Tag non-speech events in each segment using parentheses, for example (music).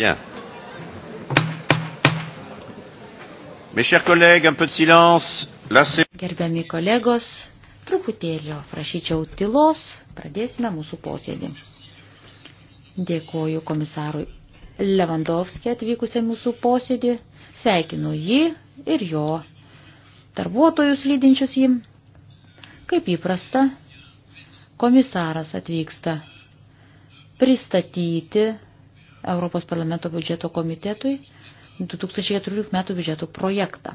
Bien. Mes chers collègues, un peu de silence. La... Gerbiami kolegos, truputėlio prašyčiau tylos, pradėsime mūsų posėdį. Dėkoju komisarui Levandovskį atvykusią mūsų posėdį, sveikinu jį ir jo darbuotojus lydinčius jį. Kaip įprasta, komisaras atvyksta pristatyti Europos parlamento biudžeto komitetui 2014 metų biudžeto projektą.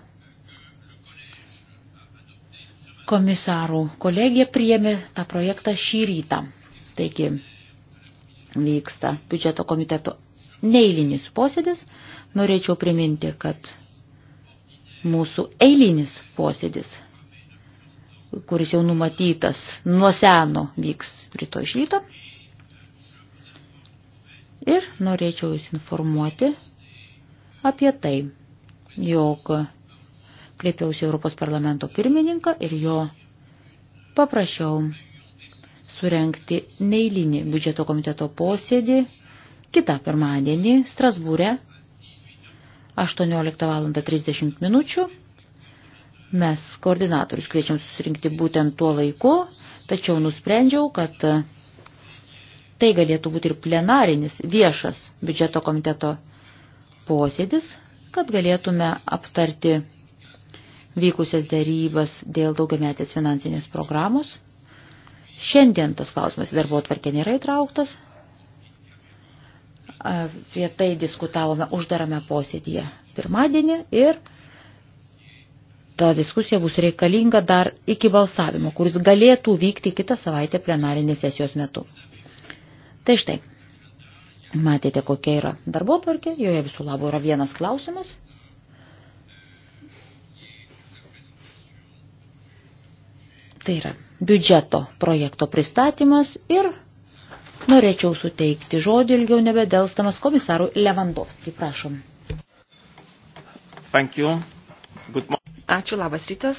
Komisarų kolegija priėmė tą projektą šį rytą. Taigi vyksta biudžeto komiteto neįlinis posėdis. Norėčiau priminti, kad mūsų eilinis posėdis, kuris jau numatytas nuo seno, vyks ryto iš ryto. Ir norėčiau Jūs informuoti apie tai, jog kreipiausi Europos parlamento pirmininką ir jo paprašiau surenkti neįlinį biudžeto komiteto posėdį kitą pirmadienį Strasbūrė 18 val. 30 minučių. Mes koordinatorius kviečiam susirinkti būtent tuo laiku, tačiau nusprendžiau, kad Tai galėtų būti ir plenarinis viešas biudžeto komiteto posėdis, kad galėtume aptarti vykusias darybas dėl daugiametės finansinės programos. Šiandien tas klausimas į darbo atvarkę nėra įtrauktas. Apie tai diskutavome uždarame posėdėje pirmadienį ir ta diskusija bus reikalinga dar iki balsavimo, kuris galėtų vykti kitą savaitę plenarinės sesijos metu. Tai štai, matėte, kokia yra darbo tvarkė, joje visų labų yra vienas klausimas. Tai yra biudžeto projekto pristatymas ir norėčiau suteikti žodį ilgiau nebedelstamas komisarui Levandovskį. Prašom. Thank you. Good morning. Ačiū, labas rytas.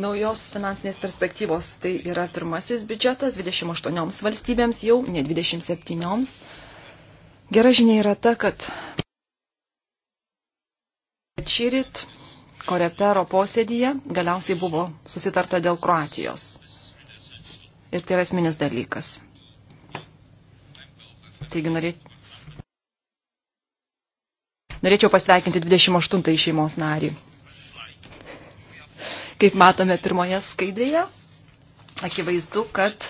naujos finansinės perspektyvos. Tai yra pirmasis biudžetas 28 valstybėms jau, ne 27. Gera žinia yra ta, kad šyrit Korepero posėdyje galiausiai buvo susitarta dėl Kroatijos. Ir tai yra esminis dalykas. Taigi norėčiau. Norėčiau pasveikinti 28 šeimos narį. Kaip matome pirmoje skaidrėje, akivaizdu, kad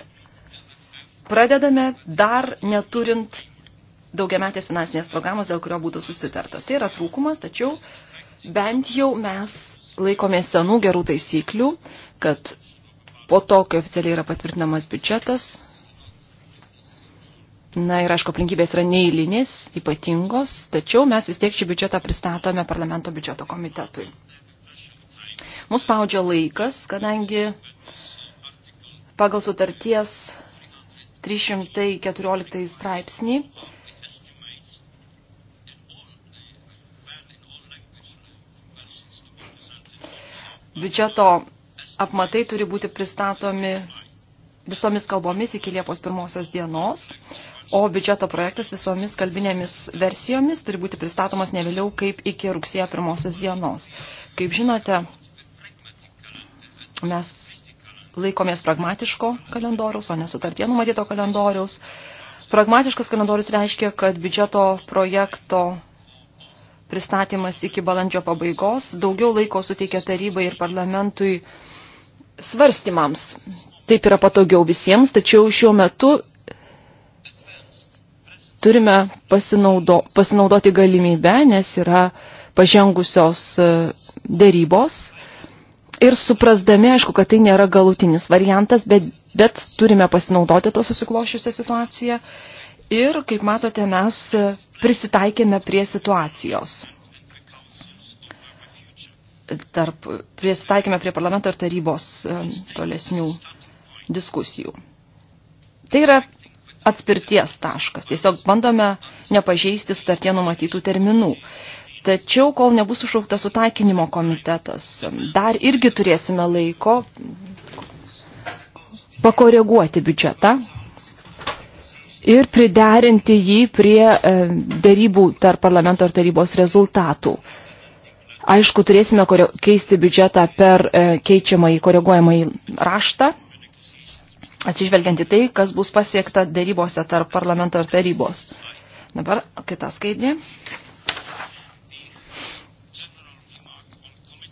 pradedame dar neturint daugiametės finansinės programos, dėl kurio būtų susitarta. Tai yra trūkumas, tačiau bent jau mes laikomės senų gerų taisyklių, kad po to, kai oficialiai yra patvirtinamas biudžetas, na ir aišku, aplinkybės yra neįlinės, ypatingos, tačiau mes vis tiek šį biudžetą pristatome parlamento biudžeto komitetui. Mus spaudžia laikas, kadangi pagal sutarties 314 straipsnį biudžeto apmatai turi būti pristatomi visomis kalbomis iki Liepos pirmosios dienos, o biudžeto projektas visomis kalbinėmis versijomis turi būti pristatomas ne vėliau kaip iki rugsėjo pirmosios dienos. Kaip žinote, Mes laikomės pragmatiško kalendoriaus, o ne sutartie numatyto kalendoriaus. Pragmatiškas kalendorius reiškia, kad biudžeto projekto pristatymas iki balandžio pabaigos daugiau laiko suteikia tarybai ir parlamentui svarstymams. Taip yra patogiau visiems, tačiau šiuo metu turime pasinaudo, pasinaudoti galimybę, nes yra pažengusios e, dėrybos ir suprasdami, aišku, kad tai nėra galutinis variantas, bet, bet turime pasinaudoti tą susiklošiusią situaciją ir, kaip matote, mes prisitaikėme prie situacijos. Tarp, prisitaikėme prie parlamento ir tarybos e, tolesnių diskusijų. Tai yra atspirties taškas. Tiesiog bandome nepažeisti sutartie numatytų terminų. Tačiau, kol nebus užšauktas sutaikinimo komitetas, dar irgi turėsime laiko pakoreguoti biudžetą ir priderinti jį prie e, darybų tarp parlamento ir tarybos rezultatų. Aišku, turėsime keisti biudžetą per e, keičiamą į koreguojamą į raštą, atsižvelgiant į tai, kas bus pasiekta darybose tarp parlamento ir tarybos. Dabar kita skaidrė.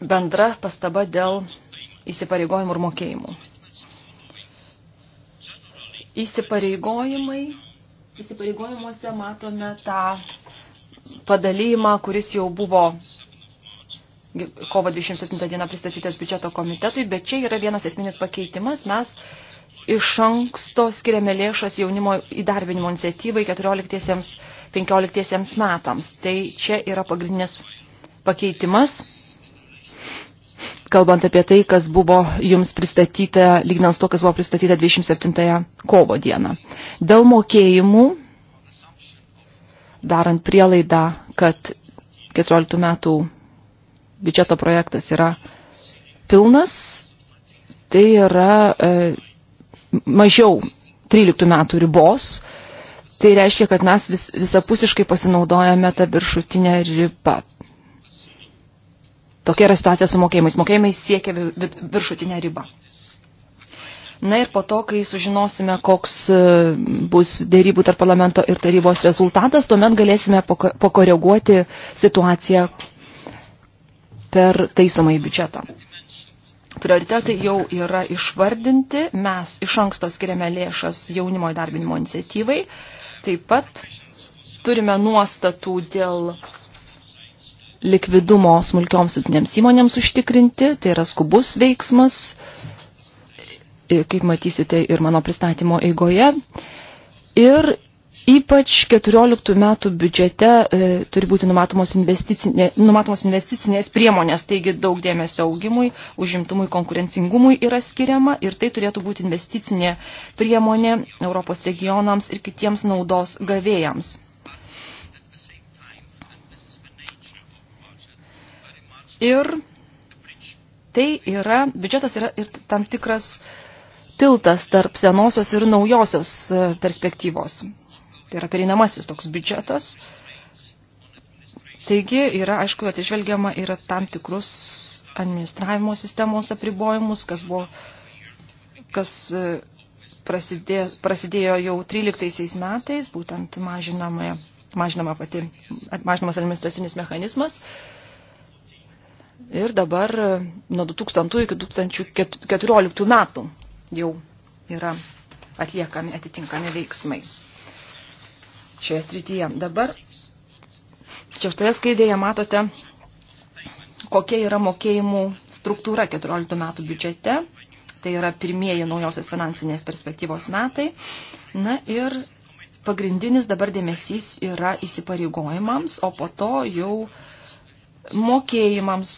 bendra pastaba dėl įsipareigojimų ir mokėjimų. Įsipareigojimai, įsipareigojimuose matome tą padalymą, kuris jau buvo kovo 27 dieną pristatytas biudžeto komitetui, bet čia yra vienas esminis pakeitimas. Mes iš anksto skiriame lėšas jaunimo įdarbinimo iniciatyvai 14-15 metams. Tai čia yra pagrindinis pakeitimas kalbant apie tai, kas buvo jums pristatyta, lygnant to, kas buvo pristatyta 27 kovo dieną. Dėl mokėjimų, darant prielaidą, kad 14 metų biudžeto projektas yra pilnas, tai yra e, mažiau 13 metų ribos. Tai reiškia, kad mes vis, visapusiškai pasinaudojame tą viršutinę ribą. Tokia yra situacija su mokėjimais. Mokėjimai siekia viršutinę ribą. Na ir po to, kai sužinosime, koks e, bus dėrybų tarp parlamento ir tarybos rezultatas, tuomet galėsime pakoreguoti situaciją per taisomąjį biudžetą. Prioritetai jau yra išvardinti, mes iš anksto skiriame lėšas jaunimo įdarbinimo iniciatyvai, taip pat turime nuostatų dėl likvidumo smulkioms sutinėms įmonėms užtikrinti, tai yra skubus veiksmas, kaip matysite ir mano pristatymo eigoje. Ir Ypač 14 metų biudžete e, turi būti numatomos, investicinė, numatomos investicinės priemonės, taigi daug dėmesio augimui, užimtumui, konkurencingumui yra skiriama ir tai turėtų būti investicinė priemonė Europos regionams ir kitiems naudos gavėjams. Ir tai yra, biudžetas yra ir tam tikras tiltas tarp senosios ir naujosios e, perspektyvos. Tai yra pereinamasis toks biudžetas. Taigi yra, aišku, atsižvelgiama yra tam tikrus administravimo sistemos apribojimus, kas buvo, kas e, prasidėjo, prasidėjo jau 13 metais, būtent mažinama, mažinama pati, mažinamas administracinis mechanizmas. Ir dabar nuo 2000 iki 2014 metų jau yra atliekami atitinkami veiksmai šioje srityje. Dabar šeštoje skaidėje matote, kokia yra mokėjimų struktūra 14 metų biudžete. Tai yra pirmieji naujosios finansinės perspektyvos metai. Na ir pagrindinis dabar dėmesys yra įsipareigojimams, o po to jau uh, mokėjimams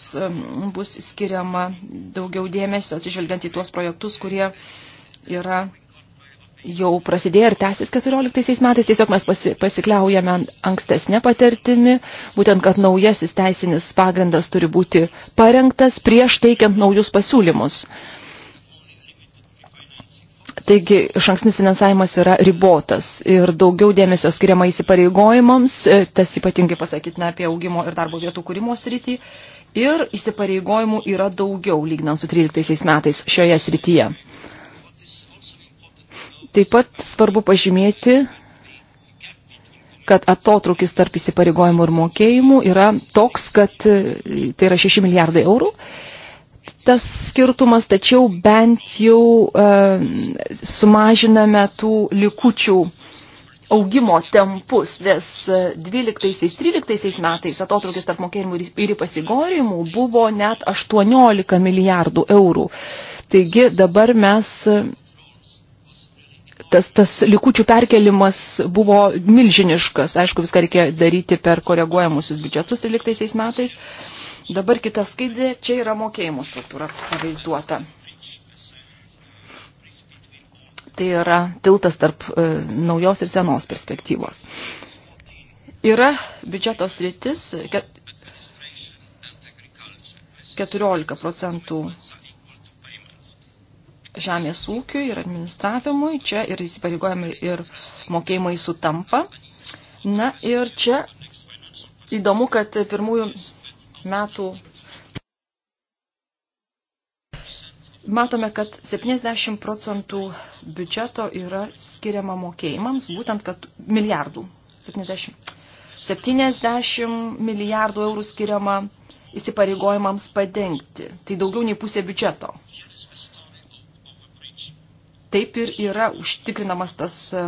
bus skiriama daugiau dėmesio, atsižvelgiant į tuos projektus, kurie yra jau prasidėjo ir tęsis 14 metais. Tiesiog mes pasi, pasikliaujame ankstesnė patirtimi, būtent, kad naujasis teisinis pagrindas turi būti parengtas prieš teikiant naujus pasiūlymus. Uh, Taigi, šanksnis finansavimas yra ribotas ir daugiau dėmesio skiriama įsipareigojimams, e, tas ypatingai pasakytina apie augimo ir darbo vietų kūrimo srity, ir įsipareigojimų yra daugiau lygnant su 13 metais šioje srityje. Taip pat svarbu pažymėti, kad atotrukis tarp įsipareigojimų ir mokėjimų yra toks, kad e, tai yra 6 milijardai eurų tas skirtumas, tačiau bent jau e, sumažiname tų likučių augimo tempus, nes 12-13 e, metais atotrukis tarp mokėjimų ir įpasigojimų buvo net 18 milijardų eurų. Taigi dabar mes e, tas, tas likučių perkelimas buvo milžiniškas. Aišku, viską reikia daryti per koreguojamusius biudžetus 13 metais. Dabar kita skaidė, čia yra mokėjimų struktūra pavaizduota. Tai yra tiltas tarp e, naujos ir senos perspektyvos. Yra biudžetos rytis, ket, 14 procentų žemės ūkiui ir administravimui, čia ir įsipareigojami ir mokėjimai sutampa. Na ir čia įdomu, kad pirmųjų metų matome, kad 70 procentų biudžeto yra skiriama mokėjimams, būtent kad milijardų, 70. 70 milijardų eurų skiriama įsipareigojimams padengti. Tai daugiau nei pusė biudžeto. Taip ir yra užtikrinamas tas e,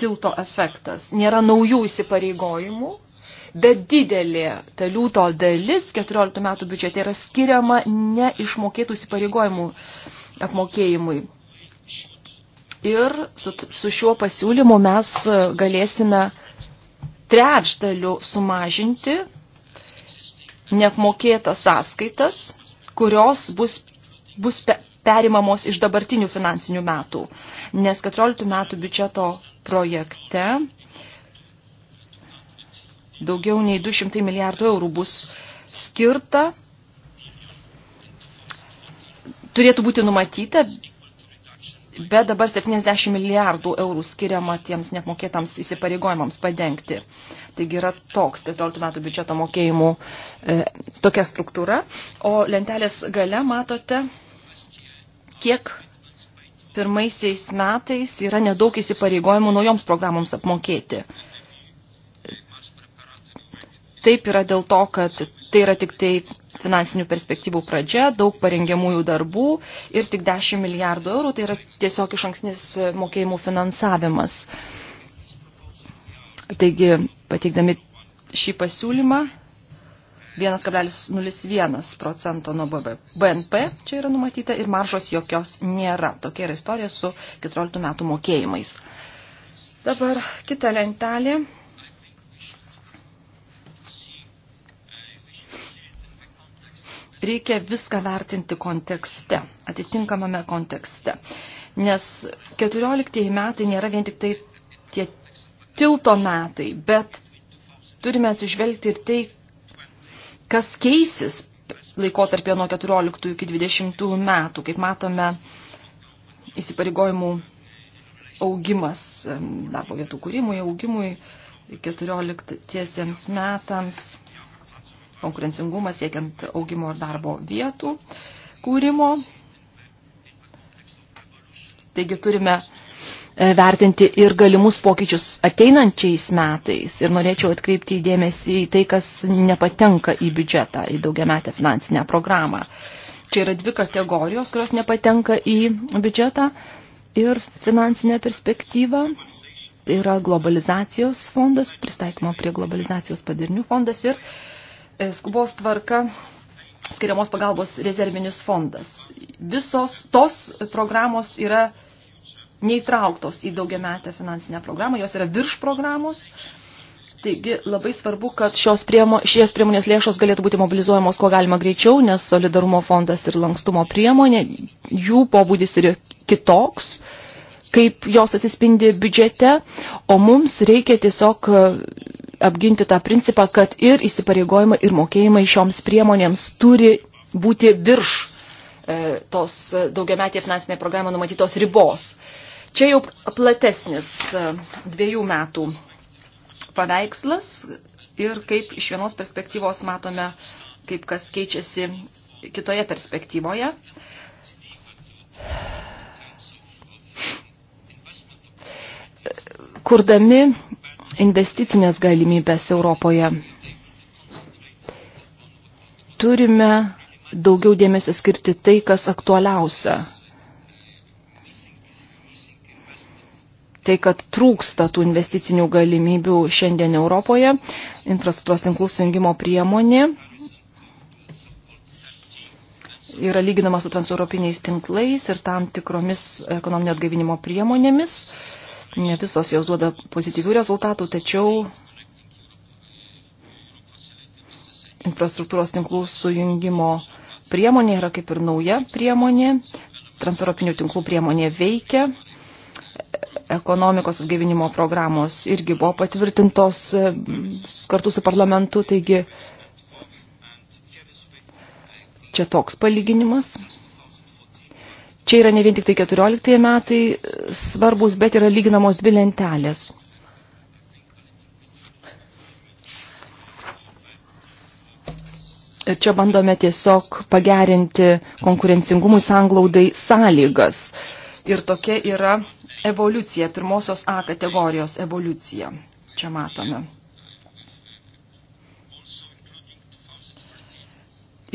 tilto efektas. Nėra naujų įsipareigojimų, bet didelė ta liūto dalis 14 metų biudžete yra skiriama neišmokėtų įsipareigojimų apmokėjimui. Ir su, su šiuo pasiūlymu mes galėsime trečdaliu sumažinti neapmokėtas sąskaitas, kurios bus, bus perimamos iš dabartinių finansinių metų, nes 14 metų biudžeto projekte Daugiau nei 200 milijardų eurų bus skirta. Turėtų būti numatyta, bet dabar 70 milijardų eurų skiriama tiems neapmokėtams įsipareigojimams padengti. Taigi yra toks 14 metų biudžeto mokėjimų e, tokia struktūra. O lentelės gale matote, kiek pirmaisiais metais yra nedaug įsipareigojimų naujoms programoms apmokėti. Taip yra dėl to, kad tai yra tik tai finansinių perspektyvų pradžia, daug parengiamųjų darbų ir tik 10 milijardų eurų, tai yra tiesiog iš anksnis mokėjimų finansavimas. Taigi, pateikdami šį pasiūlymą, 1,01 procento nuo BNP čia yra numatyta ir maržos jokios nėra. Tokia yra istorija su 14 metų mokėjimais. Dabar kita lentelė reikia viską vertinti kontekste, atitinkamame kontekste. Nes 14 metai nėra vien tik tai tie tilto metai, bet turime atsižvelgti ir tai, kas keisis laikotarpė nuo 14 iki 20 metų. Kaip matome, įsipareigojimų augimas darbo vietų kūrimui, augimui 14 metams konkurencingumą siekiant augimo ir darbo vietų kūrimo. Taigi turime e, vertinti ir galimus pokyčius ateinančiais metais. Ir norėčiau atkreipti dėmesį į tai, kas nepatenka į biudžetą, į daugiametę finansinę programą. Čia yra dvi kategorijos, kurios nepatenka į biudžetą ir finansinę perspektyvą. Tai yra globalizacijos fondas, pristaikymo prie globalizacijos padarinių fondas ir uh, E, skubos tvarka skiriamos pagalbos rezervinis fondas. Visos tos programos yra neįtrauktos į daugiametę finansinę programą, jos yra virš programos. Taigi labai svarbu, kad šios, priemo, šios priemonės lėšos galėtų būti mobilizuojamos kuo galima greičiau, nes solidarumo fondas ir lankstumo priemonė, jų pobūdis yra kitoks, kaip jos atsispindi biudžete, o mums reikia tiesiog apginti tą principą, kad ir įsipareigojimai, ir mokėjimai šioms priemonėms turi būti virš e, tos daugiametė finansinė programa numatytos ribos. Čia jau platesnis e, dviejų metų paveikslas ir kaip iš vienos perspektyvos matome, kaip kas keičiasi kitoje perspektyvoje. Kurdami investicinės galimybės Europoje. Turime daugiau dėmesio skirti tai, kas aktualiausia. Tai, kad trūksta tų investicinių galimybių šiandien Europoje, infrastruktūros tinklų sujungimo priemonė yra lyginama su transeuropiniais tinklais ir tam tikromis ekonominio atgaivinimo priemonėmis. Uh, Ne visos jos duoda pozityvių rezultatų, tačiau infrastruktūros tinklų sujungimo priemonė yra kaip ir nauja priemonė. Transeuropinių tinklų priemonė veikia. Ekonomikos atgaivinimo programos irgi buvo patvirtintos mm, kartu su parlamentu, taigi čia toks palyginimas. Čia yra ne vien tik tai 14 metai svarbus, bet yra lyginamos dvi lentelės. Ir čia bandome tiesiog pagerinti konkurencingumui sanglaudai sąlygas. Ir tokia yra evoliucija, pirmosios A kategorijos evoliucija. Čia matome.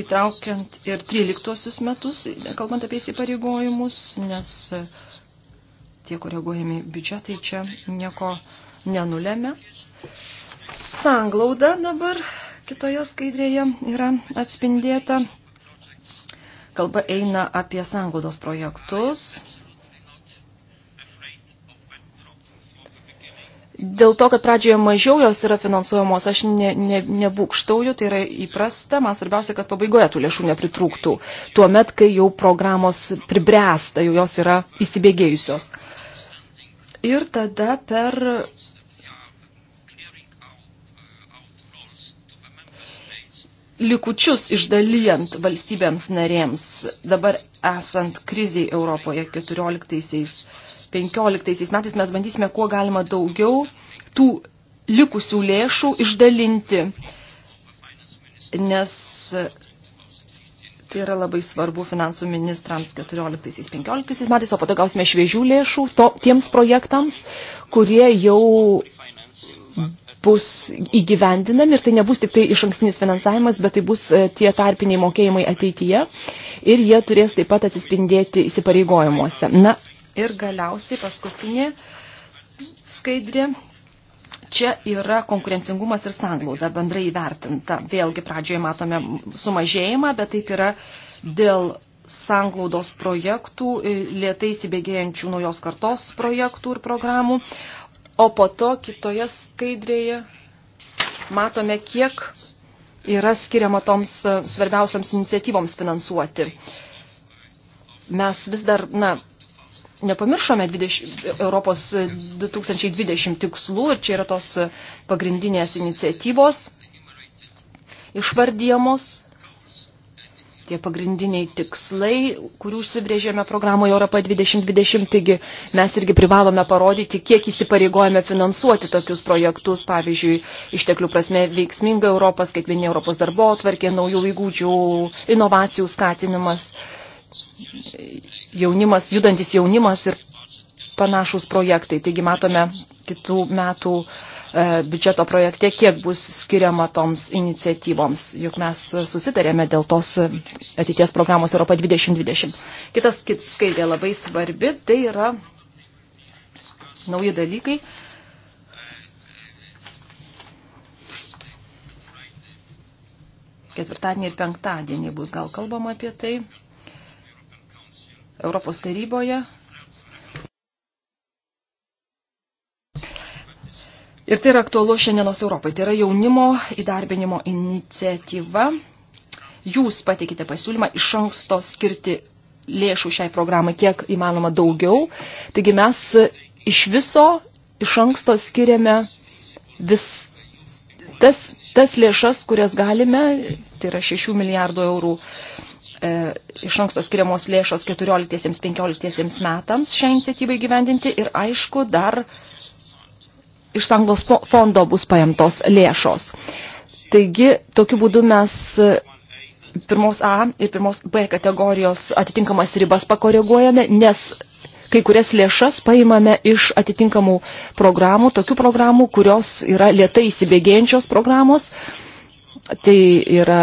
įtraukiant ir 13 metus, kalbant apie įsipareigojimus, nes e, tie koreguojami biudžetai čia nieko nenulėmė. Sanglauda dabar kitoje skaidrėje yra atspindėta. Kalba eina apie sanglaudos projektus, dėl to, kad pradžioje mažiau jos yra finansuojamos, aš ne, ne, nebūkštauju, tai yra įprasta, man svarbiausia, kad pabaigoje tų lėšų nepritrūktų. Tuomet, kai jau programos pribręsta, jau jos yra įsibėgėjusios. Ir tada per. Likučius išdalijant valstybėms narėms, dabar esant kriziai Europoje 14 15 metais mes bandysime kuo galima daugiau tų likusių lėšų išdalinti, nes tai yra labai svarbu finansų ministrams 14-15 metais, o po to gausime šviežių lėšų to, tiems projektams, kurie jau bus įgyvendinami ir tai nebus tik tai iš ankstinis finansavimas, bet tai bus e, tie tarpiniai mokėjimai ateityje ir jie turės taip pat atsispindėti įsipareigojimuose. Na, Ir galiausiai paskutinė skaidrė. Čia yra konkurencingumas ir sanglauda bendrai įvertinta. Vėlgi pradžioje matome sumažėjimą, bet taip yra dėl sanglaudos projektų, e, lietai įsibėgėjančių naujos kartos projektų ir programų. O po to kitoje skaidrėje matome, kiek yra skiriama toms e, svarbiausiams iniciatyvoms finansuoti. Mes vis dar, na, nepamiršome 20, Europos 2020 tikslų ir čia yra tos pagrindinės iniciatyvos išvardyjamos. Tie pagrindiniai tikslai, kurių užsibrėžėme programoje Europa 2020, taigi mes irgi privalome parodyti, kiek įsipareigojame finansuoti tokius projektus, pavyzdžiui, išteklių prasme veiksminga Europos, kiekvieni Europos darbo atvarkė, naujų įgūdžių, inovacijų skatinimas. Uh, jaunimas, judantis jaunimas ir panašus projektai. Taigi matome kitų metų e, biudžeto projekte, kiek bus skiriama toms iniciatyvoms, juk mes susitarėme dėl tos ateities programos Europa 2020. Kitas kit, skaidė labai svarbi, tai yra nauji dalykai. Ketvirtadienį ir penktadienį bus gal kalbama apie tai. Europos taryboje. Ir tai yra aktualu šiandienos Europai. Tai yra jaunimo įdarbinimo iniciatyva. Jūs pateikite pasiūlymą iš anksto skirti lėšų šiai programai kiek įmanoma daugiau. Taigi mes iš viso iš anksto skiriame vis tas, tas lėšas, kurias galime, tai yra 6 milijardų eurų E, iš anksto skiriamos lėšos 14-15 metams šią iniciatyvą įgyvendinti ir aišku dar iš sanglos fondo bus paimtos lėšos. Taigi, tokiu būdu mes e, pirmos A ir pirmos B kategorijos atitinkamas ribas pakoreguojame, nes kai kurias lėšas paimame iš atitinkamų programų, tokių programų, kurios yra lietai įsibėgėjančios programos. programos Tai yra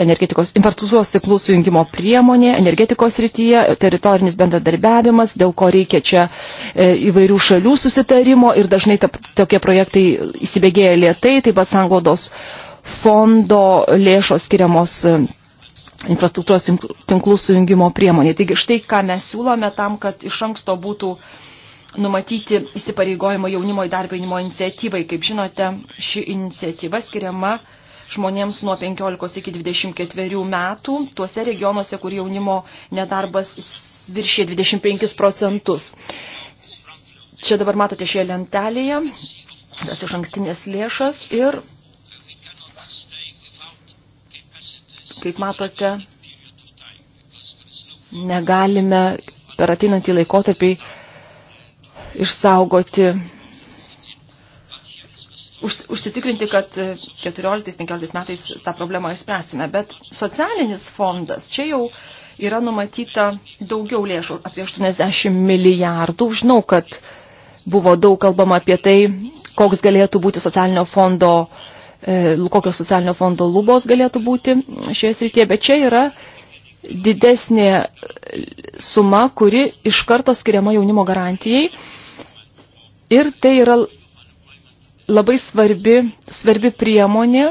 energetikos infrastruktūros tiklų sujungimo priemonė, energetikos rytyje, teritorinis bendradarbiavimas, dėl ko reikia čia e, įvairių šalių susitarimo ir dažnai ta, tokie projektai įsibėgėja lietai, taip pat sanglaudos fondo lėšos skiriamos e, infrastruktūros tinklų sujungimo priemonė. Taigi štai ką mes siūlome tam, kad iš anksto būtų numatyti įsipareigojimo jaunimo įdarbinimo iniciatyvai. Kaip žinote, ši iniciatyva skiriama žmonėms nuo 15 iki 24 metų, tuose regionuose, kur jaunimo nedarbas viršė 25 procentus. Čia dabar matote šioje lentelėje tas iš ankstinės lėšas ir, kaip matote, negalime per ateinantį laikotarpį išsaugoti užsitikrinti, kad 14-15 metais tą problemą išspręsime. Bet socialinis fondas, čia jau yra numatyta daugiau lėšų, apie 80 milijardų. Žinau, kad buvo daug kalbama apie tai, koks galėtų būti socialinio fondo, e, kokios socialinio fondo lubos galėtų būti šioje srityje, bet čia yra didesnė suma, kuri iš karto skiriama jaunimo garantijai. Ir tai yra labai svarbi, svarbi priemonė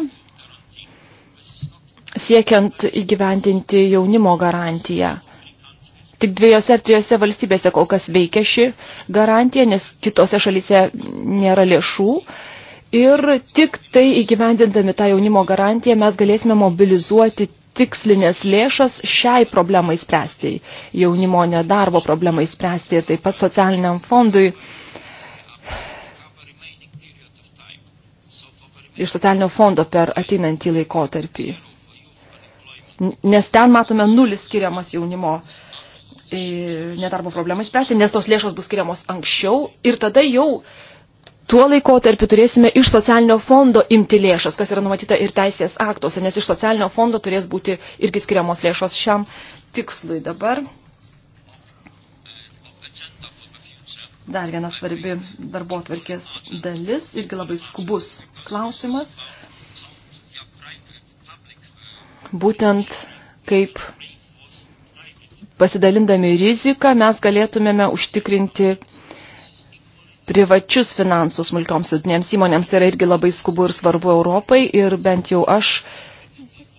siekiant įgyvendinti jaunimo garantiją. Tik dviejose ar trijose valstybėse kol kas veikia ši garantija, nes kitose šalyse nėra lėšų. Ir tik tai įgyvendindami tą jaunimo garantiją mes galėsime mobilizuoti tikslinės lėšas šiai problemai spręsti, jaunimo nedarbo problemai spręsti ir taip pat socialiniam fondui uh, iš socialinio fondo per ateinantį laikotarpį. Nes ten matome nulis skiriamas jaunimo nedarbo problemai spręsti, nes tos lėšos bus skiriamos anksčiau ir tada jau tuo laikotarpiu turėsime iš socialinio fondo imti lėšas, kas yra numatyta ir teisės aktuose, nes iš socialinio fondo turės būti irgi skiriamos lėšos šiam tikslui dabar. dar viena svarbi darbo atvarkės dalis, irgi labai skubus klausimas. Būtent kaip pasidalindami riziką mes galėtumėme užtikrinti privačius finansus smulkioms sudinėms įmonėms. Tai yra irgi labai skubu ir svarbu Europai ir bent jau aš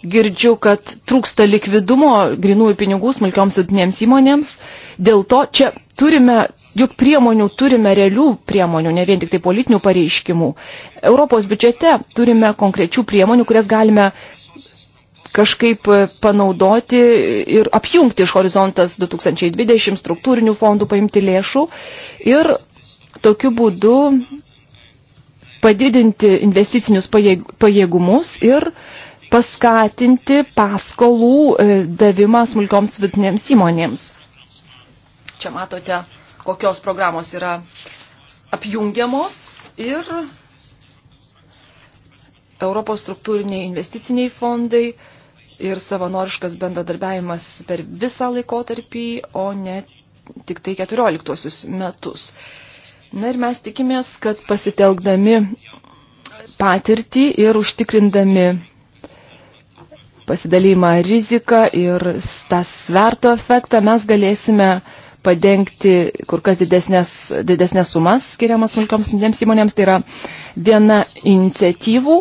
girdžiu, kad trūksta likvidumo grinųjų pinigų smulkioms sudinėms įmonėms. Dėl to čia turime, juk priemonių turime realių priemonių, ne vien tik tai politinių pareiškimų. Europos biudžete turime konkrečių priemonių, kurias galime kažkaip e, panaudoti ir apjungti iš horizontas 2020 struktūrinių fondų paimti lėšų ir tokiu būdu padidinti investicinius pajėgumus ir paskatinti paskolų e, davimą smulkioms vidinėms įmonėms. Čia matote, kokios programos yra apjungiamos ir Europos struktūriniai investiciniai fondai ir savanoriškas bendradarbiavimas per visą laikotarpį, o ne tik tai 14 metus. Na ir mes tikimės, kad pasitelkdami patirtį ir užtikrindami pasidalymą riziką ir tą sverto efektą mes galėsime uh, padengti kur kas didesnės, didesnės sumas skiriamas smulkioms didėms įmonėms. Tai yra viena iniciatyvų.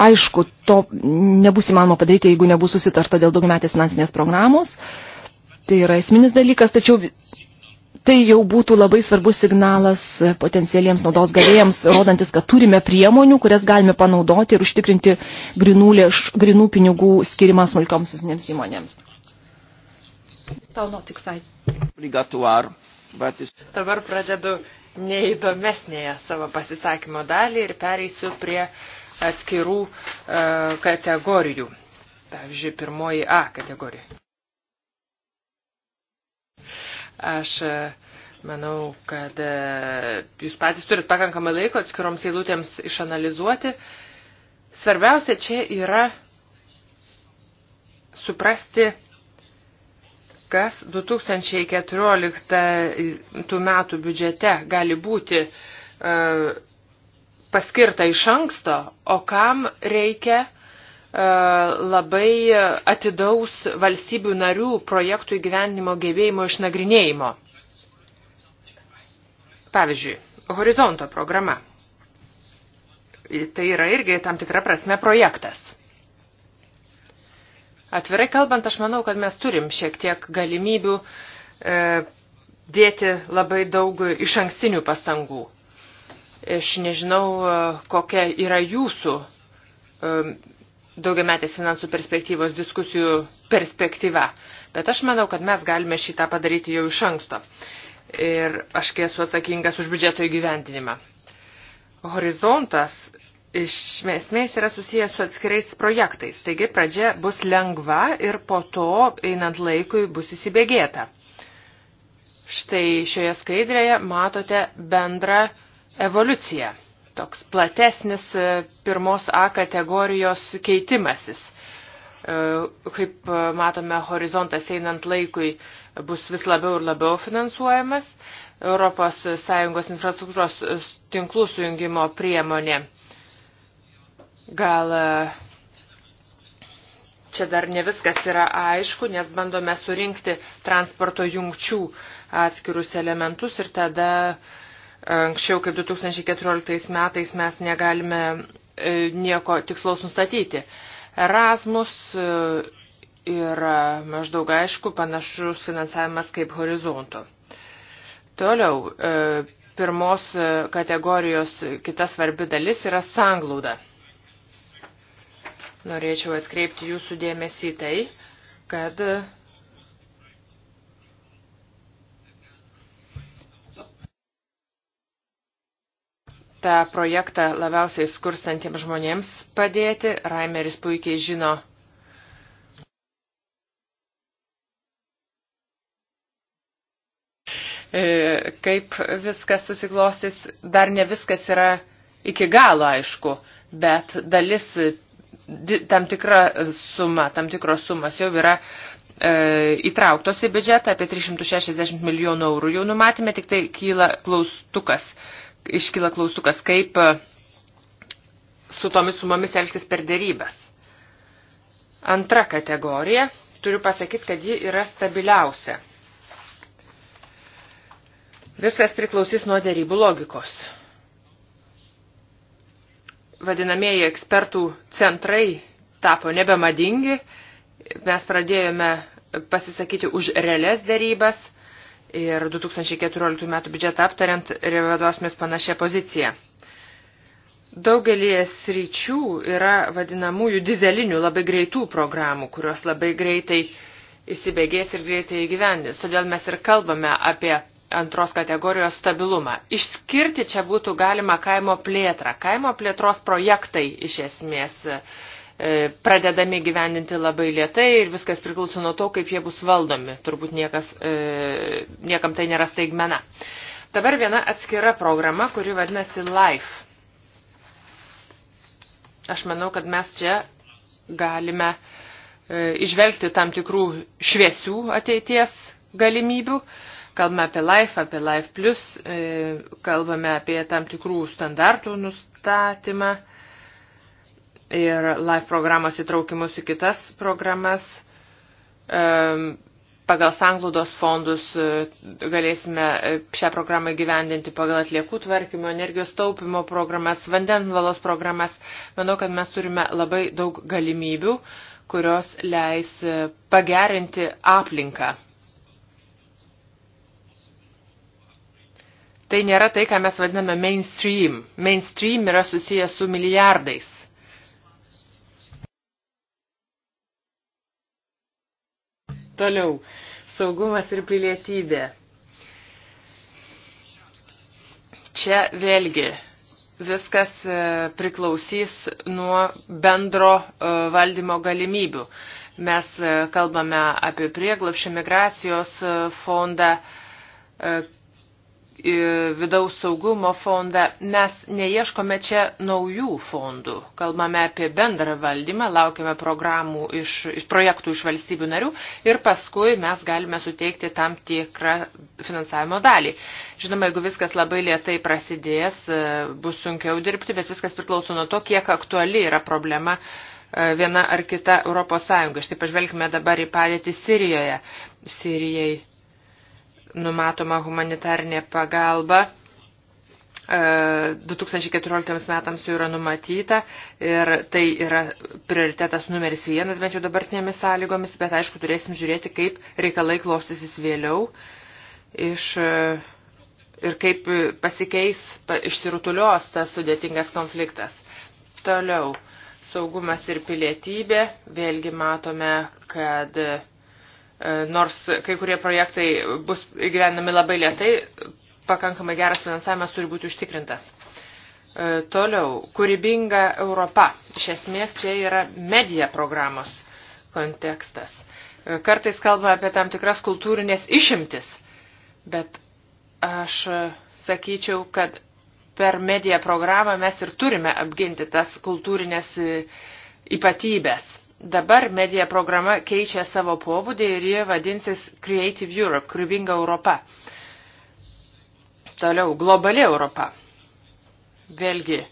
Aišku, to nebus įmanoma padaryti, jeigu nebus susitarta dėl daugmetės finansinės programos. Tai yra esminis dalykas, tačiau tai jau būtų labai svarbus signalas potencialiems naudos gavėjams, rodantis, kad turime priemonių, kurias galime panaudoti ir užtikrinti grinų, lėš, grinų pinigų skirimą smulkioms vidutinėms įmonėms tau notiksai. Nu, Dabar pradedu neįdomesnėje savo pasisakymo dalį ir pereisiu prie atskirų e, kategorijų. Pavyzdžiui, pirmoji A kategorija. Aš e, manau, kad e, jūs patys turit pakankamai laiko atskiroms eilutėms išanalizuoti. Svarbiausia čia yra suprasti kas 2014 metų biudžete gali būti e, paskirta iš anksto, o kam reikia e, labai atidaus valstybių narių projektų įgyvendimo gebėjimo išnagrinėjimo. Pavyzdžiui, horizonto programa. Tai yra irgi tam tikra prasme projektas. Atvirai kalbant, aš manau, kad mes turim šiek tiek galimybių e, dėti labai daug iš ankstinių pastangų. Aš nežinau, e, kokia yra jūsų e, daugiametės finansų perspektyvos diskusijų perspektyva, bet aš manau, kad mes galime šitą padaryti jau iš anksto. Ir aš kai esu atsakingas už biudžeto įgyvendinimą. Horizontas iš esmės yra susijęs su atskirais projektais. Taigi pradžia bus lengva ir po to, einant laikui, bus įsibėgėta. Štai šioje skaidrėje matote bendrą evoliuciją. Toks platesnis e, pirmos A kategorijos keitimasis. E, kaip e, matome, horizontas einant laikui bus vis labiau ir labiau finansuojamas. Europos Sąjungos infrastruktūros tinklų sujungimo priemonė Gal e, čia dar ne viskas yra aišku, nes bandome surinkti transporto jungčių atskirus elementus ir tada e, anksčiau kaip 2014 metais mes negalime e, nieko tikslaus nustatyti. Erasmus yra maždaug aišku panašus finansavimas kaip horizonto. Toliau, pirmos kategorijos kita svarbi dalis yra sanglauda. Norėčiau atkreipti jūsų dėmesį į tai, kad tą projektą labiausiai skurstantiems žmonėms padėti. Raimeris puikiai žino. E, kaip viskas susiklostys, dar ne viskas yra iki galo aišku, bet dalis tam tikra e, suma, tam tikros sumas jau yra e, įtrauktos į biudžetą, apie 360 milijonų eurų jau numatėme, tik tai kyla klaustukas, iškyla klaustukas, kaip e, su tomis sumomis elgtis per dėrybas. Antra kategorija, turiu pasakyti, kad ji yra stabiliausia. Viskas priklausys nuo dėrybų logikos vadinamieji ekspertų centrai tapo nebemadingi. Mes pradėjome pasisakyti už realias dėrybas ir 2014 m. biudžetą aptariant revaduosimės panašią poziciją. Daugelį sričių yra vadinamųjų dizelinių labai greitų programų, kurios labai greitai įsibėgės ir greitai įgyvendins. Todėl mes ir kalbame apie antros kategorijos stabilumą. Išskirti čia būtų galima kaimo plėtrą. Kaimo plėtros projektai iš esmės e, pradedami gyvendinti labai lietai ir viskas priklauso nuo to, kaip jie bus valdomi. Turbūt niekas, e, niekam tai nėra staigmena. Dabar viena atskira programa, kuri vadinasi LIFE. Aš manau, kad mes čia galime e, išvelgti tam tikrų šviesių ateities galimybių. E, Kalbame apie Life, apie Life Plus, e, kalbame apie tam tikrų standartų nustatymą ir Life programos įtraukimus į kitas programas. E, pagal sanglaudos fondus e, galėsime šią programą gyvendinti pagal atliekų tvarkymo, energijos taupimo programas, vandenvalos programas. Manau, kad mes turime labai daug galimybių, kurios leis pagerinti aplinką tai nėra tai, ką mes vadiname mainstream. Mainstream yra susijęs su milijardais. Toliau. Saugumas ir pilietybė. Čia vėlgi viskas e, priklausys nuo bendro e, valdymo galimybių. Mes e, kalbame apie prieglapšį migracijos fondą, vidaus saugumo fondą, mes neieškome čia naujų fondų. Kalbame apie bendrą valdymą, laukiame programų iš, iš projektų iš valstybių narių ir paskui mes galime suteikti tam tikrą finansavimo dalį. Žinoma, jeigu viskas labai lietai prasidės, e, bus sunkiau dirbti, bet viskas priklauso nuo to, kiek aktuali yra problema e, viena ar kita Europos Sąjunga. Štai pažvelgime dabar į padėtį Sirijoje. Sirijai numatoma humanitarnė pagalba 2014 e, metams jau yra numatyta ir tai yra prioritetas numeris vienas, bent jau dabartinėmis sąlygomis, bet aišku turėsim žiūrėti, kaip reikalai klostysis vėliau iš, e, ir kaip pasikeis, pa, išsirutulios tas sudėtingas konfliktas. Toliau, saugumas ir pilietybė, vėlgi matome, kad E, nors kai kurie projektai bus įgyvenami labai lietai, pakankamai geras finansavimas turi būti užtikrintas. E, toliau, kūrybinga Europa. Iš esmės čia yra medija programos kontekstas. E, kartais kalbame apie tam tikras kultūrinės išimtis, bet aš sakyčiau, kad per mediją programą mes ir turime apginti tas kultūrinės ypatybės Dabar medija programa keičia savo pobūdį ir jie vadinsis Creative Europe, kūrybinga Europa. Toliau, globali Europa. Vėlgi,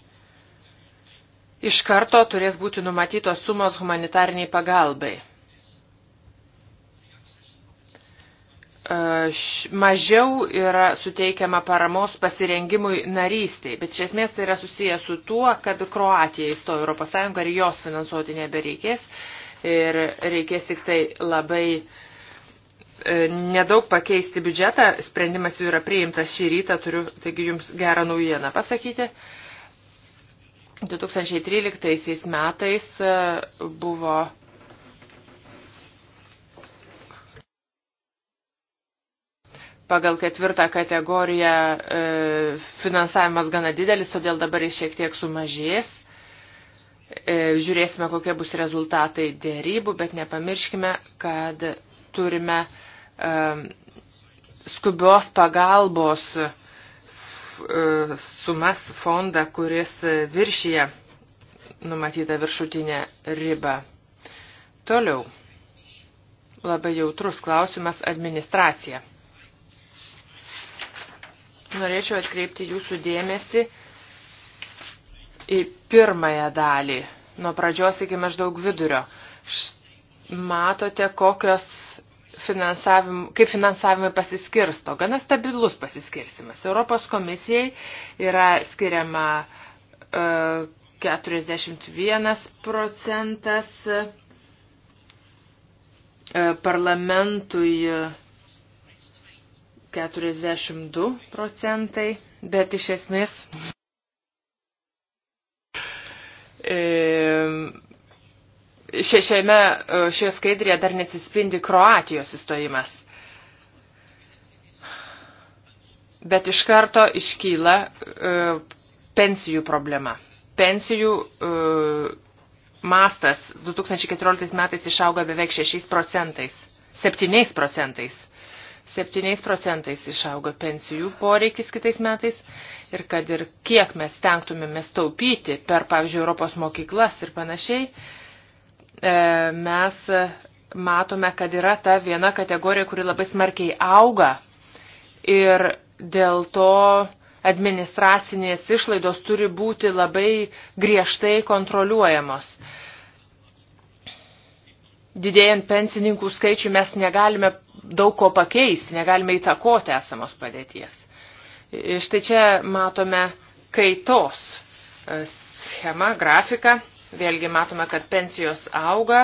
iš karto turės būti numatytos sumos humanitarniai pagalbai. mažiau yra suteikiama paramos pasirengimui narystiai, bet iš esmės tai yra susiję su tuo, kad Kroatija įstojo Europos Sąjungą ir jos finansuoti nebereikės ir reikės tik tai labai e, nedaug pakeisti biudžetą, sprendimas jau yra priimtas šį rytą, turiu taigi jums gerą naujieną pasakyti. 2013 metais e, buvo pagal ketvirtą kategoriją e, finansavimas gana didelis, todėl dabar jis šiek tiek sumažės. E, žiūrėsime, kokie bus rezultatai dėrybų, bet nepamirškime, kad turime e, skubios pagalbos e, sumas fondą, kuris viršyje numatyta viršutinė riba. Toliau. Labai jautrus klausimas administracija norėčiau atkreipti jūsų dėmesį į pirmąją dalį, nuo pradžios iki maždaug vidurio. Matote, kokios finansavim, kaip finansavimai pasiskirsto. Gana stabilus pasiskirstimas. Europos komisijai yra skiriama e, 41 procentas, e, parlamentui e, 42 procentai, bet iš esmės šiame, e, šioje skaidrėje dar nesispindi Kroatijos įstojimas. Bet iš karto iškyla e, pensijų problema. Pensijų e, mastas 2014 metais išauga beveik 6 procentais, 7 procentais. 7 procentais išaugo pensijų poreikis kitais metais ir kad ir kiek mes stengtumėmės taupyti per, pavyzdžiui, Europos mokyklas ir panašiai, e, mes matome, kad yra ta viena kategorija, kuri labai smarkiai auga ir dėl to administracinės išlaidos turi būti labai griežtai kontroliuojamos didėjant pensininkų skaičiui mes negalime daug ko pakeisti, negalime įtakoti esamos padėties. E, štai čia matome kaitos e, schemą, grafiką. Vėlgi matome, kad pensijos auga,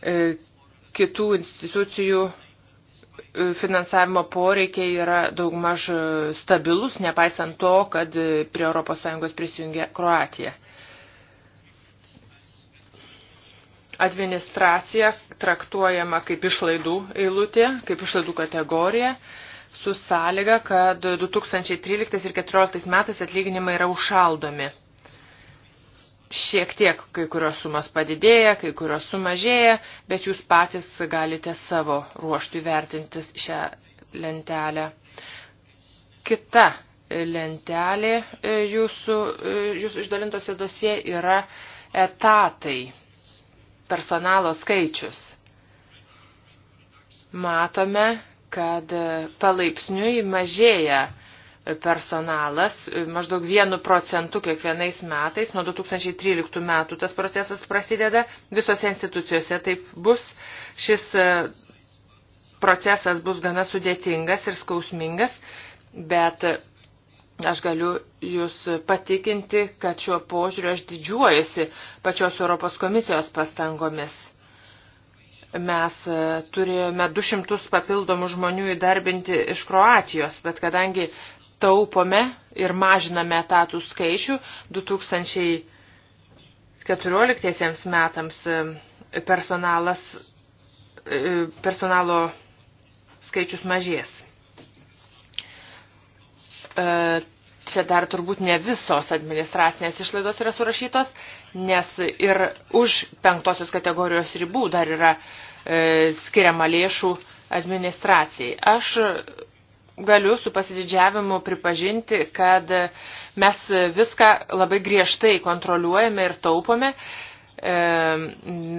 e, kitų institucijų finansavimo poreikiai yra daugmaž stabilus, nepaisant to, kad prie ES prisijungia Kroatija. Administracija traktuojama kaip išlaidų eilutė, kaip išlaidų kategorija, su sąlyga, kad 2013 ir 2014 metais atlyginimai yra užšaldomi. Šiek tiek kai kurios sumas padidėja, kai kurios sumažėja, bet jūs patys galite savo ruoštų įvertinti šią lentelę. Kita lentelė e, jūsų, e, jūsų išdalintose dosie yra etatai personalo skaičius. Matome, kad palaipsniui mažėja personalas, maždaug 1 procentu kiekvienais metais, nuo 2013 metų tas procesas prasideda, visose institucijose taip bus, šis e, procesas bus gana sudėtingas ir skausmingas, bet Aš galiu Jūs patikinti, kad šiuo požiūriu aš didžiuojasi pačios Europos komisijos pastangomis. Mes e, turėjome 200 papildomų žmonių įdarbinti iš Kroatijos, bet kadangi taupome ir mažiname etatų skaičių, 2014 metams e, personalas, e, personalo skaičius mažės. E, čia dar turbūt ne visos administracinės išlaidos yra surašytos, nes ir už penktosios kategorijos ribų dar yra e, skiriama lėšų administracijai. Aš galiu su pasididžiavimu pripažinti, kad mes viską labai griežtai kontroliuojame ir taupome. E,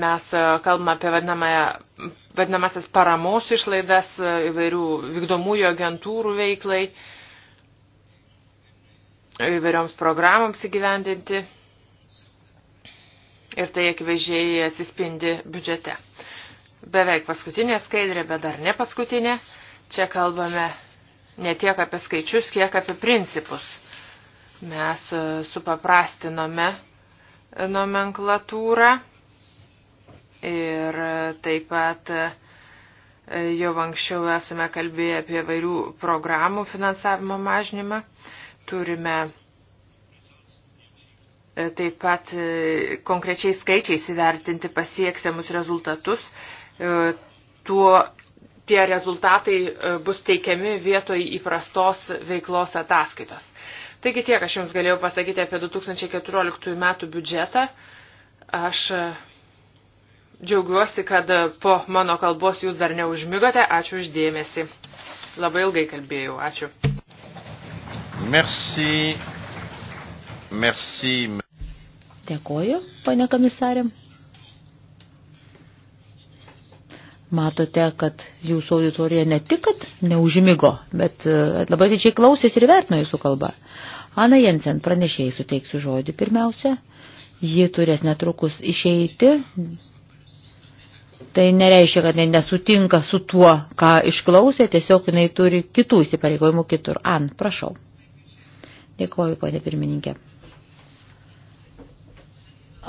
mes kalbame apie vadinamąją vadinamasias paramos išlaidas e, įvairių vykdomųjų agentūrų veiklai. E, įvairioms programoms įgyvendinti ir tai akivaizdžiai atsispindi biudžete. Beveik paskutinė skaidrė, bet dar ne paskutinė. Čia kalbame ne tiek apie skaičius, kiek apie principus. Mes e, supaprastinome nomenklatūrą ir e, taip pat e, jau anksčiau esame kalbėję apie vairių programų finansavimo mažinimą. Turime e, taip pat e, konkrečiai skaičiais įvertinti pasieksiamus rezultatus. E, tuo tie rezultatai bus teikiami vietoj įprastos veiklos ataskaitos. Taigi tiek aš Jums galėjau pasakyti apie 2014 metų biudžetą. Aš džiaugiuosi, kad po mano kalbos Jūs dar neužmigote. Ačiū uždėmesi. Labai ilgai kalbėjau. Ačiū. Merci. Merci. Dėkoju, pane komisarė. Matote, kad jūsų auditorija ne tik, kad neužmigo, bet e, labai didžiai klausėsi ir vertino jūsų kalbą. Ana Jensen pranešėjai suteiksiu žodį pirmiausia. Ji turės netrukus išeiti. Tai nereiškia, kad nesutinka su tuo, ką išklausė, tiesiog jinai turi kitų įsipareigojimų kitur. An, prašau. Dėkoju, ponė pirmininkė.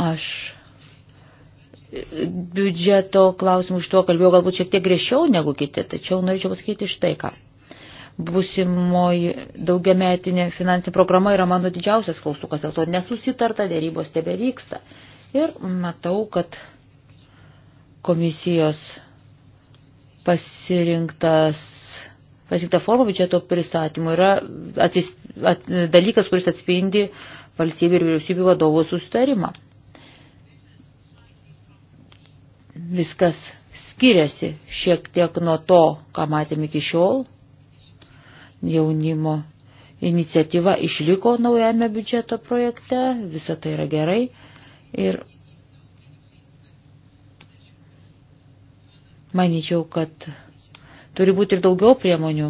Aš biudžeto klausimų iš to kalbėjau galbūt šiek tiek griežčiau negu kiti, tačiau norėčiau pasakyti štai ką. Būsimoji daugiametinė finansinė programa yra mano didžiausias klaustukas, dėl to nesusitarta, dėrybos tebe vyksta. Ir matau, kad komisijos pasirinktas pasirinkta forma biudžeto pristatymo yra atsis, at, dalykas, kuris atspindi valstybių ir vyriausybių vadovų susitarimą. Viskas skiriasi šiek tiek nuo to, ką matėme iki šiol. Jaunimo iniciatyva išliko naujame biudžeto projekte, visa tai yra gerai. Ir manyčiau, kad Turi būti ir daugiau priemonių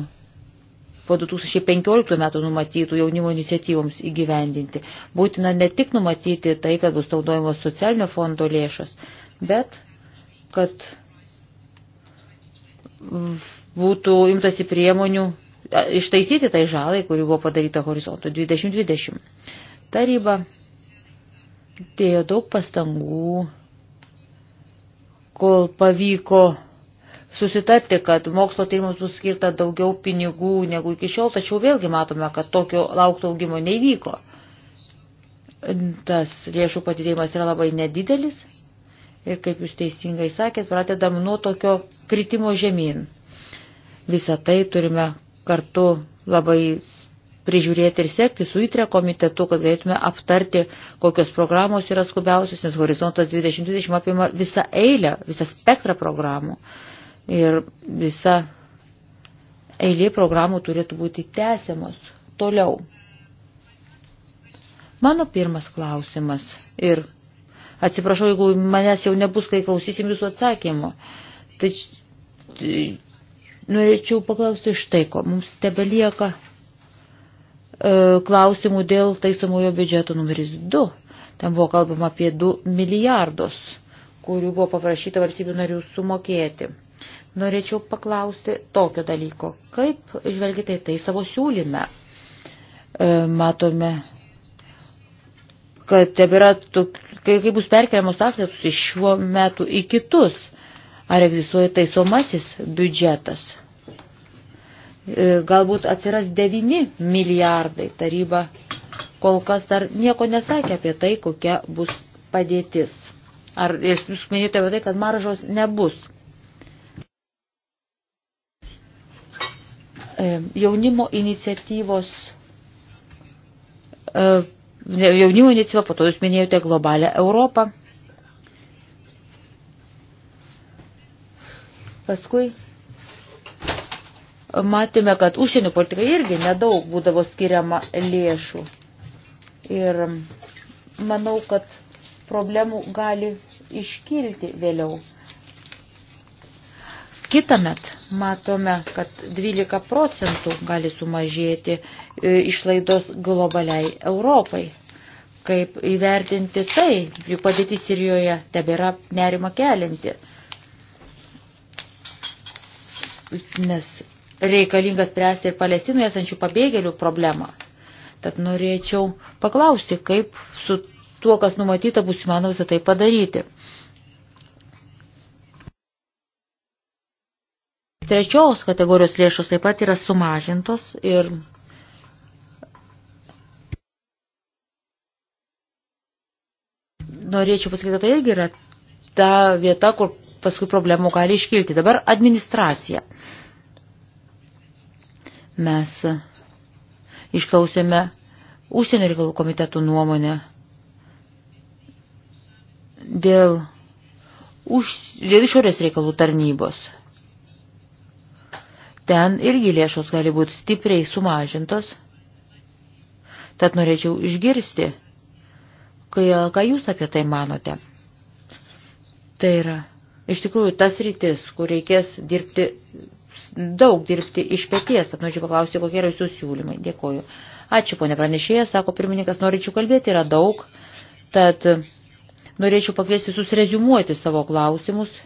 po 2015 metų numatytų jaunimo iniciatyvoms įgyvendinti. Būtina ne tik numatyti tai, kad bus naudojamos socialinio fondo lėšas, bet kad būtų imtasi priemonių ištaisyti tai žalai, kuri buvo padaryta horizontų 2020. Taryba dėjo daug pastangų, kol pavyko susitarti, kad mokslo tyrimams bus skirta daugiau pinigų negu iki šiol, tačiau vėlgi matome, kad tokio laukto augimo nevyko. Tas lėšų padidėjimas yra labai nedidelis ir, kaip jūs teisingai sakėt, pradedam nuo tokio kritimo žemyn. Visą tai turime kartu labai prižiūrėti ir sekti su įtre komitetu, kad galėtume aptarti, kokios programos yra skubiausios, nes horizontas 2020 apima visą eilę, visą spektrą programų. Uh, ir visa eilė programų turėtų būti tęsiamos toliau. Mano pirmas klausimas ir atsiprašau, jeigu manęs jau nebus, kai klausysim jūsų atsakymo, tai norėčiau paklausti štai ko. Mums tebe lieka e, klausimų dėl taisomojo biudžeto numeris 2. Ten buvo kalbama apie 2 milijardus, kurių buvo paprašyta valstybių narių sumokėti norėčiau paklausti tokio dalyko. Kaip žvelgite į tai savo siūlyme? E, matome, kad tebėra, kaip bus perkeliamos sąskaitos iš šiuo metu į kitus. Ar egzistuoja taisomasis biudžetas? E, galbūt atsiras 9 milijardai. Taryba kol kas dar nieko nesakė apie tai, kokia bus padėtis. Ar jūs minėjote apie tai, kad maržos nebus E, jaunimo iniciatyvos, e, jaunimo iniciatyva, po to jūs minėjote globalę Europą. Paskui matėme, kad užsienio politikai irgi nedaug būdavo skiriama lėšų. Ir manau, kad problemų gali iškilti vėliau. Kita met matome, kad 12 procentų gali sumažėti e, išlaidos globaliai Europai. Kaip įvertinti tai, jų padėtis Sirijoje tebėra nerima kelinti. Nes reikalingas spręsti ir Palestinoje esančių pabėgėlių problemą. Tad norėčiau paklausti, kaip su tuo, kas numatyta, bus įmanoma visą tai padaryti. Trečios kategorijos lėšos taip pat yra sumažintos ir norėčiau pasakyti, kad tai irgi yra ta vieta, kur paskui problemų gali iškilti. Dabar administracija. Mes išklausėme užsienio reikalų komitetų nuomonę dėl, už, dėl išorės reikalų tarnybos ten irgi lėšos gali būti stipriai sumažintos. Tad norėčiau išgirsti, kai, ką jūs apie tai manote. Tai yra iš tikrųjų tas rytis, kur reikės dirbti, daug dirbti iš pėties. Tad norėčiau paklausti, kokie yra jūsų siūlymai. Dėkoju. Ačiū, ponė pranešėja, sako pirmininkas, norėčiau kalbėti, yra daug. Tad norėčiau pakviesti visus reziumuoti savo klausimus,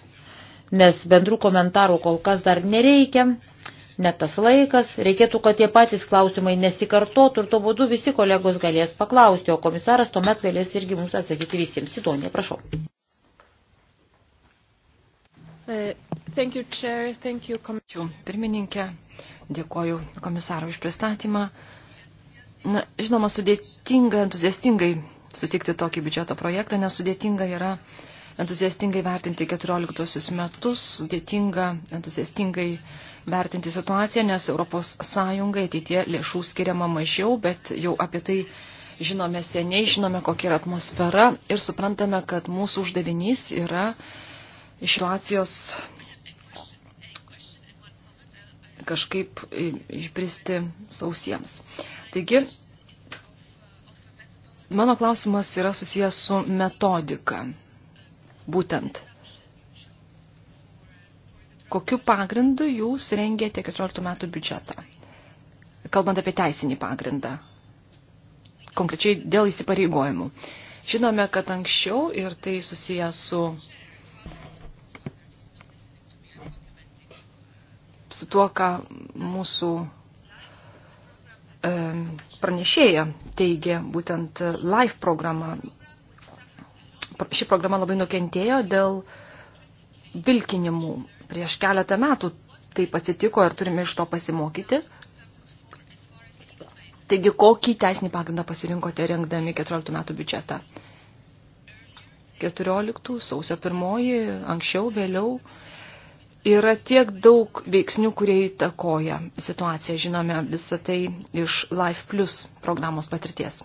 nes bendrų komentarų kol kas dar nereikia net tas laikas, reikėtų, kad tie patys klausimai nesikartotų ir to būdu visi kolegos galės paklausti, o komisaras tuomet galės irgi mums atsakyti visiems. Sidonė, prašau. E, thank you, Chair. Thank you, Ačiū, pirmininkė. Dėkoju komisaro už pristatymą. Na, žinoma, sudėtinga, entuziastingai sutikti tokį biudžeto projektą, nes sudėtinga yra entuziastingai vertinti 14 metus, sudėtinga entuziastingai uh, vertinti situaciją, nes ES ateitie lėšų skiriama mažiau, bet jau apie tai žinome seniai, žinome, kokia yra atmosfera ir suprantame, kad mūsų uždavinys yra iš Latvijos kažkaip išpristi sausiems. Taigi, mano klausimas yra susijęs su metodika. Būtent kokiu pagrindu jūs rengėte 14 metų biudžetą, kalbant apie teisinį pagrindą, konkrečiai dėl įsipareigojimų. Žinome, kad anksčiau ir tai susiję su, su tuo, ką mūsų e, pranešėja teigė, būtent LIFE programa. Ši programa labai nukentėjo dėl vilkinimų Prieš keletą metų taip atsitiko ir turime iš to pasimokyti. Taigi, kokį teisinį pagrindą pasirinkote rengdami 14 metų biudžetą? 14, sausio 1, anksčiau, vėliau. Yra tiek daug veiksnių, kurie įtakoja situaciją. Žinome visą tai iš Life Plus programos patirties.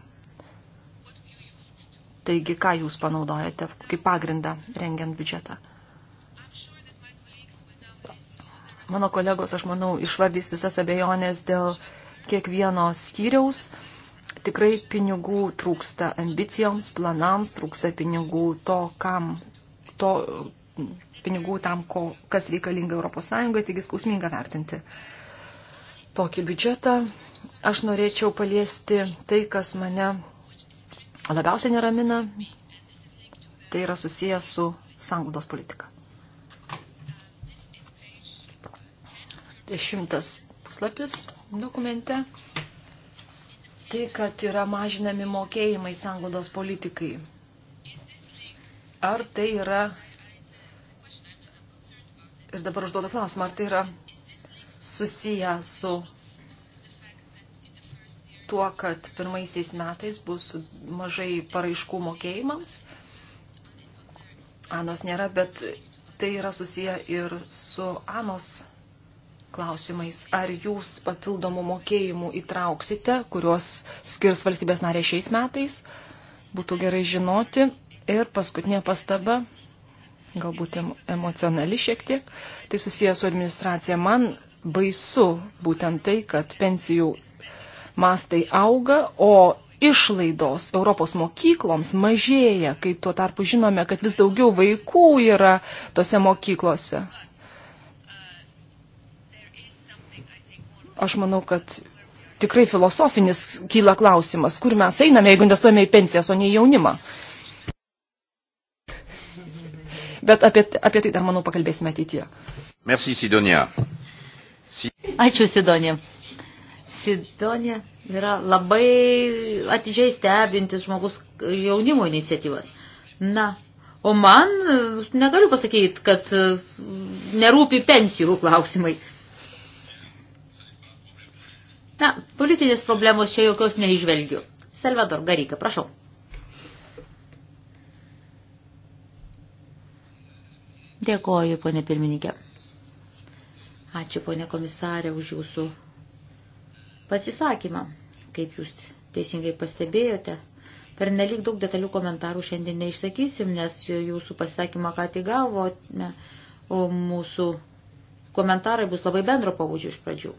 Taigi, ką jūs panaudojate kaip pagrindą rengiant biudžetą? Mano kolegos, aš manau, išvardys visas abejonės dėl kiekvieno skyriaus. Tikrai pinigų trūksta ambicijoms, planams, trūksta pinigų to, kam, to, pinigų tam, ko, kas reikalinga Europos Sąjungoje, taigi skausminga vertinti tokį biudžetą. Aš norėčiau paliesti tai, kas mane labiausiai neramina, tai yra susijęs su sanglaudos politika. šimtas puslapis dokumente. Tai, kad yra mažinami mokėjimai sanglaudos politikai. Ar tai yra. Ir dabar užduodu klausimą, ar tai yra susiję su tuo, kad pirmaisiais metais bus mažai paraiškų mokėjimams. Anos nėra, bet tai yra susiję ir su Anos klausimais. Ar jūs papildomų mokėjimų įtrauksite, kuriuos skirs valstybės narė šiais metais? Būtų gerai žinoti. Ir paskutinė pastaba, galbūt emocionali šiek tiek, tai susijęs su administracija. Man baisu būtent tai, kad pensijų mastai auga, o išlaidos Europos mokykloms mažėja, kai tuo tarpu žinome, kad vis daugiau vaikų yra tose mokyklose. Aš manau, kad tikrai filosofinis kyla klausimas, kur mes einame, jeigu investuojame į pensijas, o ne į jaunimą. Bet apie, apie tai dar, manau, pakalbėsime ateityje. Merci, Sidonia. Si... Ačiū, Sidonija. Sidonija yra labai atidžiai stebintis žmogus jaunimo iniciatyvas. Na, o man negaliu pasakyti, kad nerūpi pensijų klausimai. Na, politinės problemos čia jokios neižvelgiu. Salvador Garika, prašau. Dėkoju, ponė pirmininkė. Ačiū, ponė komisarė, už jūsų pasisakymą. Kaip jūs teisingai pastebėjote, per nelik daug detalių komentarų šiandien neišsakysim, nes jūsų pasisakymą ką tik gavome, o mūsų komentarai bus labai bendro pavūdžio iš pradžių.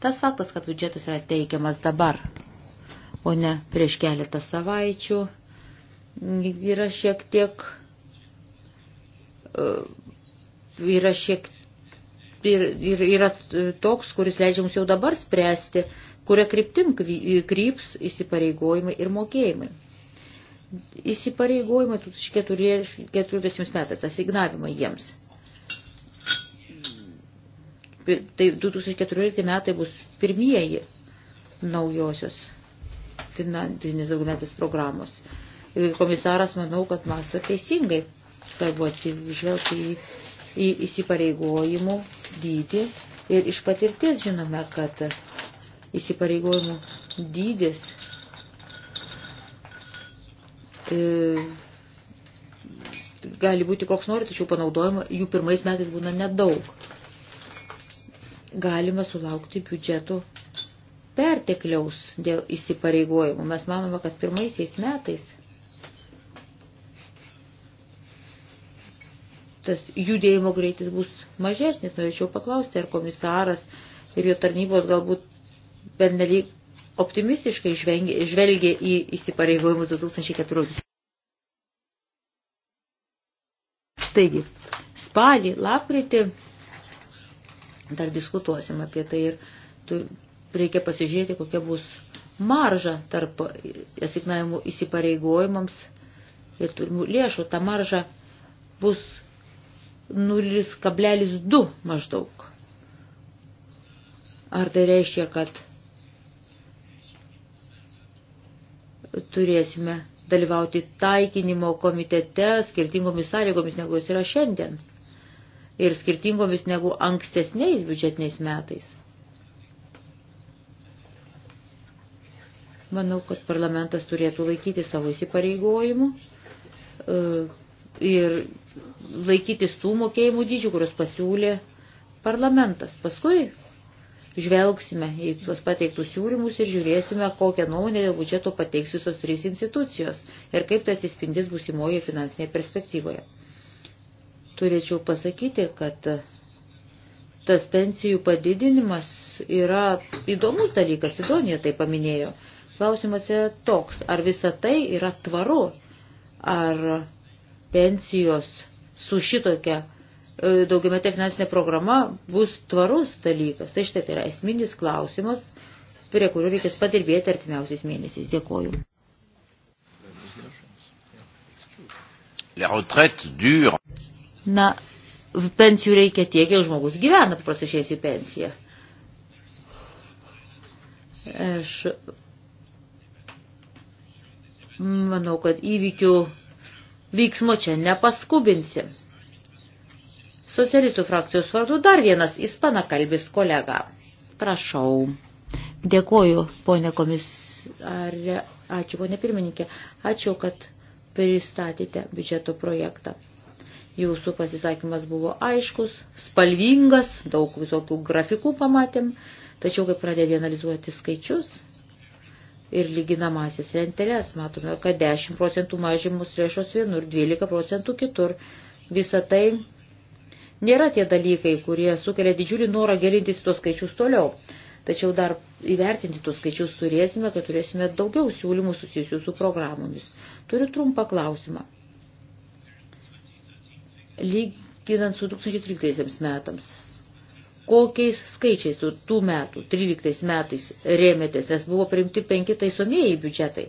Tas faktas, kad biudžetas yra teikiamas dabar, o ne prieš keletą savaičių, yra šiek tiek. E, yra šiek ir, ir yra toks, kuris leidžia mums jau dabar spręsti, kuria kryptim kryps įsipareigojimai ir mokėjimai. Įsipareigojimai 2014 metais, asignavimai jiems tai 2014 metai bus pirmieji naujosios finansinės daugiametės programos. Ir komisaras, manau, kad masto teisingai, kad buvo atsižvelgti į, į įsipareigojimų dydį ir iš patirties žinome, kad įsipareigojimų dydis e, gali būti koks nori, tačiau panaudojimo jų pirmais metais būna nedaug galime sulaukti biudžeto pertekliaus dėl įsipareigojimų. Mes manome, kad pirmaisiais metais tas judėjimo greitis bus mažesnis. Norėčiau paklausti, ar komisaras ir jo tarnybos galbūt bernelyg optimistiškai žvelgia į įsipareigojimus 2014. Taigi, spalį, lapkritį Dar diskutuosim apie tai ir tu, reikia pasižiūrėti, kokia bus marža tarp asignavimų įsipareigojimams ir turimų nu, lėšų. Ta marža bus 0,2 maždaug. Ar tai reiškia, kad turėsime dalyvauti taikinimo komitete skirtingomis sąlygomis, negu jis yra šiandien? ir skirtingomis negu ankstesniais biudžetiniais metais. Manau, kad parlamentas turėtų laikyti savo įsipareigojimų e, ir laikytis tų mokėjimų dydžių, kurios pasiūlė parlamentas. Paskui žvelgsime į tuos pateiktus siūlymus ir žiūrėsime, kokią nuomonę dėl biudžeto pateiks visos trys institucijos ir kaip tai atsispindės būsimoje finansinėje perspektyvoje turėčiau pasakyti, kad tas pensijų padidinimas yra įdomus dalykas, Sidonija tai paminėjo. Klausimas yra toks, ar visa tai yra tvaru, ar pensijos su šitokia e, daugiametė finansinė programa bus tvarus dalykas. Tai štai tai yra esminis klausimas, prie kurio reikės padirbėti artimiausiais mėnesiais. Dėkoju. Les retraites durent. Na, pensijų reikia tiek, kiek žmogus gyvena, paprastai išėjęs į pensiją. Aš manau, kad įvykių vyksmo čia nepaskubinsi. Socialistų frakcijos vardu dar vienas ispanakalbis kolega. Prašau. Dėkoju, ponė komisarė. Ačiū, ponė pirmininkė. Ačiū, kad pristatėte biudžeto projektą. Jūsų pasisakymas buvo aiškus, spalvingas, daug visokių grafikų pamatėm, tačiau kai pradėdė analizuoti skaičius ir lyginamasis lentelės, matome, kad 10 procentų mažimus lėšos vienur, 12 procentų kitur. Visa tai nėra tie dalykai, kurie sukelia didžiulį norą gerintis tuos skaičius toliau. Tačiau dar įvertinti tuos skaičius turėsime, kad turėsime daugiau siūlymų susijusių su programomis. Turiu trumpą klausimą lyginant su 2013 metams. Kokiais skaičiais tų metų, 13 metais rėmėtės, nes buvo priimti penki taisomieji biudžetai.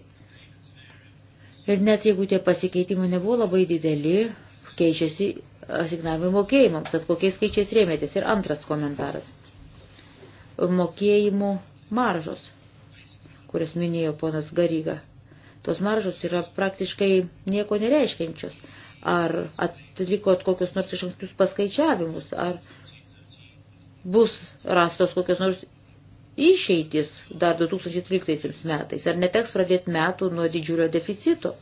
Ir net jeigu tie pasikeitimai nebuvo labai dideli, keičiasi asignavimai mokėjimams, tad kokiais skaičiais rėmėtės. Ir antras komentaras. Mokėjimų maržos, kurias minėjo ponas Garyga. Tos maržos yra praktiškai nieko nereiškiančios. Ar atlikot kokius nors iš ankstius paskaičiavimus, ar bus rastos kokios nors išeitis dar 2013 metais, ar neteks pradėti metų nuo didžiulio deficito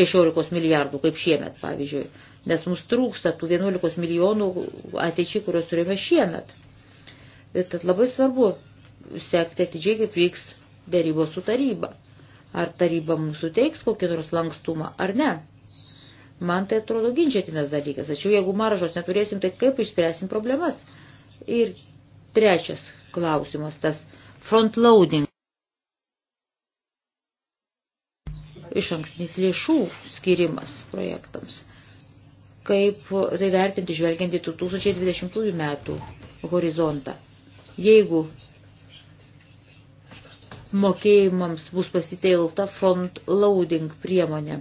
16 milijardų, kaip šiemet, pavyzdžiui, nes mums trūksta tų 11 milijonų ateičiai, kuriuos turime šiemet. Ir tad labai svarbu sekti atidžiai, kaip vyks dėrybos su taryba. Ar taryba mums suteiks kokį nors lankstumą, ar ne. Man tai atrodo ginčiatinas dalykas. Tačiau jeigu maržos neturėsim, tai kaip išspręsim problemas? Ir trečias klausimas, tas frontloading. Iš ankstinis lėšų skirimas projektams. Kaip tai vertinti žvelgiant į 2020 metų horizontą. Jeigu mokėjimams bus pasitelta front loading priemonė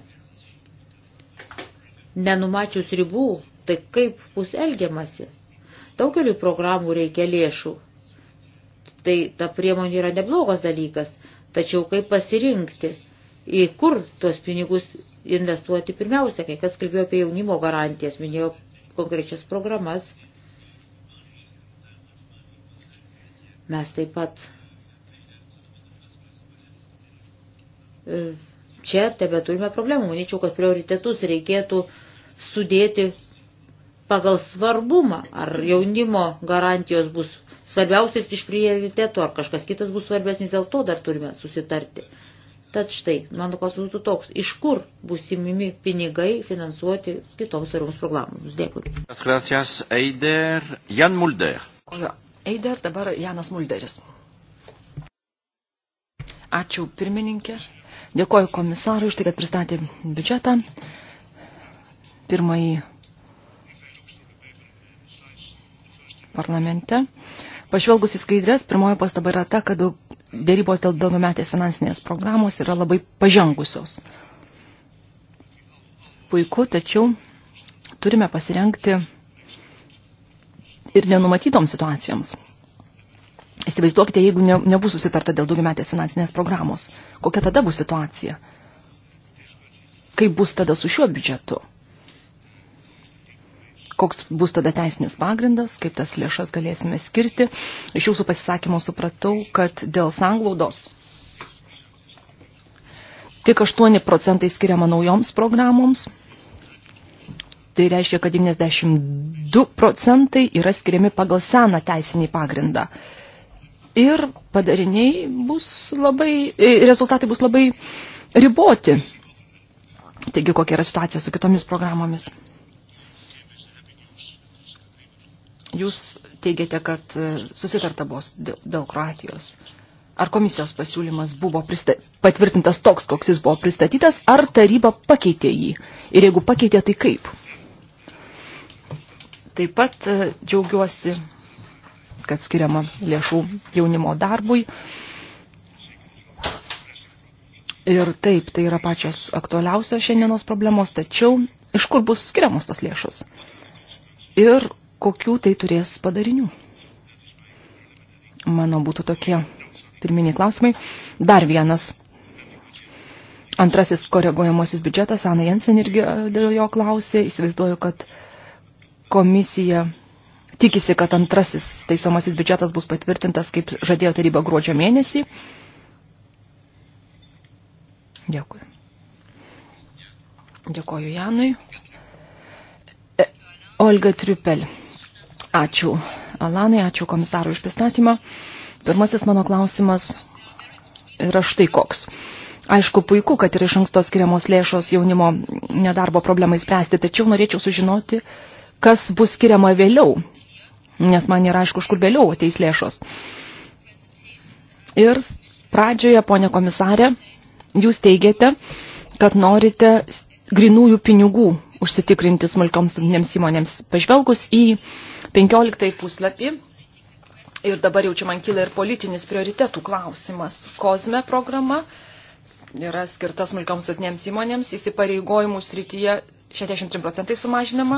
nenumačius ribų, tai kaip bus elgiamasi. Daugeliu programų reikia lėšų. Tai ta priemonė yra neblogas dalykas, tačiau kaip pasirinkti, į kur tuos pinigus investuoti pirmiausia, kai kas kalbėjo apie jaunimo garantijas, minėjo konkrečias programas. Mes taip pat e, čia tebe turime problemų. Manyčiau, kad prioritetus reikėtų sudėti pagal svarbumą. Ar jaunimo garantijos bus svarbiausias iš prioritetų, ar kažkas kitas bus svarbesnis, dėl to dar turime susitarti. Tad štai, mano klausimas būtų toks, iš kur bus įmimi pinigai finansuoti kitoms svarbiams programoms. Dėkui. Gracias, Eider. Jan Mulder. Eider, dabar Janas Mulderis. Ačiū pirmininkė. Dėkoju komisarui už tai, kad pristatė biudžetą. Pirmąjį parlamente. Pažvelgus į skaidrės, pirmoji pastaba yra ta, kad dėrybos dėl daugiametės finansinės programos yra labai pažengusios. Puiku, tačiau turime pasirengti ir nenumatytoms situacijoms. Įsivaizduokite, jeigu ne, nebus susitarta dėl daugiametės finansinės programos, kokia tada bus situacija? Kaip bus tada su šiuo biudžetu? Koks bus tada teisinis pagrindas, kaip tas lėšas galėsime skirti? Iš jūsų pasisakymo supratau, kad dėl sanglaudos tik 8 procentai skiriama naujoms programoms, Tai reiškia, kad 92 procentai yra skiriami pagal seną teisinį pagrindą ir padariniai bus labai, e, rezultatai bus labai riboti. Taigi, kokia yra situacija su kitomis programomis? Jūs teigiate, kad e, susitarta buvo dėl Kroatijos. Ar komisijos pasiūlymas buvo prista... patvirtintas toks, koks jis buvo pristatytas, ar taryba pakeitė jį? Ir jeigu pakeitė, tai kaip? Taip pat e, džiaugiuosi kad skiriama lėšų jaunimo darbui. Ir taip, tai yra pačios aktualiausios šiandienos problemos, tačiau iš kur bus skiriamos tos lėšos ir kokių tai turės padarinių. Mano būtų tokie pirminiai klausimai. Dar vienas. Antrasis koreguojamosis biudžetas, Ana Jensen irgi e, dėl jo klausė, įsivaizduoju, kad komisija tikisi, kad antrasis taisomasis biudžetas bus patvirtintas, kaip žadėjo taryba gruodžio mėnesį. Dėkui. Dėkoju Janui. E, Olga Triupel. Ačiū Alanai, ačiū komisarui už pristatymą. Pirmasis mano klausimas yra štai koks. Aišku, puiku, kad yra iš anksto skiriamos lėšos jaunimo nedarbo problemai spręsti, tačiau norėčiau sužinoti, kas bus skiriama vėliau, nes man nėra aišku, kur vėliau ateis lėšos. Ir pradžioje, ponė komisarė, jūs teigiate, kad norite grinųjų pinigų užsitikrinti smulkioms didinėms įmonėms. Pažvelgus į 15 puslapį, ir dabar jau čia man kyla ir politinis prioritetų klausimas, COSME programa, yra skirta smulkioms atinėms įmonėms, įsipareigojimų srityje 63 procentai sumažinama,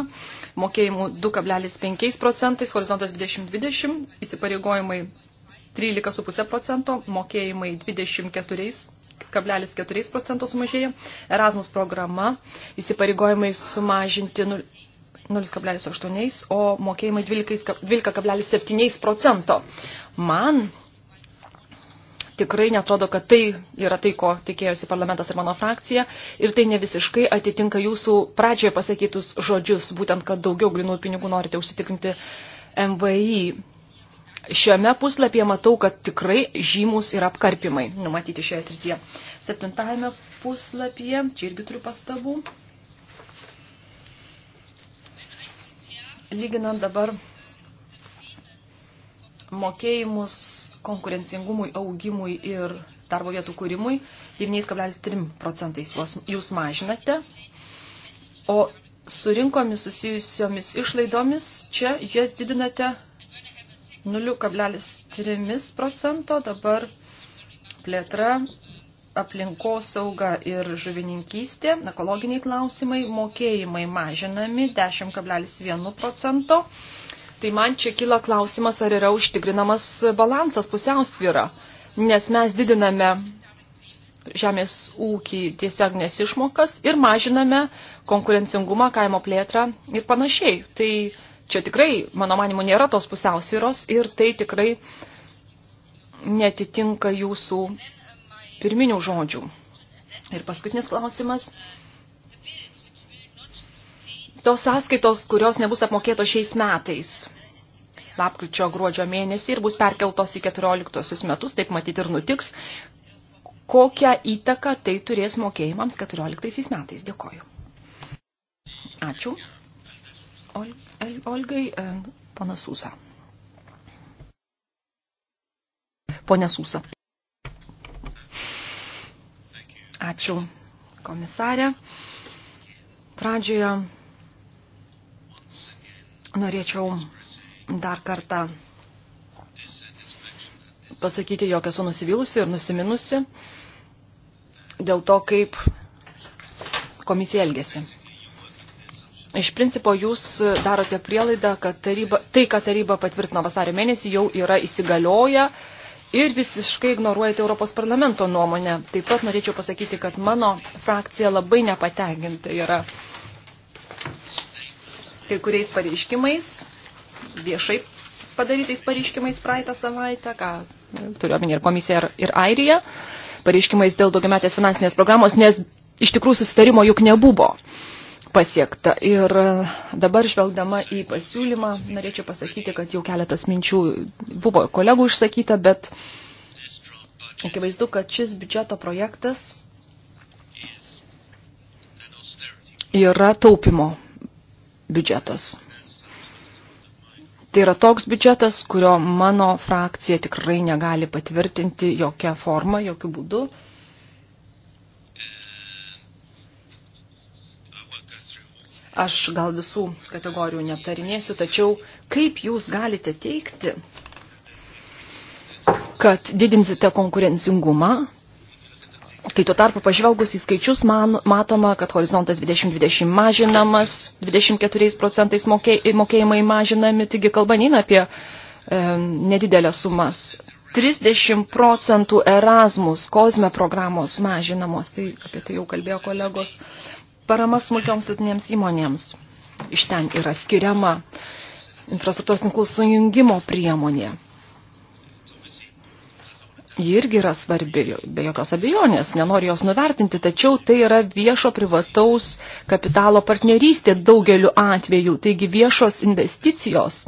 mokėjimų 2,5 procentais, horizontas 2020, įsipareigojimai 13,5 procento, mokėjimai 24,4 procento sumažėja, Erasmus programa įsipareigojimai sumažinti 0,8, o mokėjimai 12,7 procento. Man tikrai netrodo, kad tai yra tai, ko tikėjosi parlamentas ir mano frakcija. Ir tai ne visiškai atitinka jūsų pradžioje pasakytus žodžius, būtent, kad daugiau grinų pinigų norite užsitikrinti MVI. Šiame puslapyje matau, kad tikrai žymus yra apkarpimai numatyti šioje srityje. Septintajame puslapyje, čia irgi turiu pastabų. Lyginant dabar mokėjimus konkurencingumui, augimui ir darbo vietų kūrimui 9,3 procentais jūs mažinate, o su rinkomis susijusiomis išlaidomis čia jas didinate 0,3 procento, dabar plėtra, aplinkosauga ir žuvininkystė, ekologiniai klausimai, mokėjimai mažinami 10,1 procento Tai man čia kyla klausimas, ar yra užtikrinamas balansas, pusiausvyra, nes mes didiname žemės ūkį tiesioginės išmokas ir mažiname konkurencingumą, kaimo plėtrą ir panašiai. Tai čia tikrai, mano manimu, nėra tos pusiausvyros ir tai tikrai netitinka jūsų pirminių žodžių. Ir paskutinis klausimas tos sąskaitos, kurios nebus apmokėtos šiais metais lapkričio gruodžio mėnesį ir bus perkeltos į 14 metus, taip matyti ir nutiks. Kokią įtaką tai turės mokėjimams 14 metais? Dėkoju. Ačiū. Ol, el, Olgai, e, ponas Sūsa. Pone Sūsa. Ačiū, komisarė. Pradžioje Norėčiau dar kartą pasakyti, jog esu nusivylusi ir nusiminusi dėl to, kaip komisija elgesi. Iš principo jūs darote prielaidą, kad taryba, tai, ką taryba patvirtino vasario mėnesį, jau yra įsigalioja ir visiškai ignoruojate Europos parlamento nuomonę. Taip pat norėčiau pasakyti, kad mano frakcija labai nepatenkinta yra kai kuriais pareiškimais, viešai padarytais pareiškimais praeitą savaitę, ką turiu omeny ir komisija ir, ir Airija, pareiškimais dėl daugiametės finansinės programos, nes iš tikrųjų susitarimo juk nebuvo pasiekta. Ir e, dabar žvelgdama į pasiūlymą, norėčiau pasakyti, kad jau keletas minčių buvo kolegų išsakyta, bet akivaizdu, kad šis biudžeto projektas yra taupimo biudžetas. Tai yra toks biudžetas, kurio mano frakcija tikrai negali patvirtinti jokią formą, jokių būdų. Aš gal visų kategorijų neaptarinėsiu, tačiau kaip jūs galite teikti, kad didinsite konkurencingumą, Kai tuo tarpu pažvelgus į skaičius, man, matoma, kad horizontas 2020 mažinamas, 24 procentais mokė, mokėjimai mažinami, taigi kalba neina apie e, nedidelės sumas. 30 procentų Erasmus, kozme programos mažinamos, tai apie tai jau kalbėjo kolegos. Parama smulkioms sitinėms įmonėms iš ten yra skiriama infrastruktūros tinklų sujungimo priemonė ji irgi yra svarbi, be jokios abejonės, nenoriu jos nuvertinti, tačiau tai yra viešo privataus kapitalo partnerystė daugeliu atveju. Taigi viešos investicijos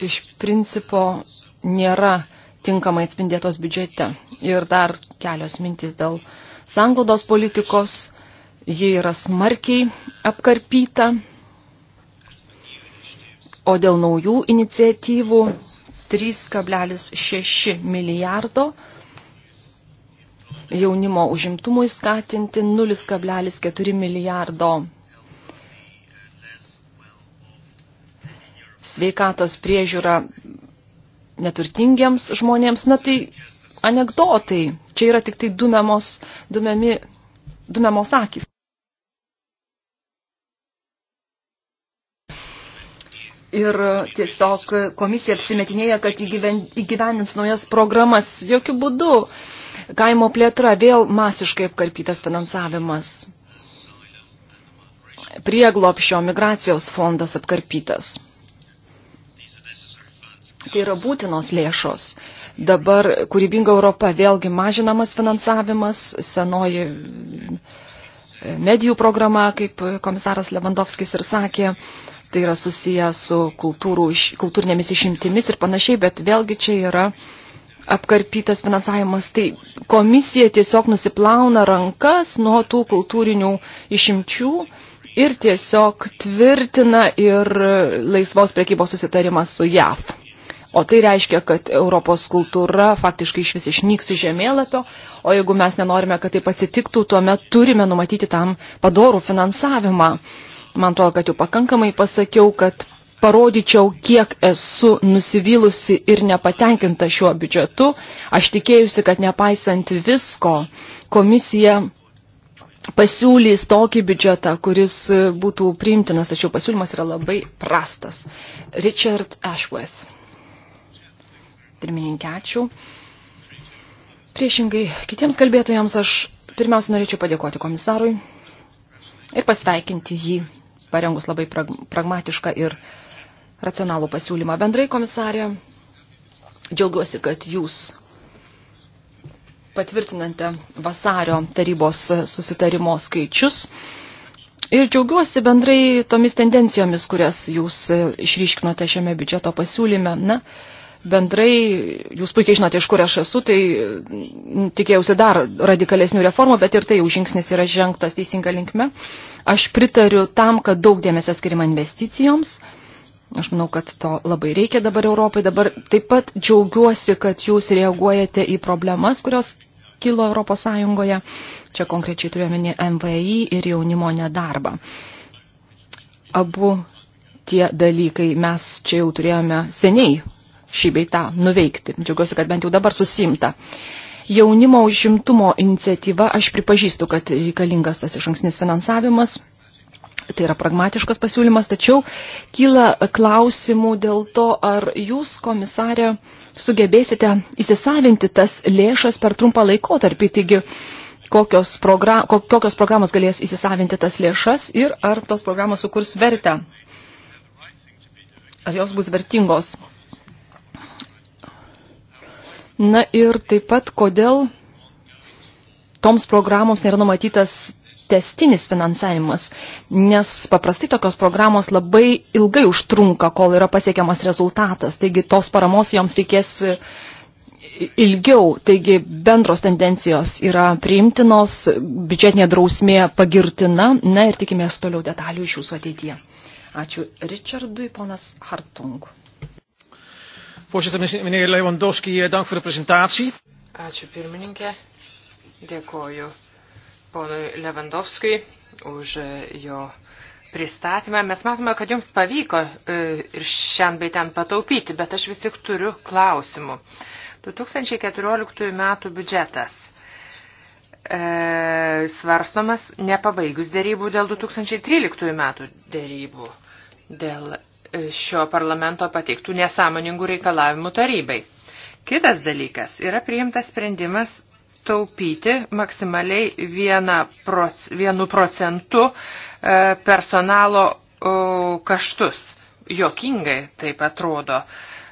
iš principo nėra tinkamai atspindėtos biudžete. Ir dar kelios mintys dėl sanglaudos politikos. Ji yra smarkiai apkarpyta o dėl naujų iniciatyvų 3,6 milijardo jaunimo užimtumui skatinti 0,4 milijardo sveikatos priežiūra neturtingiems žmonėms. Na tai anegdotai, čia yra tik tai dumiamos, dumiami, dumiamos akis. ir tiesiog komisija apsimetinėja, kad įgyvendins naujas programas. Jokių būdų kaimo plėtra vėl masiškai apkarpytas finansavimas. Prieglopšio migracijos fondas apkarpytas. Tai yra būtinos lėšos. Dabar kūrybinga Europa vėlgi mažinamas finansavimas, senoji e, medijų programa, kaip komisaras Levandovskis ir sakė, tai yra susiję su kultūrų, kultūrinėmis išimtimis ir panašiai, bet vėlgi čia yra apkarpytas finansavimas. Tai komisija tiesiog nusiplauna rankas nuo tų kultūrinių išimčių ir tiesiog tvirtina ir laisvos priekybos susitarimas su JAV. O tai reiškia, kad Europos kultūra faktiškai iš vis išnyks iš žemėlapio, o jeigu mes nenorime, kad taip atsitiktų, tuomet turime numatyti tam padorų finansavimą. Man atrodo, kad jau pakankamai pasakiau, kad parodyčiau, kiek esu nusivylusi ir nepatenkinta šiuo biudžetu. Aš tikėjusi, kad nepaisant visko, komisija pasiūlys tokį biudžetą, kuris būtų priimtinas, tačiau pasiūlymas yra labai prastas. Richard Ashworth. Pirmininkė, ačiū. Priešingai kitiems kalbėtojams aš pirmiausia norėčiau padėkoti komisarui ir pasveikinti jį parengus labai pragmatišką ir racionalų pasiūlymą. Bendrai, komisarė, džiaugiuosi, kad jūs patvirtinate vasario tarybos susitarimo skaičius. Ir džiaugiuosi bendrai tomis tendencijomis, kurias jūs išryškinote šiame biudžeto pasiūlyme. Na, bendrai, jūs puikiai žinote, iš kur aš esu, tai mm, tikėjausi dar radikalesnių reformų, bet ir tai jau žingsnis yra žengtas teisinga linkme. Aš pritariu tam, kad daug dėmesio skirima investicijoms. Aš manau, kad to labai reikia dabar Europai. Dabar taip pat džiaugiuosi, kad jūs reaguojate į problemas, kurios kilo Europos Sąjungoje. Čia konkrečiai turiuomenį MVI ir jaunimo nedarbą. Abu tie dalykai mes čia jau turėjome seniai šį beitą nuveikti. Džiaugiuosi, kad bent jau dabar susimta. Jaunimo užimtumo iniciatyva, aš pripažįstu, kad reikalingas tas išankstinis finansavimas, tai yra pragmatiškas pasiūlymas, tačiau kyla klausimų dėl to, ar jūs, komisarė, sugebėsite įsisavinti tas lėšas per trumpą laikotarpį, taigi kokios, program, kokios programos galės įsisavinti tas lėšas ir ar tos programos sukurs vertę, ar jos bus vertingos. Na ir taip pat, kodėl toms programoms nėra numatytas testinis finansavimas, nes paprastai tokios programos labai ilgai užtrunka, kol yra pasiekiamas rezultatas, taigi tos paramos joms reikės e, ilgiau, taigi bendros tendencijos yra priimtinos, biudžetinė drausmė pagirtina, na ir tikimės toliau detalių iš jūsų ateityje. Ačiū Richardui, ponas Hartung. Voorzitter, meneer Lewandowski, eh, dank voor de presentatie. Ačiū pirmininkė. Dėkoju ponui Lewandowski už eh, jo pristatymą. Mes matome, kad jums pavyko eh, ir šiandien bei ten pataupyti, bet aš vis tik turiu klausimų. 2014 metų biudžetas e, svarstomas nepabaigus dėrybų dėl 2013 metų dėrybų dėl šio parlamento pateiktų nesąmoningų reikalavimų tarybai. Kitas dalykas yra priimtas sprendimas taupyti maksimaliai 1 procentu e, personalo kaštus. Jokingai taip atrodo.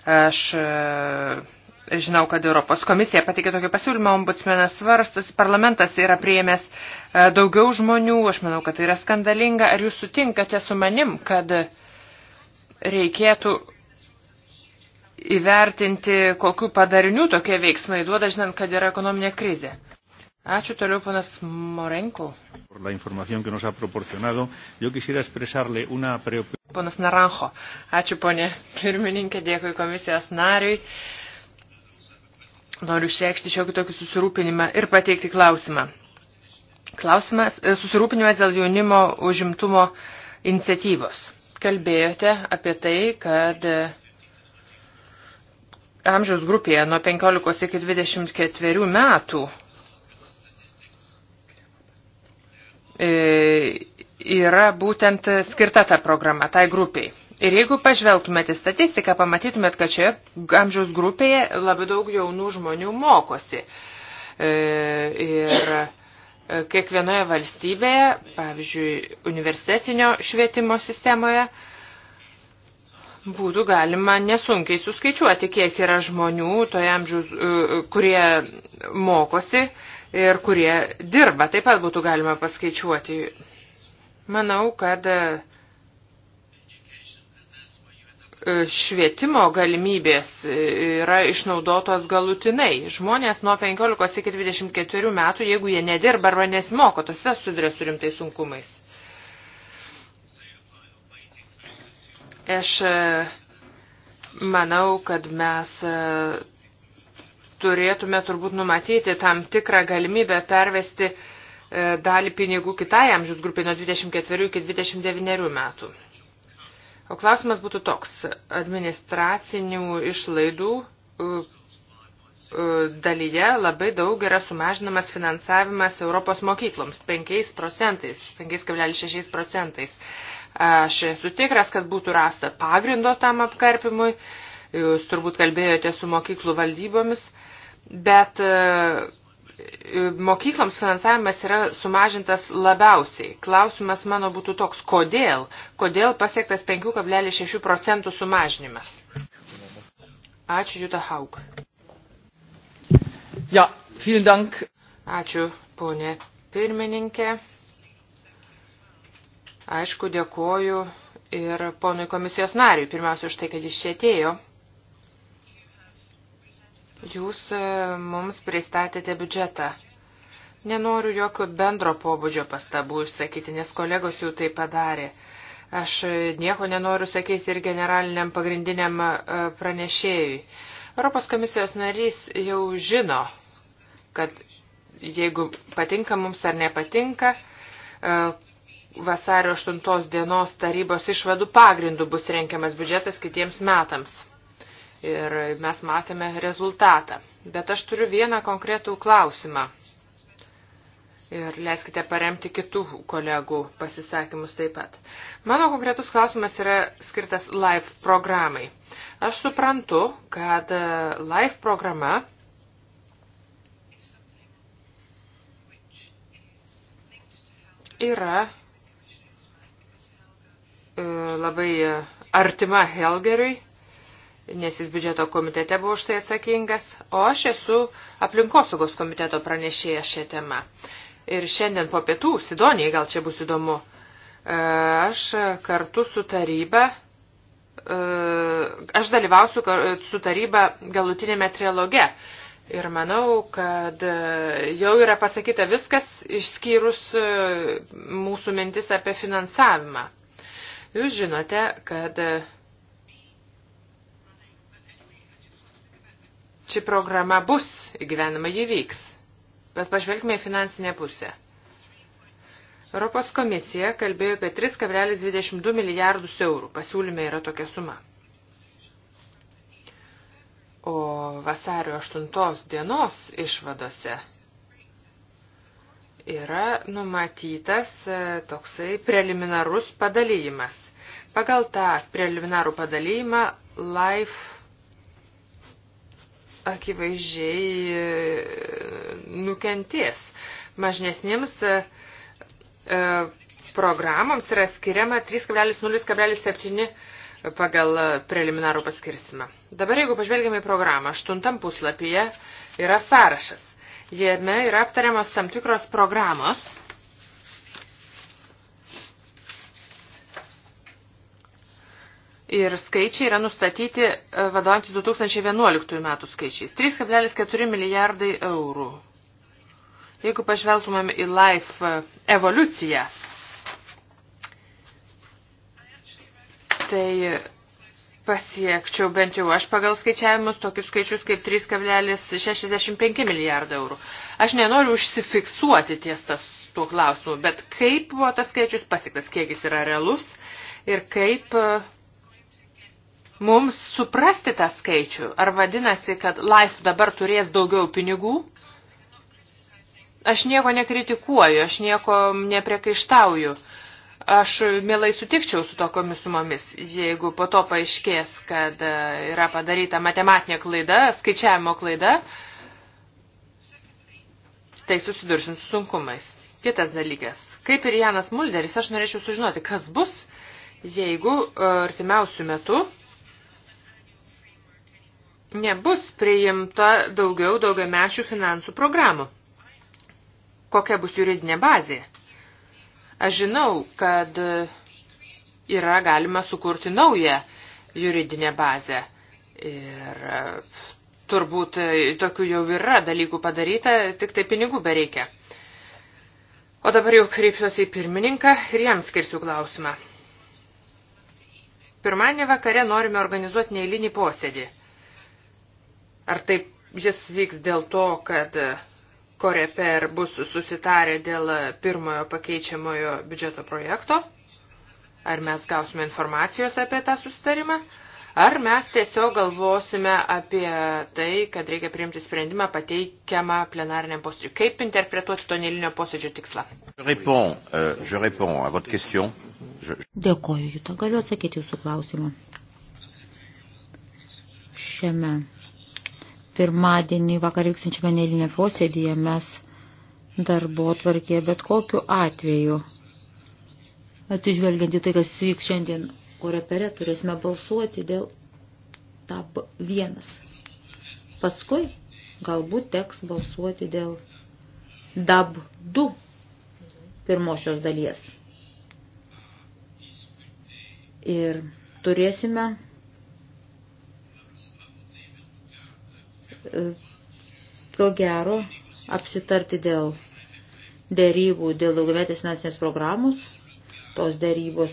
Aš e, žinau, kad Europos komisija patikė tokį pasiūlymą, ombudsmenas svarstus, parlamentas yra prieėmęs e, daugiau žmonių, aš manau, kad tai yra skandalinga. Ar jūs sutinkate su manim, kad uh, reikėtų įvertinti, kokiu padariniu tokie veiksmai duoda, žinant, kad yra ekonominė krizė. Ačiū toliau, panas Morenko. Una... Panas Naranjo. Ačiū, ponė pirmininkė, dėkui komisijos nariui. Noriu išreikšti šiokį tokį susirūpinimą ir pateikti klausimą. Klausimas, e, susirūpinimas dėl jaunimo užimtumo iniciatyvos kalbėjote apie tai, kad e, amžiaus grupėje nuo 15 iki 24 metų e, yra būtent skirta ta programa, tai grupiai. Ir jeigu pažvelgtumėte statistiką, pamatytumėt, kad šioje amžiaus grupėje labai daug jaunų žmonių mokosi. E, ir kiekvienoje valstybėje, pavyzdžiui, universitetinio švietimo sistemoje, būtų galima nesunkiai suskaičiuoti, kiek yra žmonių toje amžiaus, e, kurie mokosi ir kurie dirba. Taip pat būtų galima paskaičiuoti. Manau, kad uh, E, švietimo galimybės e, yra išnaudotos galutinai. Žmonės nuo 15 iki 24 metų, jeigu jie nedirba arba nesimoko, tose suduria su rimtais sunkumais. Aš e, manau, kad mes turėtume turbūt numatyti tam tikrą galimybę pervesti dalį pinigų kitai amžiaus grupiai nuo 24 iki 29 metų. O klausimas būtų toks. Administracinių išlaidų e, e, dalyje labai daug yra sumažinamas finansavimas Europos mokykloms 5 procentais, 5,6 procentais. Aš esu tikras, kad būtų rasta pagrindo tam apkarpimui, jūs turbūt kalbėjote su mokyklų valdybomis, bet e, E, mokykloms finansavimas yra sumažintas labiausiai. Klausimas mano būtų toks, kodėl? Kodėl pasiektas 5,6 procentų sumažinimas? Ačiū, Juta Haug. Ja, vielen Dank. Ačiū, ponė pirmininkė. Aišku, dėkoju ir ponui komisijos nariui, pirmiausia, už tai, kad jis čia atėjo. Jūs e, mums pristatėte biudžetą. Nenoriu jokio bendro pobūdžio pastabų išsakyti, nes kolegos jau tai padarė. Aš nieko nenoriu sakyti ir generaliniam pagrindiniam e, pranešėjui. Europos komisijos narys jau žino, kad jeigu patinka mums ar nepatinka, e, vasario 8 dienos tarybos išvadų pagrindų bus renkiamas biudžetas kitiems metams ir mes matėme rezultatą. Bet aš turiu vieną konkretų klausimą. Ir leiskite paremti kitų kolegų pasisakymus taip pat. Mano konkretus klausimas yra skirtas LIFE programai. Aš suprantu, kad e, LIFE programa yra e, labai e, artima Helgeriui, nes jis biudžeto komitete buvo už tai atsakingas, o aš esu aplinkosaugos komiteto pranešėjas šią temą. Ir šiandien po pietų, Sidonijai gal čia bus įdomu, e, aš kartu su taryba, e, aš dalyvausiu su taryba galutinėme trialoge. Ir manau, kad e, jau yra pasakyta viskas, išskyrus mūsų mintis apie finansavimą. Jūs žinote, kad Ši programa bus įgyvenama, ji vyks. Bet pažvelgime į finansinę pusę. Europos komisija kalbėjo apie 3,22 milijardus eurų. Pasiūlyme yra tokia suma. O vasario 8 dienos išvadose yra numatytas e, toksai preliminarus padalyjimas. Pagal tą preliminarų padalymą LIFE akivaizdžiai e, nukentės. Mažnesniems e, e, programoms yra skiriama 3,0,7 pagal preliminarų paskirsimą. Dabar jeigu pažvelgiame į programą, aštuntam puslapyje yra sąrašas. Jame yra aptariamos tam tikros programos, Ir skaičiai yra nustatyti e, vadovantis 2011 metų skaičiais. 3,4 milijardai eurų. Jeigu pažvelgtumėm į life e, evoliuciją, tai pasiekčiau bent jau aš pagal skaičiavimus tokius skaičius kaip 3,65 milijardai eurų. Aš nenoriu užsifiksuoti ties tas tuo klausimu, bet kaip buvo tas skaičius pasiektas, kiek jis yra realus ir kaip uh, mums suprasti tą skaičių. Ar vadinasi, kad Life dabar turės daugiau pinigų? Aš nieko nekritikuoju, aš nieko nepriekaištauju. Aš mielai sutikčiau su tokiomis sumomis, jeigu po to paaiškės, kad e, yra padaryta matematinė klaida, skaičiavimo klaida, tai susidursim su sunkumais. Kitas dalykas. Kaip ir Janas Mulderis, aš norėčiau sužinoti, kas bus, jeigu e, artimiausių metų nebus priimta daugiau daugiamečių finansų programų. Kokia bus juridinė bazė? Aš žinau, kad yra galima sukurti naują juridinę bazę. Ir e, turbūt e, tokių jau yra dalykų padaryta, tik tai pinigų bereikia. O dabar jau kreipsiuosi į pirmininką ir jam skirsiu klausimą. Pirmanį vakare norime organizuoti neįlinį posėdį. Ar taip jis vyks dėl to, kad Koreper bus susitarę dėl pirmojo pakeičiamojo biudžeto projekto? Ar mes gausime informacijos apie tą susitarimą? Ar mes tiesiog galvosime apie tai, kad reikia priimti sprendimą pateikiamą plenariniam posėdžiui? Kaip interpretuoti to nelinio posėdžio tikslą? Euh, Dėkoju, Jūta. Galiu atsakyti jūsų klausimą. Šiame pirmadienį vakar vyksinčiame neįlinė posėdėje mes darbo tvarkė bet kokiu atveju. Atižvelgiant į tai, kas vyks šiandien korepere, turėsime balsuoti dėl tab vienas. Paskui galbūt teks balsuoti dėl dab 2 pirmosios dalies. Ir turėsime ko gero apsitarti dėl dėrybų, dėl daugiametės finansinės programos. Tos dėrybos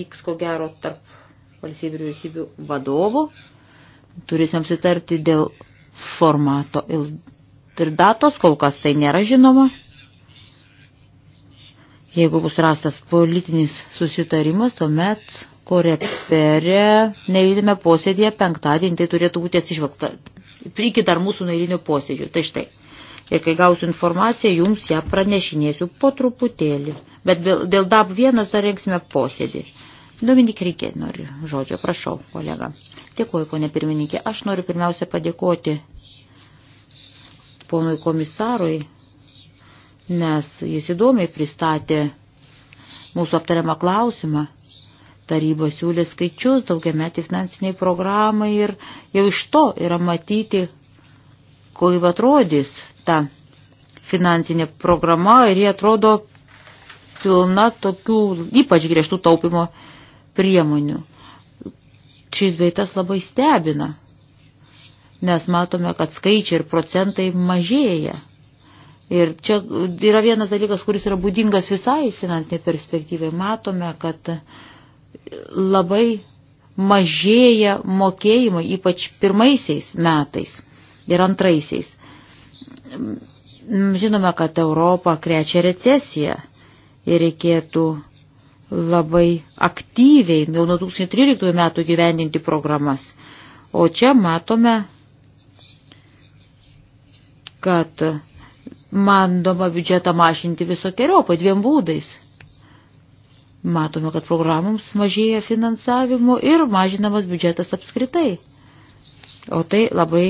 vyks ko gero tarp valstybių ir vyriausybių vadovų. Turėsim apsitarti dėl formato ir datos, kol kas tai nėra žinoma. Jeigu bus rastas politinis susitarimas, tuomet korepere neįlime posėdėje penktadienį, tai turėtų būti atsižvelgta iki dar mūsų nailinio posėdžio. Tai štai. Ir kai gausiu informaciją, jums ją pranešinėsiu po truputėlį. Bet dėl DAB vienas dar rengsime posėdį. Dominik Rikė nori žodžio, prašau, kolega. Dėkuoju, ponė pirmininkė. Aš noriu pirmiausia padėkoti ponui komisarui nes jis įdomiai pristatė mūsų aptariamą klausimą. Taryba siūlė skaičius daugiametį finansiniai programai ir jau iš to yra matyti, kaip atrodys ta finansinė programa ir jie atrodo pilna tokių ypač griežtų taupimo priemonių. Šis veitas labai stebina, nes matome, kad skaičiai ir procentai mažėja Ir čia yra vienas dalykas, kuris yra būdingas visai finansiniai perspektyvai. Matome, kad labai mažėja mokėjimai, ypač pirmaisiais metais ir antraisiais. Žinome, kad Europą krečia recesija ir reikėtų labai aktyviai jau nuo 2013 metų gyvendinti programas. O čia matome, kad Mandoma biudžetą mažinti visokiojopai dviem būdais. Matome, kad programoms mažėja finansavimo ir mažinamas biudžetas apskritai. O tai labai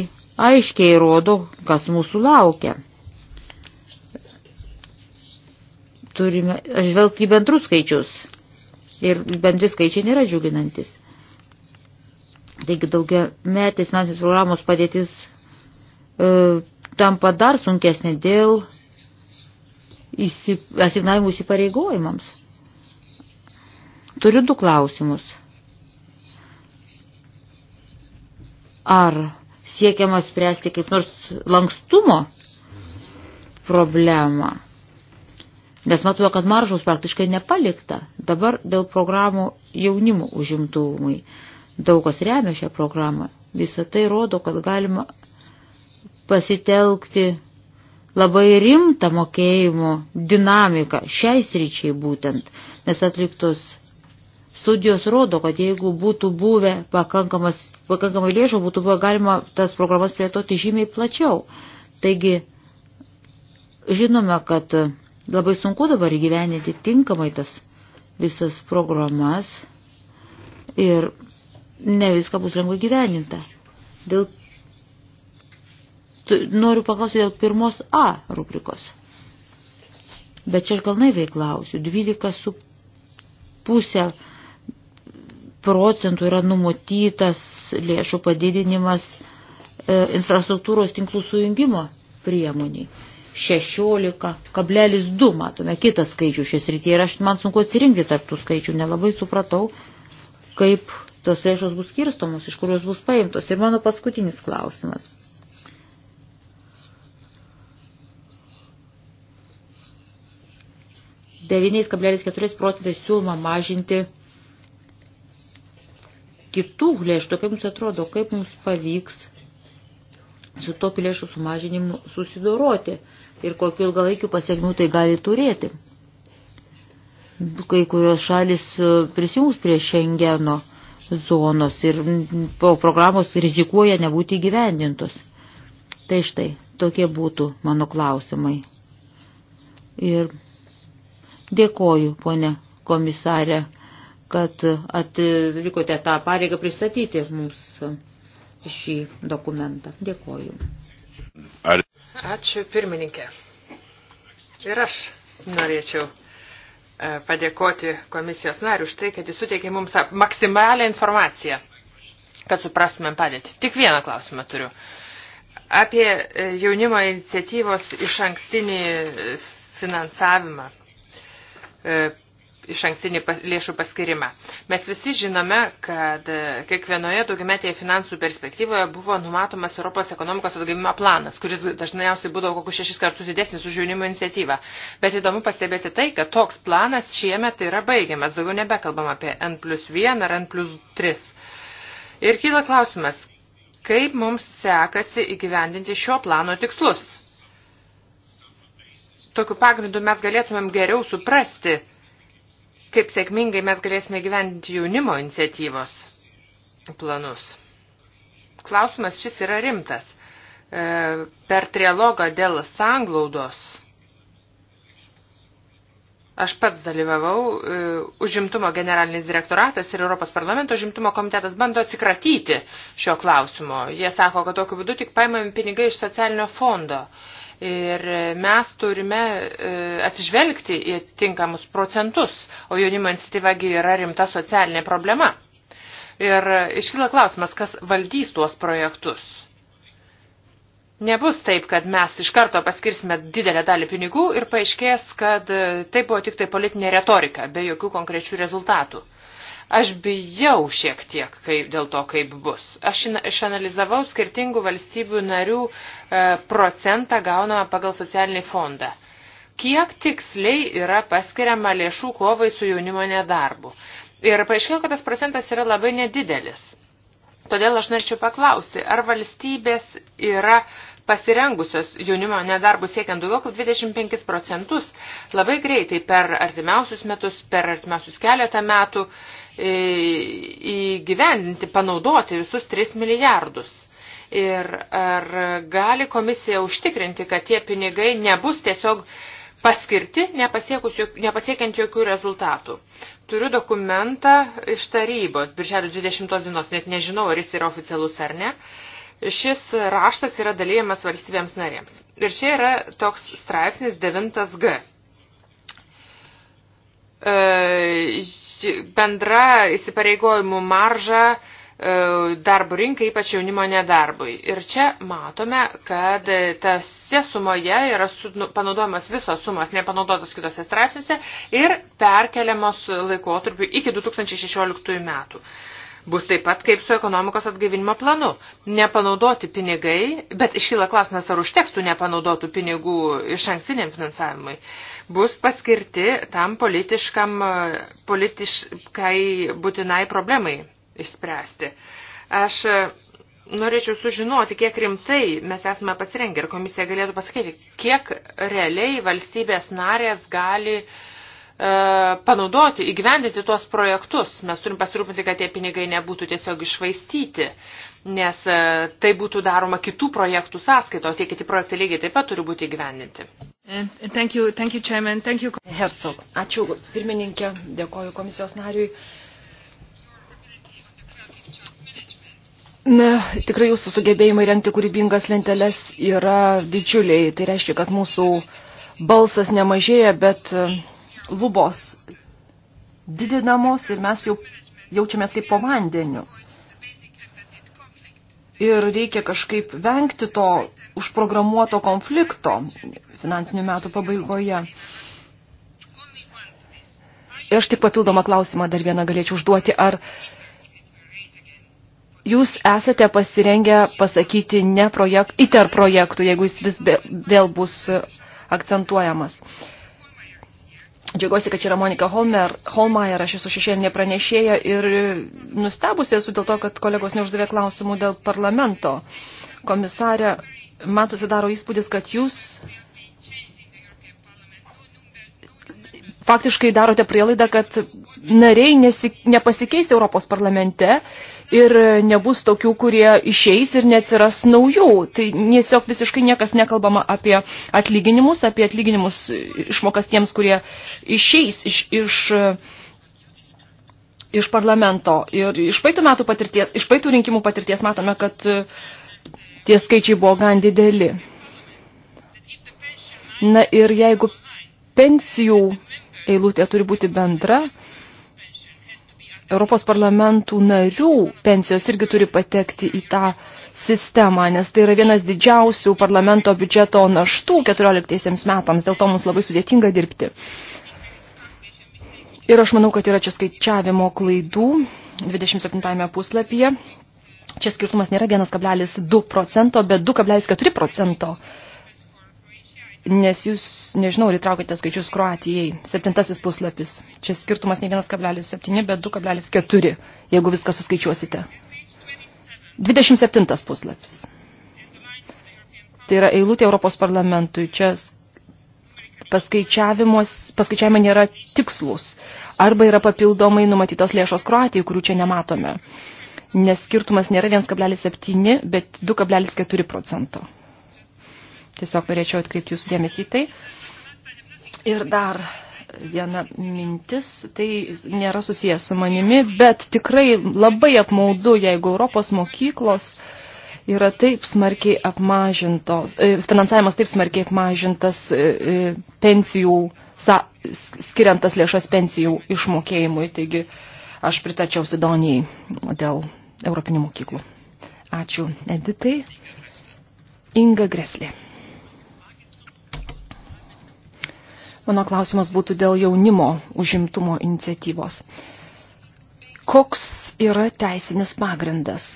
aiškiai rodo, kas mūsų laukia. Turime žvelgti į bendrus skaičius. Ir bendri skaičiai nėra džiuginantis. Taigi daugia metės finansinės programos padėtis e, tampa dar sunkesnė dėl asignavimų įsipareigojimams. Turiu du klausimus. Ar siekiama spręsti kaip nors lankstumo problemą? Nes matau, kad maržos praktiškai nepalikta. Dabar dėl programų jaunimo užimtumui. Daug kas remia šią programą. Visą tai rodo, kad galima pasitelkti labai rimtą mokėjimo dinamiką šiai sričiai būtent, nes atliktos studijos rodo, kad jeigu būtų buvę pakankamai lėšų, būtų buvę galima tas programas plėtoti žymiai plačiau. Taigi, žinome, kad labai sunku dabar įgyveninti tinkamai tas visas programas ir ne viską bus lengva gyveninta. Dėl noriu paklausyti dėl pirmos A rubrikos. Bet čia aš gal naivai klausiu. 12 su pusę procentų yra numatytas lėšų padidinimas e, infrastruktūros tinklų sujungimo priemoniai. 16,2 matome kitą skaičių šias rytyje ir aš man sunku atsirinkti tarp tų skaičių, nelabai supratau, kaip tos lėšos bus skirstomos, iš kurios bus paimtos. Ir mano paskutinis klausimas. 9,4 procentais siūloma mažinti kitų lėšų. Kaip jums atrodo, kaip mums pavyks su tokiu lėšų sumažinimu susidoroti ir kokiu ilgalaikiu pasiekmių tai gali turėti. Kai kurios šalis e, prisijungs prie Šengeno zonos ir po programos rizikuoja nebūti gyvendintos. Tai štai, tokie būtų mano klausimai. Ir Dėkoju, ponė komisarė, kad atlikote tą pareigą pristatyti mums šį dokumentą. Dėkoju. Ar... Ačiū pirmininkė. Ir aš norėčiau e, padėkoti komisijos nariu už tai, kad jis suteikė mums maksimalią informaciją, kad suprastumėm padėtį. Tik vieną klausimą turiu. Apie e, jaunimo iniciatyvos iš ankstinį e, finansavimą. E, iš ankstinį lėšų paskirimą. Mes visi žinome, kad e, kiekvienoje daugiametėje finansų perspektyvoje buvo numatomas Europos ekonomikos atgavimo planas, kuris dažniausiai būdavo kokius šešis kartus didesnis už jaunimo iniciatyvą. Bet įdomu pastebėti tai, kad toks planas šiemet yra baigiamas, daugiau nebekalbam apie N plus 1 ar N plus 3. Ir kyla klausimas, kaip mums sekasi įgyvendinti šio plano tikslus? Tokiu pagrindu mes galėtumėm geriau suprasti, kaip sėkmingai mes galėsime gyventi jaunimo iniciatyvos planus. Klausimas šis yra rimtas. E, per trialogą dėl sanglaudos aš pats dalyvavau, e, užimtumo generalinis direktoratas ir Europos parlamento užimtumo komitetas bando atsikratyti šio klausimo. Jie sako, kad tokiu būdu tik paimami pinigai iš socialinio fondo. Ir mes turime e, atsižvelgti į atitinkamus procentus, o jaunimo iniciatyvagi yra rimta socialinė problema. Ir iškyla klausimas, kas valdys tuos projektus. Nebus taip, kad mes iš karto paskirsime didelę dalį pinigų ir paaiškės, kad e, tai buvo tik tai politinė retorika, be jokių konkrečių rezultatų. Aš bijau šiek tiek kaip, dėl to, kaip bus. Aš išanalizavau skirtingų valstybių narių e, procentą gaunamą pagal socialinį fondą. Kiek tiksliai yra paskiriama lėšų kovai su jaunimo nedarbu. Ir paaiškėjo, kad tas procentas yra labai nedidelis. Todėl aš norėčiau paklausti, ar valstybės yra pasirengusios jaunimo nedarbų siekiant daugiau kaip 25 procentus labai greitai per artimiausius metus, per artimiausius keletą metų įgyvendinti, panaudoti visus 3 milijardus. Ir ar gali komisija užtikrinti, kad tie pinigai nebus tiesiog paskirti, nepasiekiant jokių rezultatų. Turiu dokumentą iš tarybos, birželio 20 dienos, net nežinau, ar jis yra oficialus ar ne. Šis raštas yra dalyjamas valstybėms narėms. Ir čia yra toks straipsnis 9G. E, bendra įsipareigojimų marža e, darbo rinkai, ypač jaunimo nedarbui. Ir čia matome, kad tose sumoje yra nu, panaudojamas visos sumos nepanaudotos kitose straipsniuose ir perkeliamos laikotarpiu iki 2016 metų. Bus taip pat kaip su ekonomikos atgaivinimo planu. Nepanaudoti pinigai, bet iškyla klausimas, ar užteks tų nepanaudotų pinigų iš ankstiniam finansavimui bus paskirti tam politiškam, e, politiškai būtinai problemai išspręsti. Aš e, norėčiau sužinoti, kiek rimtai mes esame pasirengę ir komisija galėtų pasakyti, kiek realiai valstybės narės gali uh, E, panaudoti, įgyvendinti tuos projektus. Mes turim pasirūpinti, kad tie pinigai nebūtų tiesiog išvaistyti, nes e, tai būtų daroma kitų projektų sąskaito, o tie kiti projektai lygiai taip pat turi būti įgyvendinti. E, thank you, thank you, Chairman. Thank you. Herzog. Ačiū pirmininkė, dėkoju komisijos nariui. Na, tikrai jūsų sugebėjimai rengti kūrybingas lenteles yra didžiuliai. Tai reiškia, kad mūsų balsas nemažėja, bet lubos didinamos ir mes jau jaučiamės kaip po vandeniu. Ir reikia kažkaip vengti to užprogramuoto konflikto finansinių metų pabaigoje. Ir aš tik papildomą klausimą dar vieną galėčiau užduoti. Ar jūs esate pasirengę pasakyti ne projekt, ITER projektų, jeigu jis vis vėl bus akcentuojamas? Uh, Džiaugiuosi, kad čia yra Monika Holmer, Holmeier, aš esu šešėlinė pranešėja ir nustebusi esu dėl to, kad kolegos neuždavė klausimų dėl parlamento. Komisarė, man susidaro įspūdis, kad jūs faktiškai darote prielaidą, kad nariai nesik, nepasikeis Europos parlamente ir nebus tokių, kurie išeis ir neatsiras naujų. Tai tiesiog visiškai niekas nekalbama apie atlyginimus, apie atlyginimus išmokas tiems, kurie išeis iš, iš, iš parlamento. Ir iš praeitų metų patirties, iš praeitų rinkimų patirties matome, kad tie skaičiai buvo gan dideli. Na ir jeigu pensijų eilutė turi būti bendra, Europos parlamentų narių pensijos irgi turi patekti į tą sistemą, nes tai yra vienas didžiausių parlamento biudžeto naštų 14 metams, dėl to mums labai sudėtinga dirbti. Ir aš manau, kad yra čia skaičiavimo klaidų 27 puslapyje. Čia skirtumas nėra 1,2 procento, bet 2,4 procento nes jūs, nežinau, ar įtraukite skaičius Kroatijai. Septintasis puslapis. Čia skirtumas ne 1,7, bet 2,4, jeigu viską suskaičiuosite. 27 puslapis. Tai yra eilutė Europos parlamentui. Čia paskaičiavimai nėra tikslus. Arba yra papildomai numatytos lėšos Kroatijai, kurių čia nematome. Nes skirtumas nėra 1,7, bet 2,4 procento. Tiesiog norėčiau atkreipti jūsų dėmesį į tai. Ir dar viena mintis, tai nėra susijęs su manimi, bet tikrai labai apmaudu, jeigu Europos mokyklos yra taip smarkiai apmažintos, e, finansavimas taip smarkiai apmažintas e, e, pensijų, skiriantas lėšas pensijų išmokėjimui. Taigi aš pritačiau Sidonijai dėl Europinių mokyklų. Ačiū Editai. Inga Greslė. Mano klausimas būtų dėl jaunimo užimtumo iniciatyvos. Koks yra teisinis pagrindas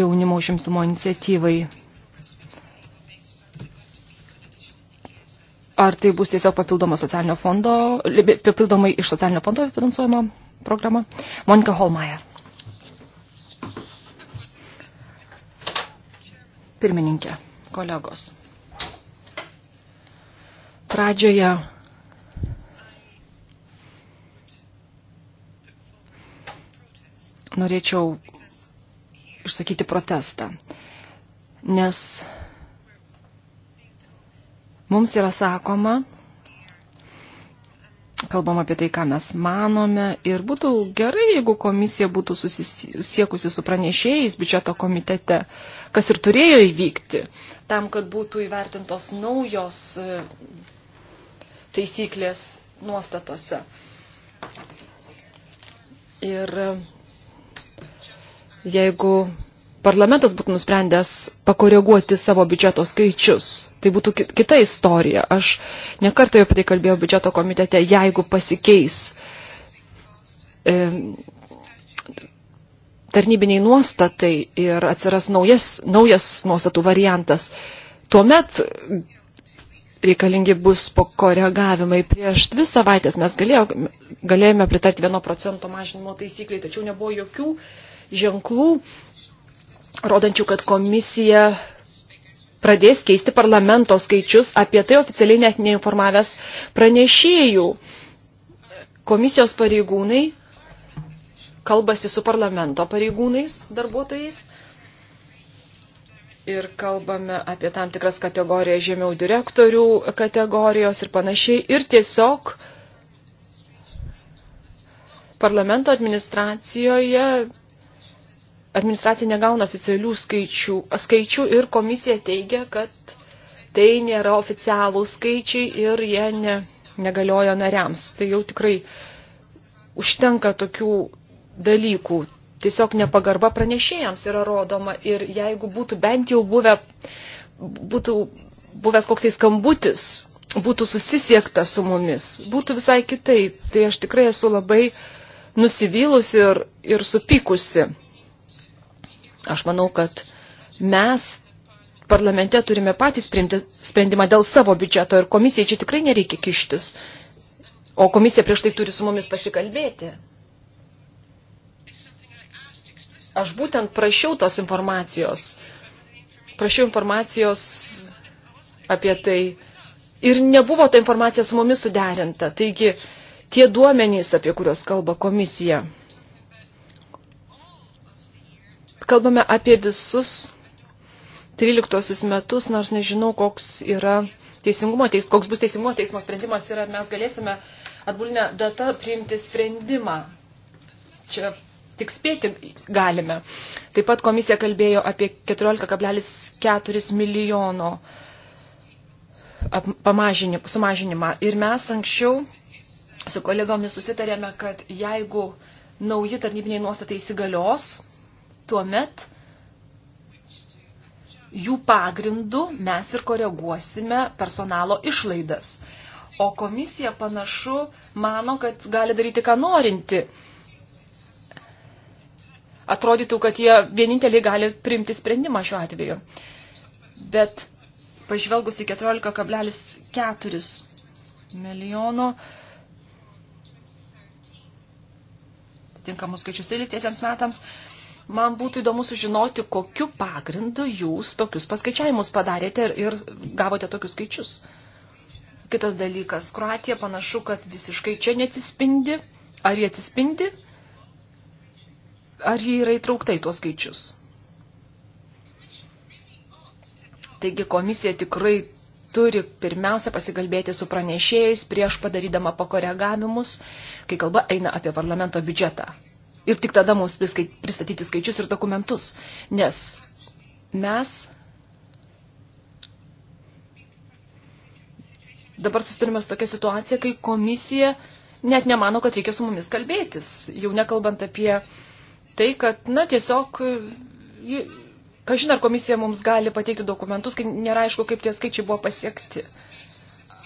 jaunimo užimtumo iniciatyvai? Ar tai bus tiesiog papildoma socialinio fondo, papildomai iš socialinio fondo finansuojama programa? Monika Holmeier. Pirmininkė, kolegos. Pradžioje norėčiau išsakyti protestą, nes mums yra sakoma, kalbam apie tai, ką mes manome ir būtų gerai, jeigu komisija būtų susisiekusi su pranešėjais biudžeto komitete, kas ir turėjo įvykti, tam, kad būtų įvertintos naujos taisyklės nuostatose. Ir jeigu parlamentas būtų nusprendęs pakoreguoti savo biudžeto skaičius. Tai būtų kita istorija. Aš nekartą jau apie tai kalbėjau biudžeto komitete, jeigu pasikeis e, tarnybiniai nuostatai ir atsiras naujas, naujas nuostatų variantas, tuomet reikalingi bus po koregavimai. Prieš dvi savaitės mes galėjome, galėjome pritarti 1 procento mažinimo taisykliai, tačiau nebuvo jokių ženklų, rodančių, kad komisija pradės keisti parlamento skaičius, apie tai oficialiai net neinformavęs pranešėjų. Komisijos pareigūnai kalbasi su parlamento pareigūnais, darbuotojais ir kalbame apie tam tikras kategorijas žemiau direktorių kategorijos ir panašiai. Ir tiesiog parlamento administracijoje administracija negauna oficialių skaičių, skaičių ir komisija teigia, kad tai nėra oficialų skaičiai ir jie ne, negalioja nariams. Tai jau tikrai užtenka tokių dalykų tiesiog nepagarba pranešėjams yra rodoma ir jeigu būtų bent jau buvę, būtų buvęs koks tai skambutis, būtų susisiekta su mumis, būtų visai kitaip. Tai aš tikrai esu labai nusivylusi ir, ir supykusi. Aš manau, kad mes parlamente turime patys priimti sprendimą dėl savo biudžeto ir komisijai čia tikrai nereikia kištis. O komisija prieš tai turi su mumis pasikalbėti. Aš būtent prašiau tos informacijos. Prašiau informacijos apie tai. Ir nebuvo ta informacija su mumis suderinta. Taigi, tie duomenys, apie kuriuos kalba komisija. Kalbame apie visus 13 metus, nors nežinau, koks yra teisingumo teis, koks bus teisingumo teismo sprendimas ir ar mes galėsime atbulinę datą priimti sprendimą. Čia tik spėti galime. Taip pat komisija kalbėjo apie 14,4 milijono sumažinimą. Ir mes anksčiau su kolegomis susitarėme, kad jeigu nauji tarnybiniai nuostatai įsigalios, tuomet jų pagrindų mes ir koreguosime personalo išlaidas. O komisija panašu mano, kad gali daryti, ką norinti, atrodytų, kad jie vieninteliai gali priimti sprendimą šiuo atveju. Bet pažvelgus į 14,4 milijono tinkamus skaičius 13 metams, man būtų įdomu sužinoti, kokiu pagrindu jūs tokius paskaičiavimus padarėte ir, ir gavote tokius skaičius. Kitas dalykas, Kroatija panašu, kad visiškai čia neatsispindi. Ar jie atsispindi? ar jį yra įtraukta į tuos skaičius? Taigi komisija tikrai turi pirmiausia pasikalbėti su pranešėjais prieš padarydama pakoregavimus, kai kalba eina apie parlamento biudžetą. Ir tik tada mums pristatyti skaičius ir dokumentus, nes mes dabar susidurime su tokia situacija, kai komisija net nemano, kad reikia su mumis kalbėtis, jau nekalbant apie uh, tai, kad, na, tiesiog, kažin ar komisija mums gali pateikti dokumentus, kai nėra aišku, kaip tie skaičiai buvo pasiekti.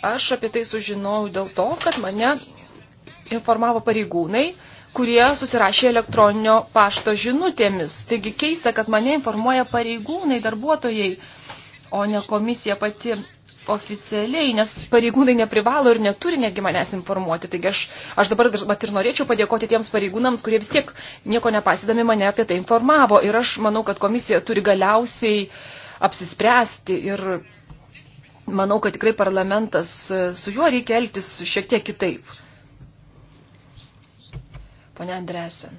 Aš apie tai sužinojau dėl to, kad mane informavo pareigūnai, kurie susirašė elektroninio pašto žinutėmis. Taigi keista, kad mane informuoja pareigūnai, darbuotojai, o ne komisija pati oficialiai, nes pareigūnai neprivalo ir neturi netgi manęs informuoti. Taigi aš, aš dabar vat, ir norėčiau padėkoti tiems pareigūnams, kurie vis tiek nieko nepasidami mane apie tai informavo. Ir aš manau, kad komisija turi galiausiai apsispręsti ir manau, kad tikrai parlamentas e, su juo reikia elgtis šiek tiek kitaip. Pone Andresen.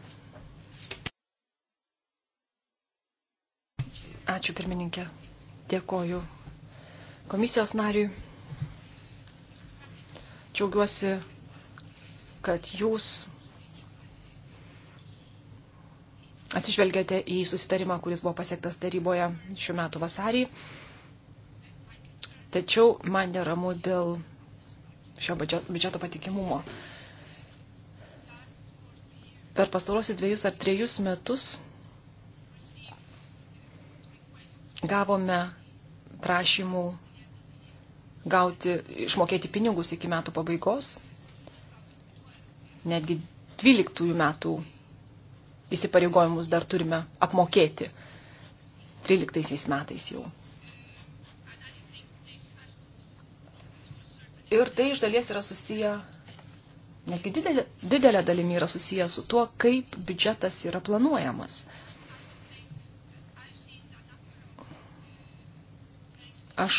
Ačiū pirmininkė. Dėkoju komisijos nariui. Džiaugiuosi, kad jūs atsižvelgiate į susitarimą, kuris buvo pasiektas taryboje šiuo metu vasarį. Tačiau man neramu dėl šio biudžeto patikimumo. Per pastarosius dviejus ar trejus metus gavome prašymų gauti, išmokėti pinigus iki metų pabaigos, netgi 12 metų įsipareigojimus dar turime apmokėti 13 metais jau. Ir tai iš dalies yra susiję, netgi didelė, didelė dalimi yra susiję su tuo, kaip biudžetas yra planuojamas. Aš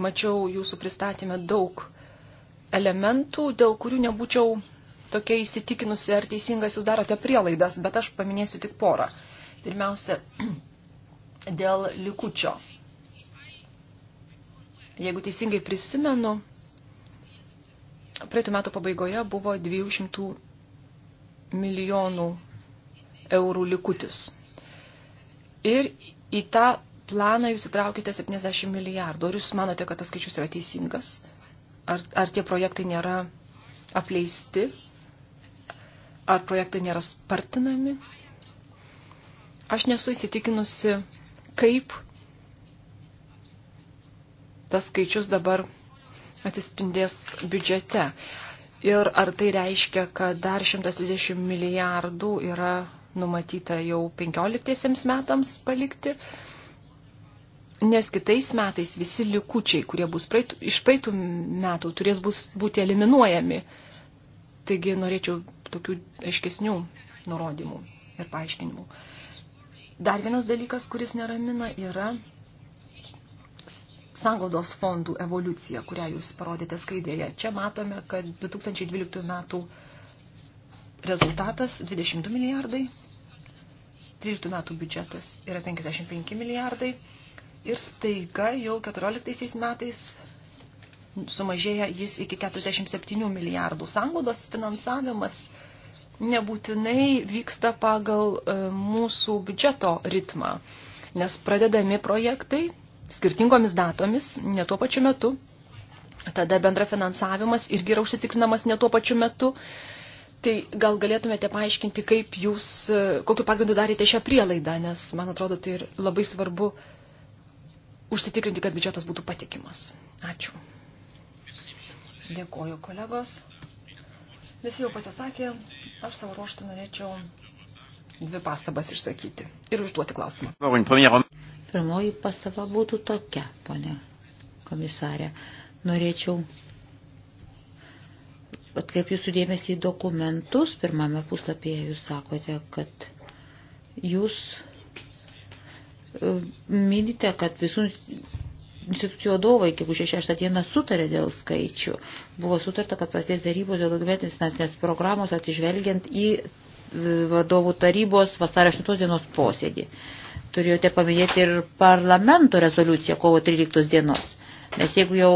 mačiau jūsų pristatymę daug elementų, dėl kurių nebūčiau tokia įsitikinusi, ar teisingas jūs darote prielaidas, bet aš paminėsiu tik porą. Pirmiausia, (clears throat) dėl likučio. Jeigu teisingai prisimenu, praeitų metų pabaigoje buvo 200 milijonų eurų likutis. Ir į tą planą jūs įtraukite 70 milijardų. Ar jūs manote, kad tas skaičius yra teisingas? Ar, ar tie projektai nėra apleisti? Ar projektai nėra spartinami? Aš nesu įsitikinusi, kaip tas skaičius dabar atsispindės biudžete. Ir ar tai reiškia, kad dar 120 milijardų yra numatyta jau 15 metams palikti? nes kitais metais visi likučiai, kurie bus praeitų, iš praeitų metų, turės bus, būti eliminuojami. Taigi norėčiau tokių aiškesnių nurodymų ir paaiškinimų. Dar vienas dalykas, kuris neramina, yra sangodos fondų evoliucija, kurią jūs parodėte skaidėje. Čia matome, kad 2012 metų rezultatas 22 milijardai, 13 metų biudžetas yra 55 milijardai, ir staiga jau 14 metais sumažėja jis iki 47 milijardų. Sanglaudos finansavimas nebūtinai vyksta pagal e, mūsų biudžeto ritmą, nes pradedami projektai skirtingomis datomis, ne tuo pačiu metu. Tada bendra finansavimas irgi yra užsitikrinamas ne tuo pačiu metu. Tai gal galėtumėte paaiškinti, kaip jūs, e, kokiu pagrindu darėte šią prielaidą, nes man atrodo, tai ir labai svarbu uh, užsitikrinti, kad biudžetas būtų patikimas. Ačiū. Dėkoju, kolegos. Visi jau pasisakė, aš savo ruoštų norėčiau dvi pastabas išsakyti ir užduoti klausimą. Pirmoji pastaba būtų tokia, ponė komisarė. Norėčiau atkreipti jūsų dėmesį į dokumentus. Pirmame puslapyje jūs sakote, kad jūs minite, kad visų institucijų vadovai, jeigu šeštą dieną sutarė dėl skaičių, buvo sutarta, kad prasidės darybos dėl daugiametinės finansinės programos atsižvelgiant į e, vadovų tarybos vasario 8 dienos posėdį. Turėjote paminėti ir parlamento rezoliuciją kovo 13 dienos. Nes jeigu jau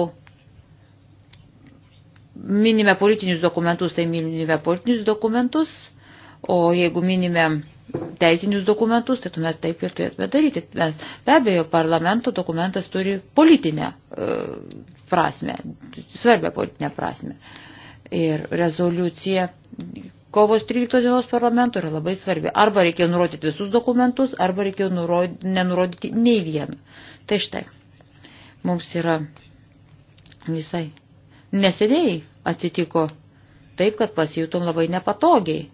minime politinius dokumentus, tai minime politinius dokumentus, O jeigu minime teisinius dokumentus, tai tuomet taip ir turėtume daryti. Mes be abejo, parlamento dokumentas turi politinę e, prasme, svarbę politinę prasme. Ir rezoliucija kovos 13 dienos parlamento yra labai svarbi. Arba reikėjo nurodyti visus dokumentus, arba reikėjo nurodyti, nenurodyti nei vieno. Tai štai, mums yra visai. Neseniai atsitiko taip, kad pasijutom labai nepatogiai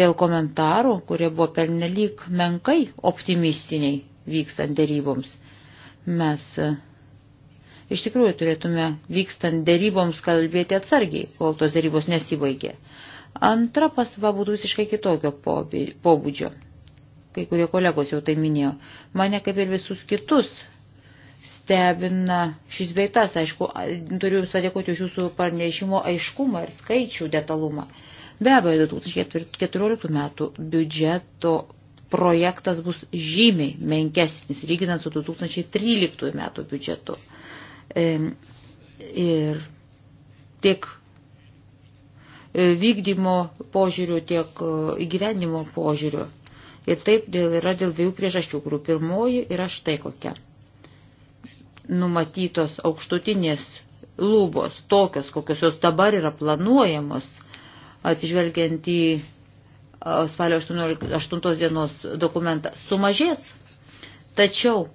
dėl komentarų, kurie buvo pernelyg menkai optimistiniai vykstant dėryboms. Mes e, iš tikrųjų turėtume vykstant dėryboms kalbėti atsargiai, kol tos dėrybos nesibaigė. Antra pasva būtų visiškai kitokio pobūdžio. Kai kurie kolegos jau tai minėjo. Mane kaip ir visus kitus stebina šis beitas. Aišku, turiu jums padėkoti už jūsų parnešimo aiškumą ir skaičių detalumą. Uh, Be abejo, 2014 metų biudžeto projektas bus žymiai menkesnis, lyginant su 2013 metų biudžetu. Ir tiek e, vykdymo požiūrių, tiek e, įgyvenimo požiūrių. Ir taip dėl, yra dėl dviejų priežasčių, kurių pirmoji yra štai kokia. Numatytos aukštutinės lubos, tokios, kokios jos dabar yra planuojamos – atsižvelgiant į spalio 8 dienos dokumentą, sumažės. Tačiau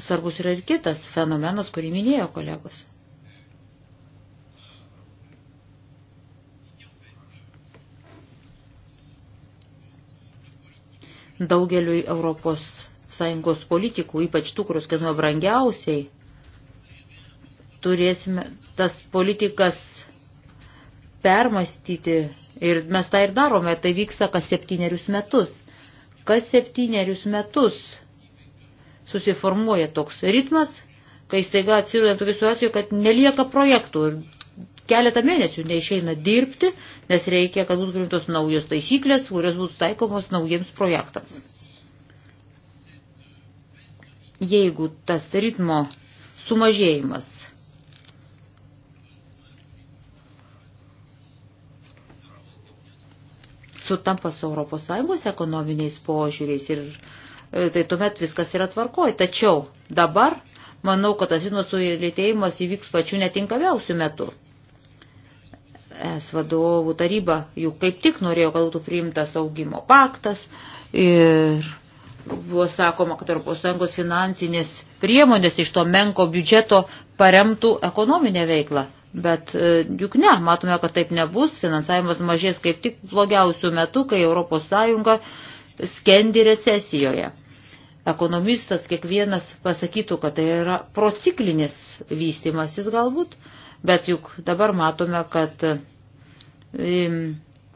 svarbus yra ir kitas fenomenas, kurį minėjo kolegos. Daugeliui Europos Sąjungos politikų, ypač tų, kurios kainuoja brangiausiai, turėsime tas politikas permastyti ir mes tą ir darome, tai vyksta kas septynerius metus. Kas septynerius metus susiformuoja toks ritmas, kai staiga atsidūrėm tokia situacija, kad nelieka projektų ir keletą mėnesių neišeina dirbti, nes reikia, kad būtų priimtos naujos taisyklės, kurios būtų taikomos naujiems projektams. Jeigu tas ritmo sumažėjimas sutampa su ES ekonominiais požiūriais ir e, tai tuomet viskas yra tvarkoj. Tačiau dabar manau, kad tas sinos sulėtėjimas įvyks pačiu netinkamiausiu metu. Es vadovų taryba juk kaip tik norėjo, kad būtų priimtas augimo paktas ir buvo sakoma, kad Europos Sąjungos finansinės priemonės iš to menko biudžeto paremtų ekonominę veiklą. Bet e, juk ne, matome, kad taip nebus, finansavimas mažės kaip tik blogiausių metų, kai ES skendi recesijoje. Ekonomistas kiekvienas pasakytų, kad tai yra prociklinis vystimasis galbūt, bet juk dabar matome, kad e,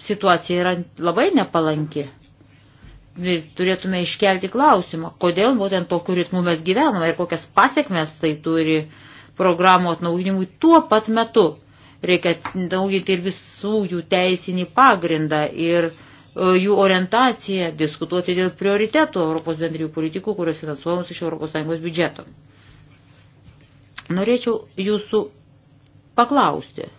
situacija yra labai nepalanki. Ir turėtume iškelti klausimą, kodėl būtent tokiu ritmu mes gyvename ir kokias pasiekmes tai turi uh, programų atnaujinimui tuo pat metu. Reikia atnaujinti ir visų jų teisinį pagrindą ir e, jų orientaciją, diskutuoti dėl prioritetų Europos bendrijų politikų, kurios finansuojamos iš ES biudžeto. Norėčiau jūsų paklausti.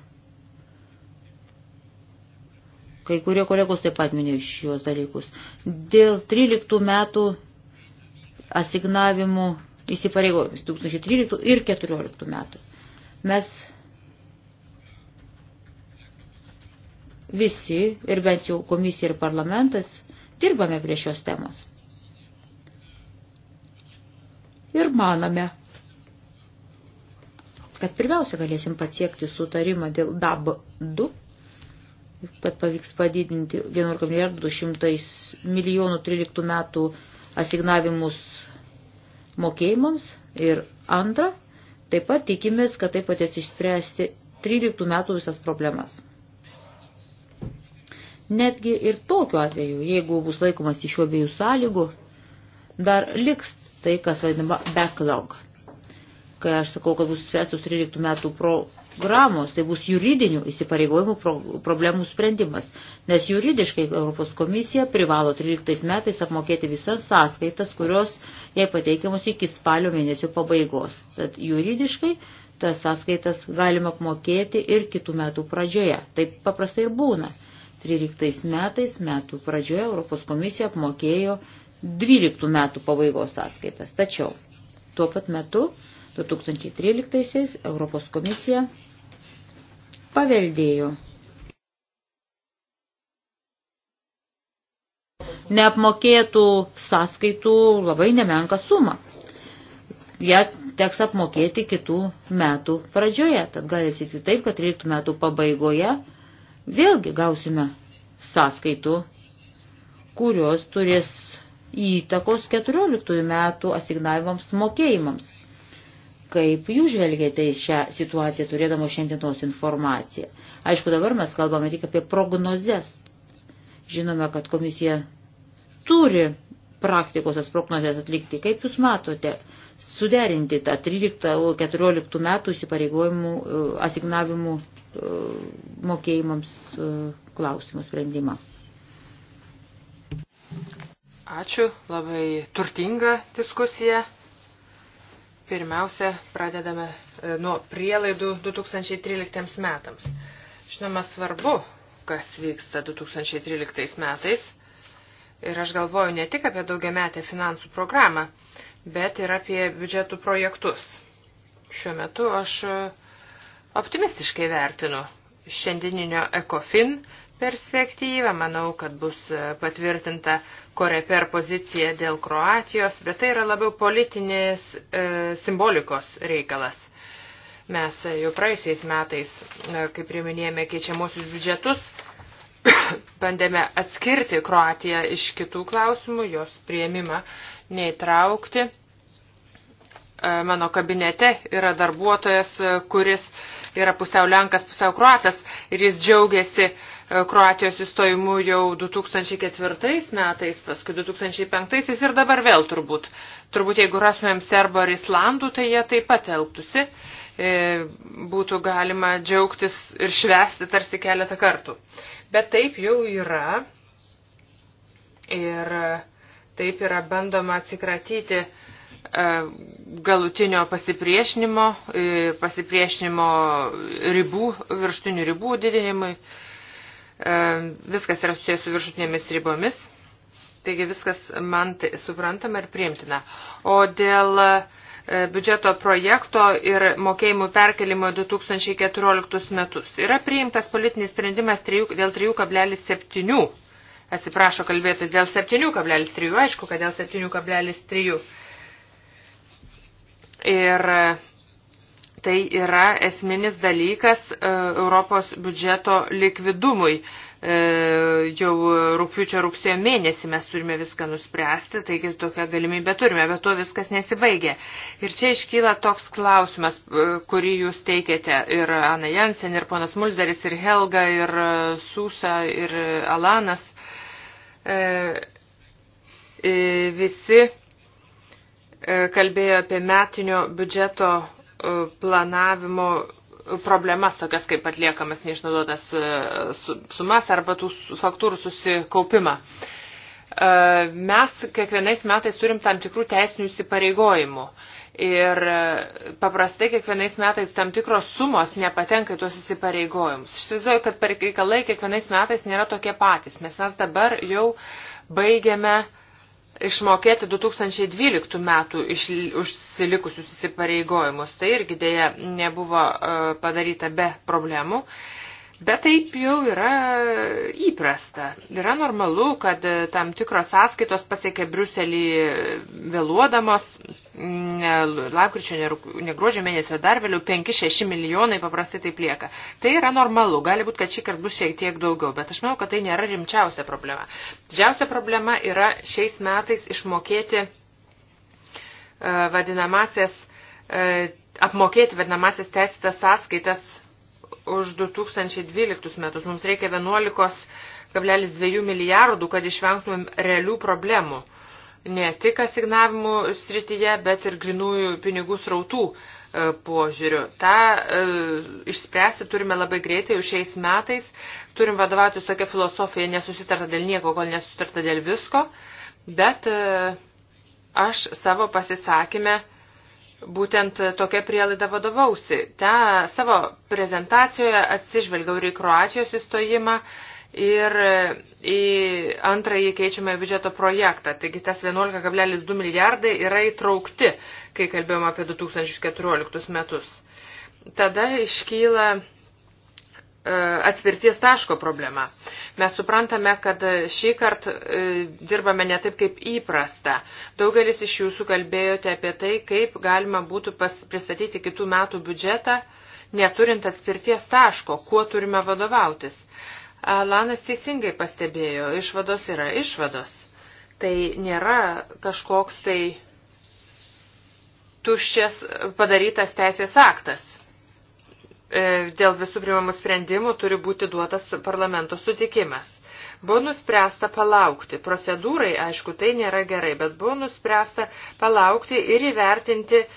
Kai kurie kolegos taip pat minėjo šiuos dalykus. Dėl 13 metų asignavimų įsipareigojimus 2013 ir 2014 metų. Mes visi, ir bent jau komisija ir parlamentas, dirbame prie šios temos. Ir manome, kad pirmiausia galėsim pasiekti sutarimą dėl DAB 2, kad pavyks padidinti 11 milijardų 200 milijonų 13 metų asignavimus mokėjimams. Ir antra, taip pat tikimės, kad taip patės išspręsti 13 metų visas problemas. Netgi ir tokiu atveju, jeigu bus laikomas iš abiejų sąlygų, dar liks tai, kas vadinama backlog. Kai aš sakau, kad bus spręstos 13 metų pro programos, tai bus juridinių įsipareigojimų pro, problemų sprendimas, nes juridiškai Europos komisija privalo 13 metais apmokėti visas sąskaitas, kurios jai pateikiamos iki spalio mėnesio pabaigos. Tad juridiškai tas sąskaitas galima apmokėti ir kitų metų pradžioje. Taip paprastai ir būna. 13 metais metų pradžioje Europos komisija apmokėjo 12 metų pabaigos sąskaitas. Tačiau tuo pat metu 2013 Europos komisija paveldėjo. Neapmokėtų sąskaitų labai nemenką sumą. Ja teks apmokėti kitų metų pradžioje. Tad gali atsitikti taip, kad 13 metų pabaigoje vėlgi gausime sąskaitų, kurios turės įtakos 14 metų asignavimams mokėjimams. Kaip jūs žvelgėte į šią situaciją, turėdamo šiandienos informaciją? Aišku, dabar mes kalbame tik apie prognozes. Žinome, kad komisija turi praktikos tas prognozes atlikti. Kaip jūs matote, suderinti tą 13-14 metų įsipareigojimų e, asignavimų e, mokėjimams e, klausimų sprendimą? Ačiū, labai turtinga diskusija. Pirmiausia, pradedame e, nuo prielaidų 2013 metams. Žinoma, svarbu, kas vyksta 2013 metais. Ir aš galvoju ne tik apie daugiametę finansų programą, bet ir apie biudžetų projektus. Šiuo metu aš e, optimistiškai vertinu šiandieninio ECOFIN perspektyvą. Manau, kad bus e, patvirtinta koreper pozicija dėl Kroatijos, bet tai yra labiau politinės e, simbolikos reikalas. Mes e, jau praeisiais metais, e, kaip priminėjome keičiamosius biudžetus, (coughs) bandėme atskirti Kroatiją iš kitų klausimų, jos prieimimą neįtraukti. E, mano kabinete yra darbuotojas, kuris yra pusiau lenkas, pusiau kruatas ir jis džiaugiasi uh, E, Kroatijos įstojimu jau 2004 metais, paskui 2005 ir dabar vėl turbūt. Turbūt jeigu rasmėm serbą ar islandų, tai jie taip pat elgtųsi. E, Būtų galima džiaugtis ir švesti tarsi keletą kartų. Bet taip jau yra. Ir taip yra bandoma atsikratyti e, galutinio pasipriešinimo, pasipriešinimo ribų, virštinių ribų didinimui. E, viskas yra susijęs su viršutinėmis ribomis, taigi viskas man tai suprantama ir priimtina. O dėl e, biudžeto projekto ir mokėjimų perkelimo 2014 metus yra priimtas politinis sprendimas dėl 3,7 atsiprašo kalbėti dėl 7,3, aišku, kad dėl 7,3. Ir tai yra esminis dalykas e, Europos biudžeto likvidumui. E, jau rūpiučio rugsėjo mėnesį mes turime viską nuspręsti, taigi tokią galimybę turime, bet to viskas nesibaigė. Ir čia iškyla toks klausimas, e, kurį jūs teikėte ir Ana Jansen, ir ponas Mulderis, ir Helga, ir Susa, ir Alanas. Visi kalbėjo apie metinio biudžeto E, planavimo problemas, tokias kaip atliekamas neišnaudotas e, sumas arba tų faktūrų susikaupimą. E, mes kiekvienais metais turim tam tikrų teisinių įsipareigojimų. Ir paprastai kiekvienais metais tam tikros sumos nepatenka į tuos įsipareigojimus. Aš įsivaizduoju, kad reikalai kiekvienais metais nėra tokie patys, nes mes dabar jau baigiame uh, išmokėti 2012 metų užsilikusius įsipareigojimus. Tai irgi dėja nebuvo e, padaryta be problemų. Bet taip jau yra įprasta. Yra normalu, kad e, tam tikros sąskaitos pasiekia Briuselį e, vėluodamos, lapkričio, negruodžio mėnesio dar vėliau 5-6 milijonai paprastai taip lieka. Tai yra normalu, gali būti, kad šį kartą bus šiek tiek daugiau, bet aš manau, kad tai nėra rimčiausia problema. Didžiausia problema yra šiais metais išmokėti e, vadinamasias apmokėti vadinamasias teisėtas sąskaitas už 2012 metus. Mums reikia 11,2 milijardų, kad išvengtumėm realių problemų. Ne tik asignavimų srityje, bet ir grinųjų pinigų srautų e, požiūriu. Ta e, išspręsti turime labai greitai, už šiais metais turim vadovauti tokia filosofija, nesusitarta dėl nieko, kol nesusitarta dėl visko, bet e, aš savo pasisakymę e, Būtent tokia prielaida vadovausi. Te savo prezentacijoje atsižvelgiau ir į Kroatijos įstojimą, ir į antrąjį keičiamąjį biudžeto projektą. Taigi tas 11,2 milijardai yra įtraukti, kai kalbėjom apie 2014 metus. Tada iškyla atspirties taško problema. Mes suprantame, kad šį kartą e, dirbame ne taip kaip įprasta. Daugelis iš jūsų kalbėjote apie tai, kaip galima būtų pristatyti kitų metų biudžetą, neturint atspirties taško, kuo turime vadovautis. Lanas teisingai pastebėjo, išvados yra išvados. Tai nėra kažkoks tai tuščias padarytas teisės aktas E, dėl visų primamų sprendimų turi būti duotas parlamento sutikimas. Buvo nuspręsta palaukti. Procedūrai, aišku, tai nėra gerai, bet buvo nuspręsta palaukti ir įvertinti e,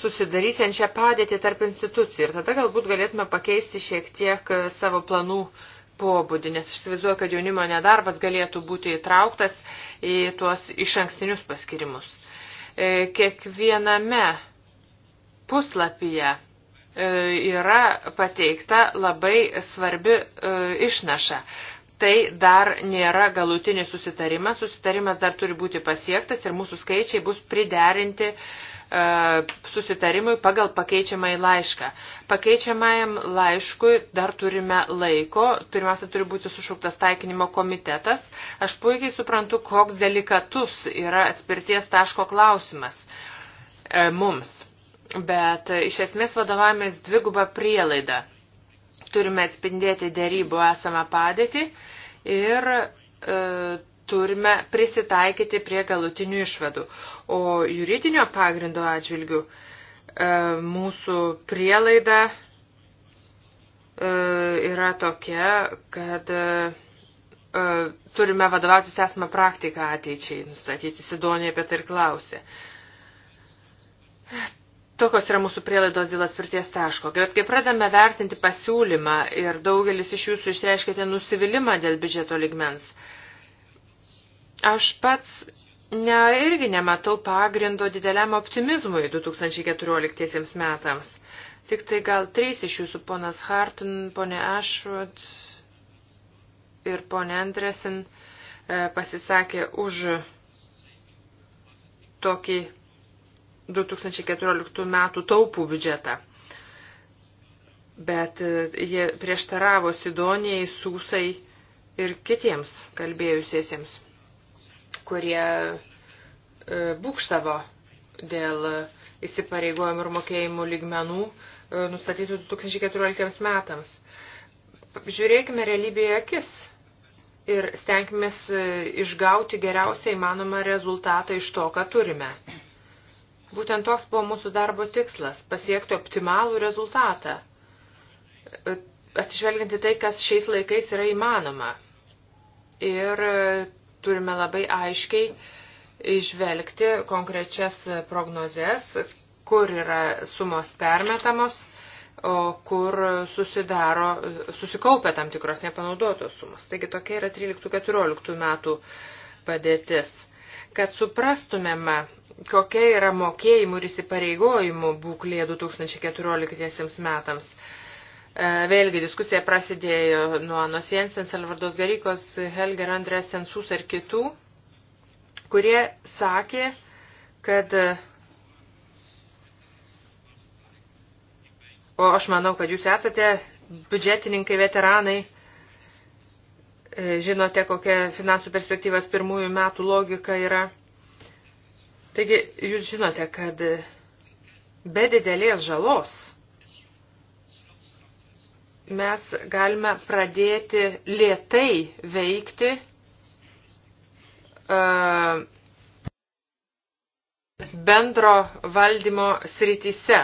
susidarysiančią padėtį tarp institucijų. Ir tada galbūt galėtume pakeisti šiek tiek e, savo planų pobūdį, nes aš įsivaizduoju, kad jaunimo nedarbas galėtų būti įtrauktas į tuos iš ankstinius paskirimus. E, kiekviename puslapyje E, yra pateikta labai svarbi e, išnaša. Tai dar nėra galutinis susitarimas, susitarimas dar turi būti pasiektas ir mūsų skaičiai bus priderinti e, susitarimui pagal pakeičiamąjį laišką. Pakeičiamajam laiškui dar turime laiko. Pirmiausia, turi būti sušauktas taikinimo komitetas. Aš puikiai suprantu, koks delikatus yra atspirties taško klausimas mums bet e, iš esmės vadovavomės dvigubą prielaidą. Turime atspindėti dėrybų esamą padėtį ir e, turime prisitaikyti prie galutinių išvadų. O juridinio pagrindo atžvilgių e, mūsų prielaida e, yra tokia, kad e, e turime vadovautis esamą praktiką ateičiai, nustatyti Sidonija apie tai ir klausė. Tokios yra mūsų prielaidos dėl atspirties taško. Bet kai pradame vertinti pasiūlymą ir daugelis iš jūsų išreiškite nusivylimą dėl biudžeto ligmens, aš pats ne, irgi nematau pagrindo dideliam optimizmui 2014 metams. Tik tai gal trys iš jūsų, ponas Harton, ponė Ashwood ir ponė Andresin, e, pasisakė už tokį 2014 metų taupų biudžetą. Bet e, jie prieštaravo Sidonijai, Sūsai ir kitiems kalbėjusiesiems, kurie e, būkštavo dėl įsipareigojimų ir mokėjimų lygmenų e, nustatytų 2014 metams. Žiūrėkime realybėje akis ir stenkime išgauti geriausiai įmanomą rezultatą iš to, ką turime. Būtent toks buvo mūsų darbo tikslas - pasiekti optimalų rezultatą, e, atsižvelginti tai, kas šiais laikais yra įmanoma. Ir e, turime labai aiškiai išvelgti konkrečias prognozes, kur yra sumos permetamos, o kur susidaro, susikaupia tam tikros nepanaudotos sumos. Taigi tokia yra 13-14 metų padėtis. Kad suprastumėme kokia yra mokėjimų ir įsipareigojimų būklė 2014 metams. E, vėlgi diskusija prasidėjo nuo Anos Jensen, Salvardos Garikos, Helger Andresen, Sus ir kitų, kurie sakė, kad O aš manau, kad jūs esate biudžetininkai, veteranai, e, žinote, kokia finansų perspektyvas pirmųjų metų logika yra. Taigi, jūs žinote, kad be didelės žalos mes galime pradėti lietai veikti uh, bendro valdymo srityse.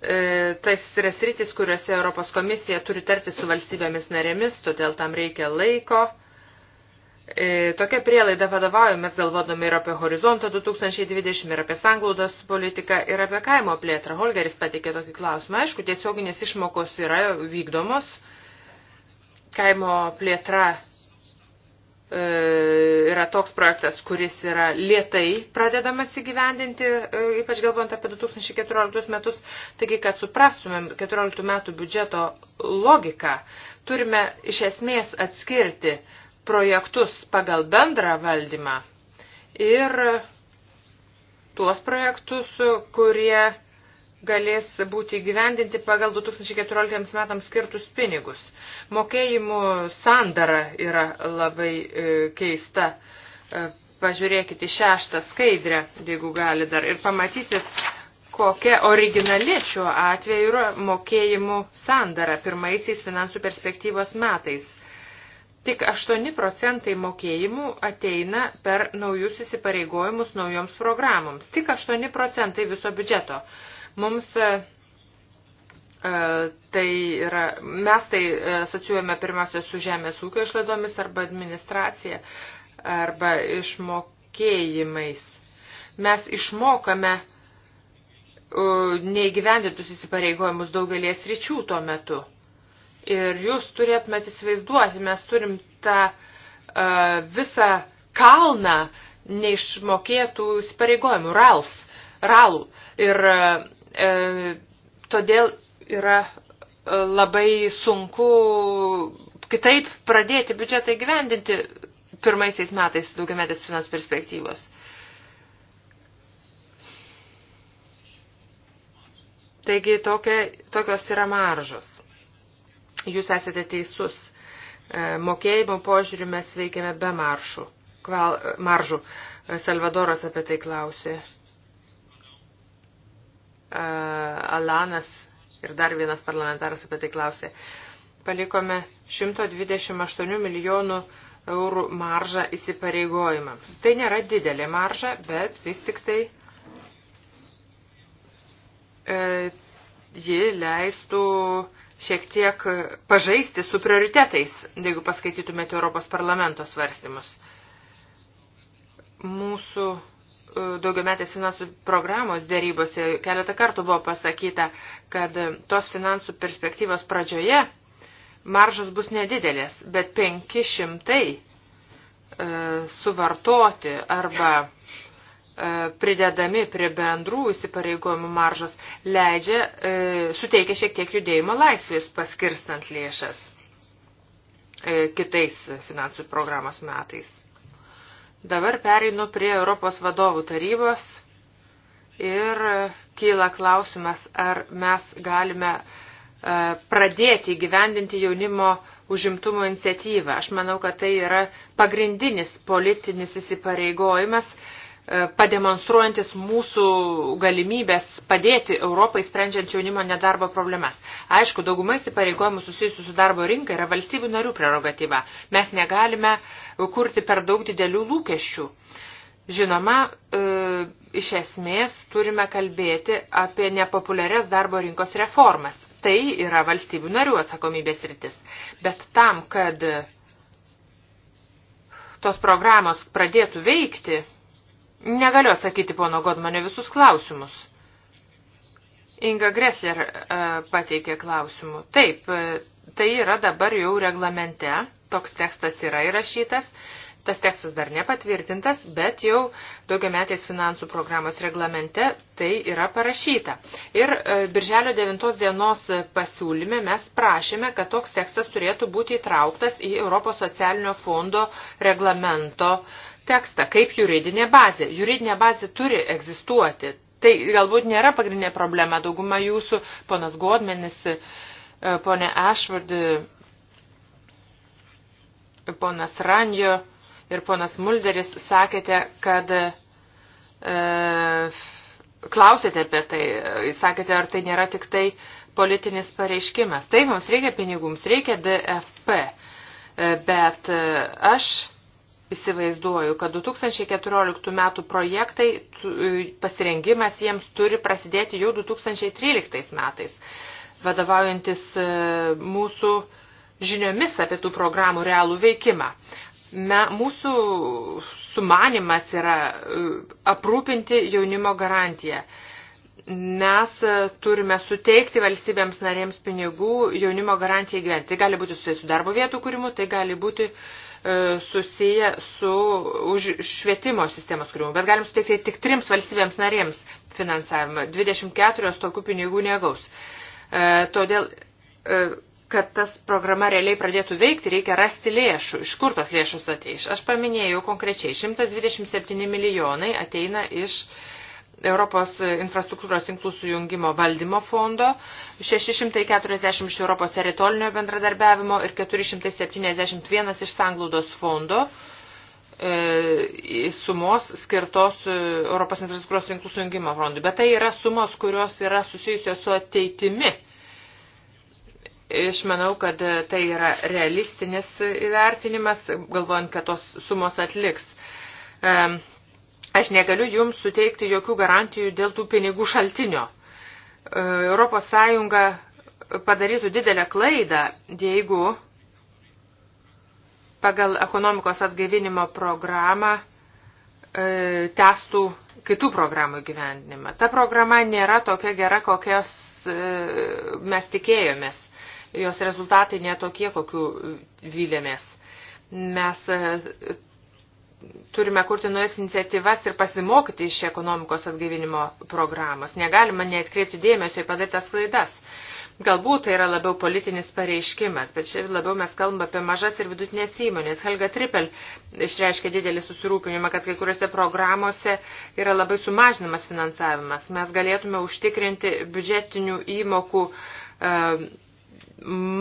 Uh, e, tais yra sritis, kuriuose Europos komisija turi tarti su valstybėmis narėmis, todėl tam reikia laiko. Uh, E, tokia prielaida vadovaujamės galvodami ir apie horizontą 2020, ir apie sanglaudos politiką, ir apie kaimo plėtrą. Holgeris patikė tokį klausimą. Aišku, tiesioginės išmokos yra vykdomos. Kaimo plėtra e, yra toks projektas, kuris yra lietai pradedamas įgyvendinti, e, ypač galvojant apie 2014 metus. Taigi, kad suprastumėm 2014 metų biudžeto logiką, turime iš esmės atskirti projektus pagal bendrą valdymą ir tuos projektus, kurie galės būti įgyvendinti pagal 2014 metams skirtus pinigus. Mokėjimų sandara yra labai e, keista. E, pažiūrėkite šeštą skaidrę, jeigu gali dar, ir pamatysit, kokia originali šiuo atveju yra mokėjimų sandara pirmaisiais finansų perspektyvos metais. Tik 8 procentai mokėjimų ateina per naujus įsipareigojimus naujoms programoms. Tik 8 procentai viso biudžeto. Mums e, e, tai yra, mes tai e, asociuojame pirmiausia su žemės ūkio išlaidomis arba administracija arba išmokėjimais. Mes išmokame neįgyvendintus įsipareigojimus daugelės ryčių tuo metu. Ir jūs turėtumėt įsivaizduoti, mes turim tą uh, visą kalną neišmokėtų įsipareigojimų, RALS, RALų. Ir uh, todėl yra e, labai sunku kitaip pradėti biudžetą įgyvendinti pirmaisiais metais daugiametės finans perspektyvos. Taigi tokia, tokios yra maržos. Jūs esate teisus. E, mokėjimo požiūriu mes veikiame be maršų. Kval, e, maržų. E, Salvadoras apie tai klausė. Alanas ir dar vienas parlamentaras apie tai klausė. Palikome 128 milijonų eurų maržą įsipareigojimams. Tai nėra didelė marža, bet vis tik tai e, ji leistų e, šiek tiek pažaisti su prioritetais, jeigu paskaitytumėte Europos parlamento svarstymus. Mūsų e, daugiametės finansų programos dėrybose keletą kartų buvo pasakyta, kad tos finansų perspektyvos pradžioje maržos bus nedidelės, bet 500 e, suvartoti arba E, pridedami prie bendrų įsipareigojimų maržos leidžia, e, suteikia šiek tiek judėjimo laisvės paskirstant lėšas e, kitais finansų programos metais. Dabar pereinu prie Europos vadovų tarybos ir kyla klausimas, ar mes galime e, pradėti gyvendinti jaunimo užimtumo iniciatyvą. Aš manau, kad tai yra pagrindinis politinis įsipareigojimas, e, E, pademonstruojantis mūsų galimybės padėti Europai sprendžiant jaunimo nedarbo problemas. Aišku, dauguma įsipareigojimų susijusių su darbo rinka yra valstybių narių prerogatyva. Mes negalime kurti per daug didelių lūkesčių. Žinoma, e, iš esmės turime kalbėti apie nepopuliarias darbo rinkos reformas. Tai yra valstybių narių atsakomybės rytis. Bet tam, kad tos programos pradėtų veikti, Negaliu atsakyti pono Godmane visus klausimus. Inga Gressler e, pateikė klausimų. Taip, e, tai yra dabar jau reglamente, toks tekstas yra įrašytas, tas tekstas dar nepatvirtintas, bet jau daugiametės finansų programos reglamente tai yra parašyta. Ir e, birželio 9 dienos pasiūlyme mes prašėme, kad toks tekstas turėtų būti įtrauktas į Europos socialinio fondo reglamento tekstą kaip juridinė bazė. Juridinė bazė turi egzistuoti. Tai galbūt nėra pagrindinė problema. Dauguma jūsų, ponas Godmenis, e, ponė Ashford, e, ponas Ranjo ir ponas Mulderis sakėte, kad e, klausėte apie tai, e, sakėte, ar tai nėra tik tai politinis pareiškimas. Taip, mums reikia pinigų, mums reikia DFP, bet aš įsivaizduoju, kad 2014 metų projektai, e, pasirengimas jiems turi prasidėti jau 2013 metais, vadovaujantis e, mūsų žiniomis apie tų programų realų veikimą. Me, mūsų sumanimas yra e, aprūpinti jaunimo garantiją. Mes turime suteikti valstybėms narėms pinigų jaunimo garantijai gyventi. Tai gali būti susijęs su darbo vietų kūrimu, tai gali būti uh, E, susiję su už švietimo sistemos kūrimu, bet galim suteikti tik trims valstybėms narėms finansavimą. 24 tokių pinigų negaus. E, todėl, e, kad tas programa realiai pradėtų veikti, reikia rasti lėšų. Iš kur tos lėšos ateis? Aš paminėjau konkrečiai, 127 milijonai ateina iš uh, Europos infrastruktūros tinklų sujungimo valdymo fondo, 640 iš Europos teritorinio bendradarbiavimo ir 471 iš sanglaudos fondo e, sumos skirtos e, Europos infrastruktūros tinklų sujungimo fondui. Bet tai yra sumos, kurios yra susijusios su ateitimi. Aš manau, kad e, tai yra realistinis įvertinimas, galvojant, kad tos sumos atliks Aš negaliu jums suteikti jokių garantijų dėl tų pinigų šaltinio. E, Europos Sąjunga padarytų didelę klaidą, jeigu pagal ekonomikos atgaivinimo programą e, testų kitų programų gyvendinimą. Ta programa nėra tokia gera, kokios e, mes tikėjomės. Jos rezultatai netokie, kokiu vylėmės. Mes e, turime kurti naujas iniciatyvas ir pasimokyti iš ekonomikos atgaivinimo programos. Negalima neatkreipti dėmesio į padarytas klaidas. Galbūt tai yra labiau politinis pareiškimas, bet šiaip labiau mes kalbame apie mažas ir vidutinės įmonės. Helga Tripel išreiškia didelį susirūpinimą, kad kai kuriuose programuose yra labai sumažinamas finansavimas. Mes galėtume užtikrinti biudžetinių įmokų e,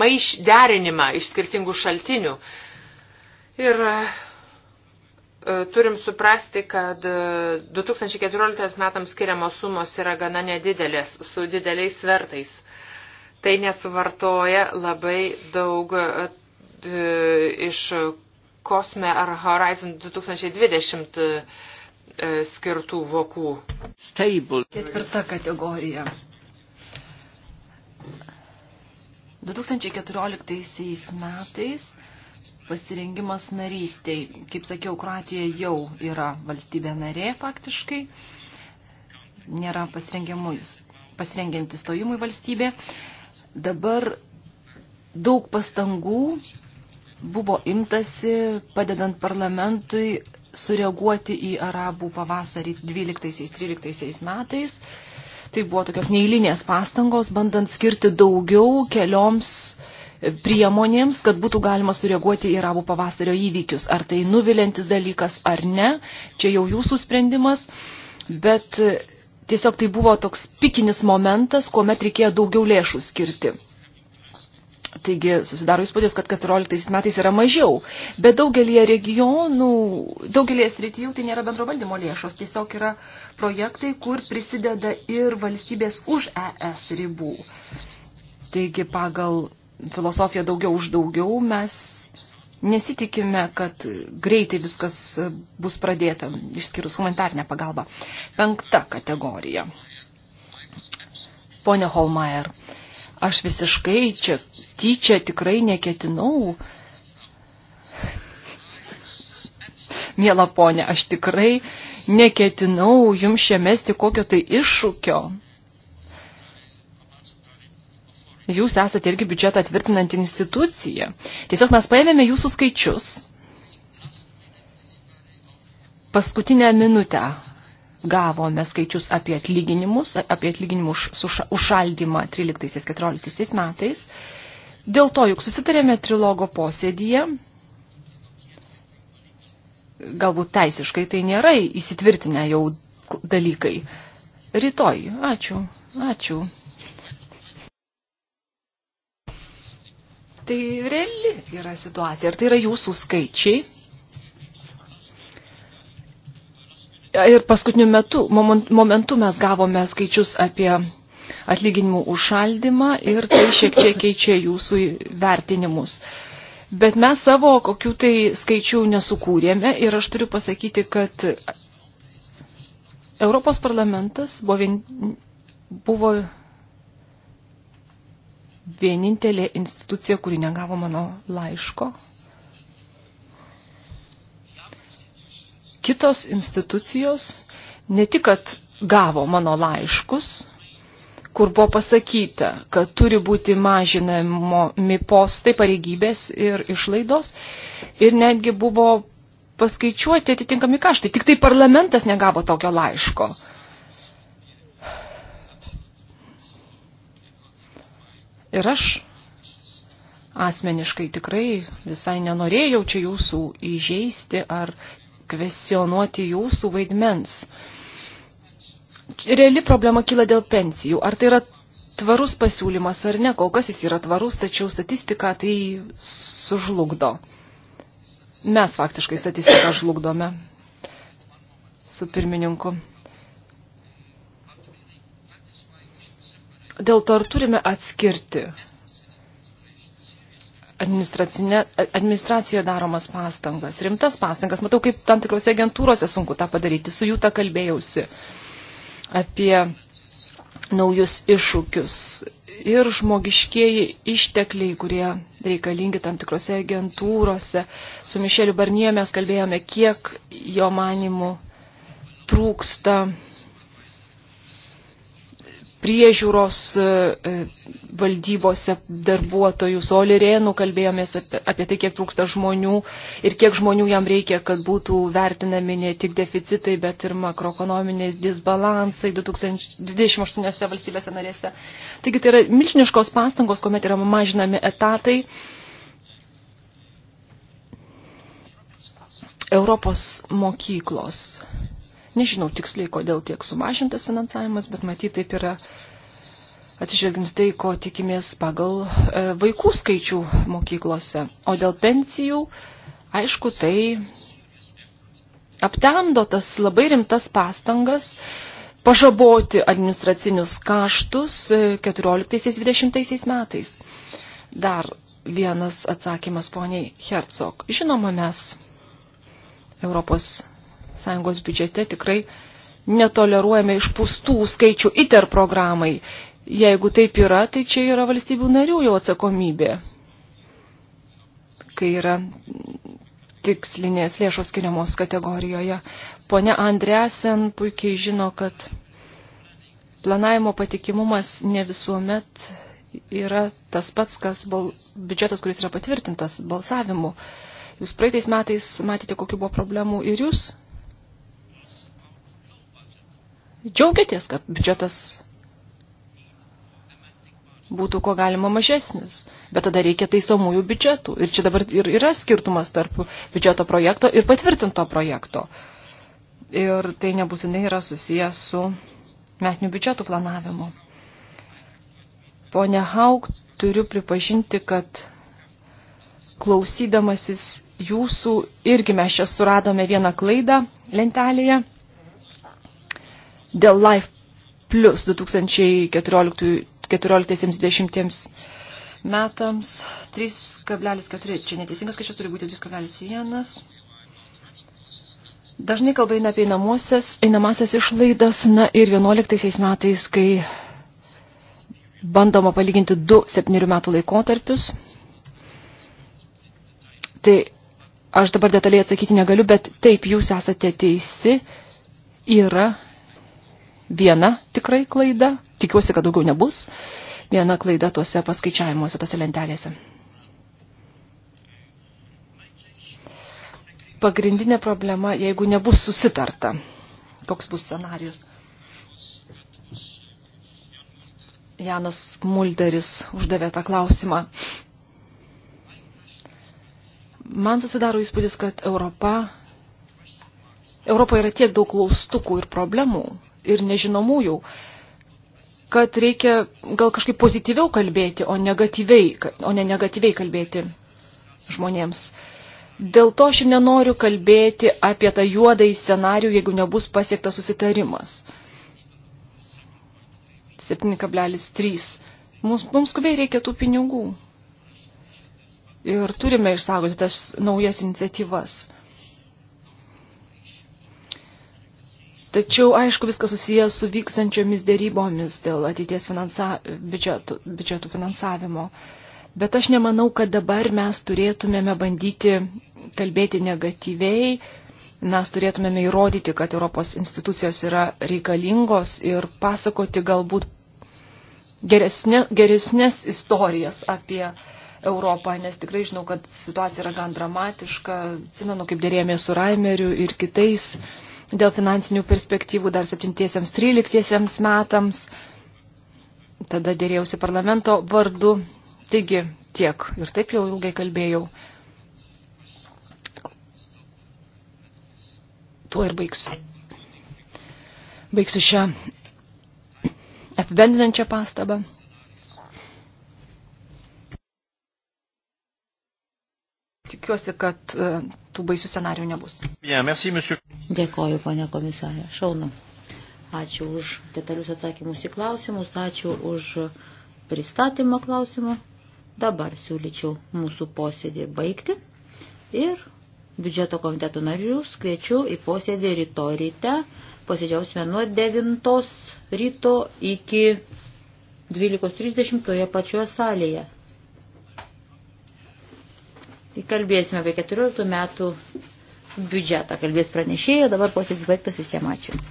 maiš derinimą iš skirtingų šaltinių. Ir e, E, turim suprasti, kad 2014 e, metams skiriamos sumos yra gana nedidelės, su dideliais svertais. Tai nesvartoja labai daug e, iš Kosme ar Horizon 2020 skirtų vokų. Stable. Ketvirta kategorija. 2014 metais pasirengimas narystiai. Kaip sakiau, Kroatija jau yra valstybė narė faktiškai, nėra pasirengianti stojimui valstybė. Dabar daug pastangų buvo imtasi, padedant parlamentui sureaguoti į arabų pavasarį 12-13 metais. Tai buvo tokios neįlinės pastangos, bandant skirti daugiau kelioms uh, priemonėms, kad būtų galima sureaguoti į arabų pavasario įvykius. Ar tai nuvilintis dalykas ar ne, čia jau jūsų sprendimas, bet e, tiesiog tai buvo toks pikinis momentas, kuomet reikėjo daugiau lėšų skirti. Taigi susidaro įspūdis, kad 14 metais yra mažiau, bet daugelie regionų, daugelie srityjų tai nėra bendro valdymo lėšos, tiesiog yra projektai, kur prisideda ir valstybės už ES ribų. Taigi pagal filosofija daugiau už daugiau, mes nesitikime, kad greitai viskas bus pradėta, išskyrus humanitarnę pagalbą. Penkta kategorija. Pone Holmeier, aš visiškai čia tyčia tikrai neketinau. Mėla ponė, aš tikrai neketinau jums šiame mesti kokio tai iššūkio jūs esate irgi biudžetą tvirtinanti institucija. Tiesiog mes paėmėme jūsų skaičius paskutinę minutę gavome skaičius apie atlyginimus, apie atlyginimų užšaldymą 13-14 metais. Dėl to juk susitarėme trilogo posėdyje. Galbūt teisiškai tai nėra įsitvirtinę jau dalykai. Rytoj. Ačiū. Ačiū. tai reali yra situacija. Ir tai yra jūsų skaičiai. Ir paskutiniu metu, momentu mes gavome skaičius apie atlyginimų užšaldymą ir tai šiek tiek keičia jūsų vertinimus. Bet mes savo kokių tai skaičių nesukūrėme ir aš turiu pasakyti, kad Europos parlamentas buvo, vien, buvo vienintelė institucija, kuri negavo mano laiško. Kitos institucijos ne tik, kad gavo mano laiškus, kur buvo pasakyta, kad turi būti mažinami postai pareigybės ir išlaidos, ir netgi buvo paskaičiuoti atitinkami kaštai. Tik tai parlamentas negavo tokio laiško. Ir aš asmeniškai tikrai visai nenorėjau čia jūsų įžeisti ar kvesionuoti jūsų vaidmens. Reali problema kyla dėl pensijų. Ar tai yra tvarus pasiūlymas ar ne? Kol kas jis yra tvarus, tačiau statistika tai sužlugdo. Mes faktiškai statistiką žlugdome su pirmininku. Dėl to ir turime atskirti administracijoje daromas pastangas, rimtas pastangas. Matau, kaip tam tikrose agentūrose sunku tą padaryti. Su jų tą kalbėjausi apie naujus iššūkius ir žmogiškieji ištekliai, kurie reikalingi tam tikrose agentūrose. Su Mišeliu Barnie mes kalbėjome, kiek jo manimų trūksta priežiūros e, e, valdybose darbuotojų. Su Olirėnu kalbėjomės apie tai, kiek trūksta žmonių ir kiek žmonių jam reikia, kad būtų vertinami ne tik deficitai, bet ir makroekonominės disbalansai 2028 valstybėse narėse. Taigi tai yra milžiniškos pastangos, kuomet yra mažinami etatai. Europos mokyklos Nežinau tiksliai, kodėl tiek sumažintas finansavimas, bet matyt taip yra atsižvelgiant tai, ko tikimės pagal e, vaikų skaičių mokyklose. O dėl pensijų, aišku, tai aptemdo tas labai rimtas pastangas pažaboti administracinius kaštus 14-20 e, metais. Dar vienas atsakymas poniai Hercog. Žinoma, mes Europos sąjungos biudžete tikrai netoleruojame išpūstų skaičių ITER programai. Jeigu taip yra, tai čia yra valstybių narių jau atsakomybė, kai yra tikslinės lėšos skiriamos kategorijoje. Pone Andresen puikiai žino, kad planavimo patikimumas ne visuomet yra tas pats, kas bal... biudžetas, kuris yra patvirtintas balsavimu. Jūs praeitais metais matėte, kokiu buvo problemų ir jūs džiaugiatės, kad biudžetas būtų ko galima mažesnis. Bet tada reikia taisomųjų biudžetų. Ir čia dabar ir yra skirtumas tarp biudžeto projekto ir patvirtinto projekto. Ir tai nebūtinai yra susijęs su metinių biudžetų planavimu. Pone Haug, turiu pripažinti, kad klausydamasis jūsų irgi mes čia suradome vieną klaidą lentelėje – dėl Life Plus 2014-2020 metams 3,4, čia neteisingas skaičius turi būti 3,1. Dažnai kalba eina apie einamasias išlaidas, na ir 11 metais, kai bandoma palyginti du septynerių metų laikotarpius. Tai aš dabar detaliai atsakyti negaliu, bet taip jūs esate teisi, yra viena tikrai klaida, tikiuosi, kad daugiau nebus, viena klaida tuose paskaičiavimuose, tuose lentelėse. Pagrindinė problema, jeigu nebus susitarta, koks bus scenarius. Janas Mulderis uždavė tą klausimą. Man susidaro įspūdis, kad Europa, Europoje yra tiek daug klaustukų ir problemų, ir nežinomųjų, kad reikia gal kažkaip pozityviau kalbėti, o, negatyviai, o ne negatyviai kalbėti žmonėms. Dėl to aš nenoriu kalbėti apie tą juodąjį scenarių, jeigu nebus pasiektas susitarimas. 7,3. Mums, mums skubiai reikia tų pinigų. Ir turime išsaugoti tas naujas iniciatyvas. Tačiau, aišku, viskas susijęs su vykstančiomis dėrybomis dėl ateities finansa, biudžetų, biudžetų finansavimo. Bet aš nemanau, kad dabar mes turėtumėme bandyti kalbėti negatyviai, mes turėtumėme įrodyti, kad Europos institucijos yra reikalingos ir pasakoti galbūt geresne, geresnės istorijas apie Europą, nes tikrai žinau, kad situacija yra gan dramatiška. Atsimenu, kaip dėrėmės su Raimeriu ir kitais. Mm dėl finansinių perspektyvų dar 7-13 metams. Tada dėrėjausi parlamento vardu. Taigi tiek. Ir taip jau ilgai kalbėjau. Tuo ir baigsiu. Baigsiu šią apibendrinančią pastabą. tikiuosi, kad e, tų baisių scenarių nebus. Bien, merci, monsieur. Dėkoju, ponia komisarė. Šaunu. Ačiū už detalius atsakymus į klausimus, ačiū už pristatymą klausimų. Dabar siūlyčiau mūsų posėdį baigti ir biudžeto komiteto narius kviečiu į posėdį rytoj ryte. Posėdžiausime nuo 9 ryto iki 12.30 toje pačioje salėje. Kalbėsime apie 14 metų biudžetą. Kalbės pranešėjo, dabar posėdis baigtas, visiems ačiū.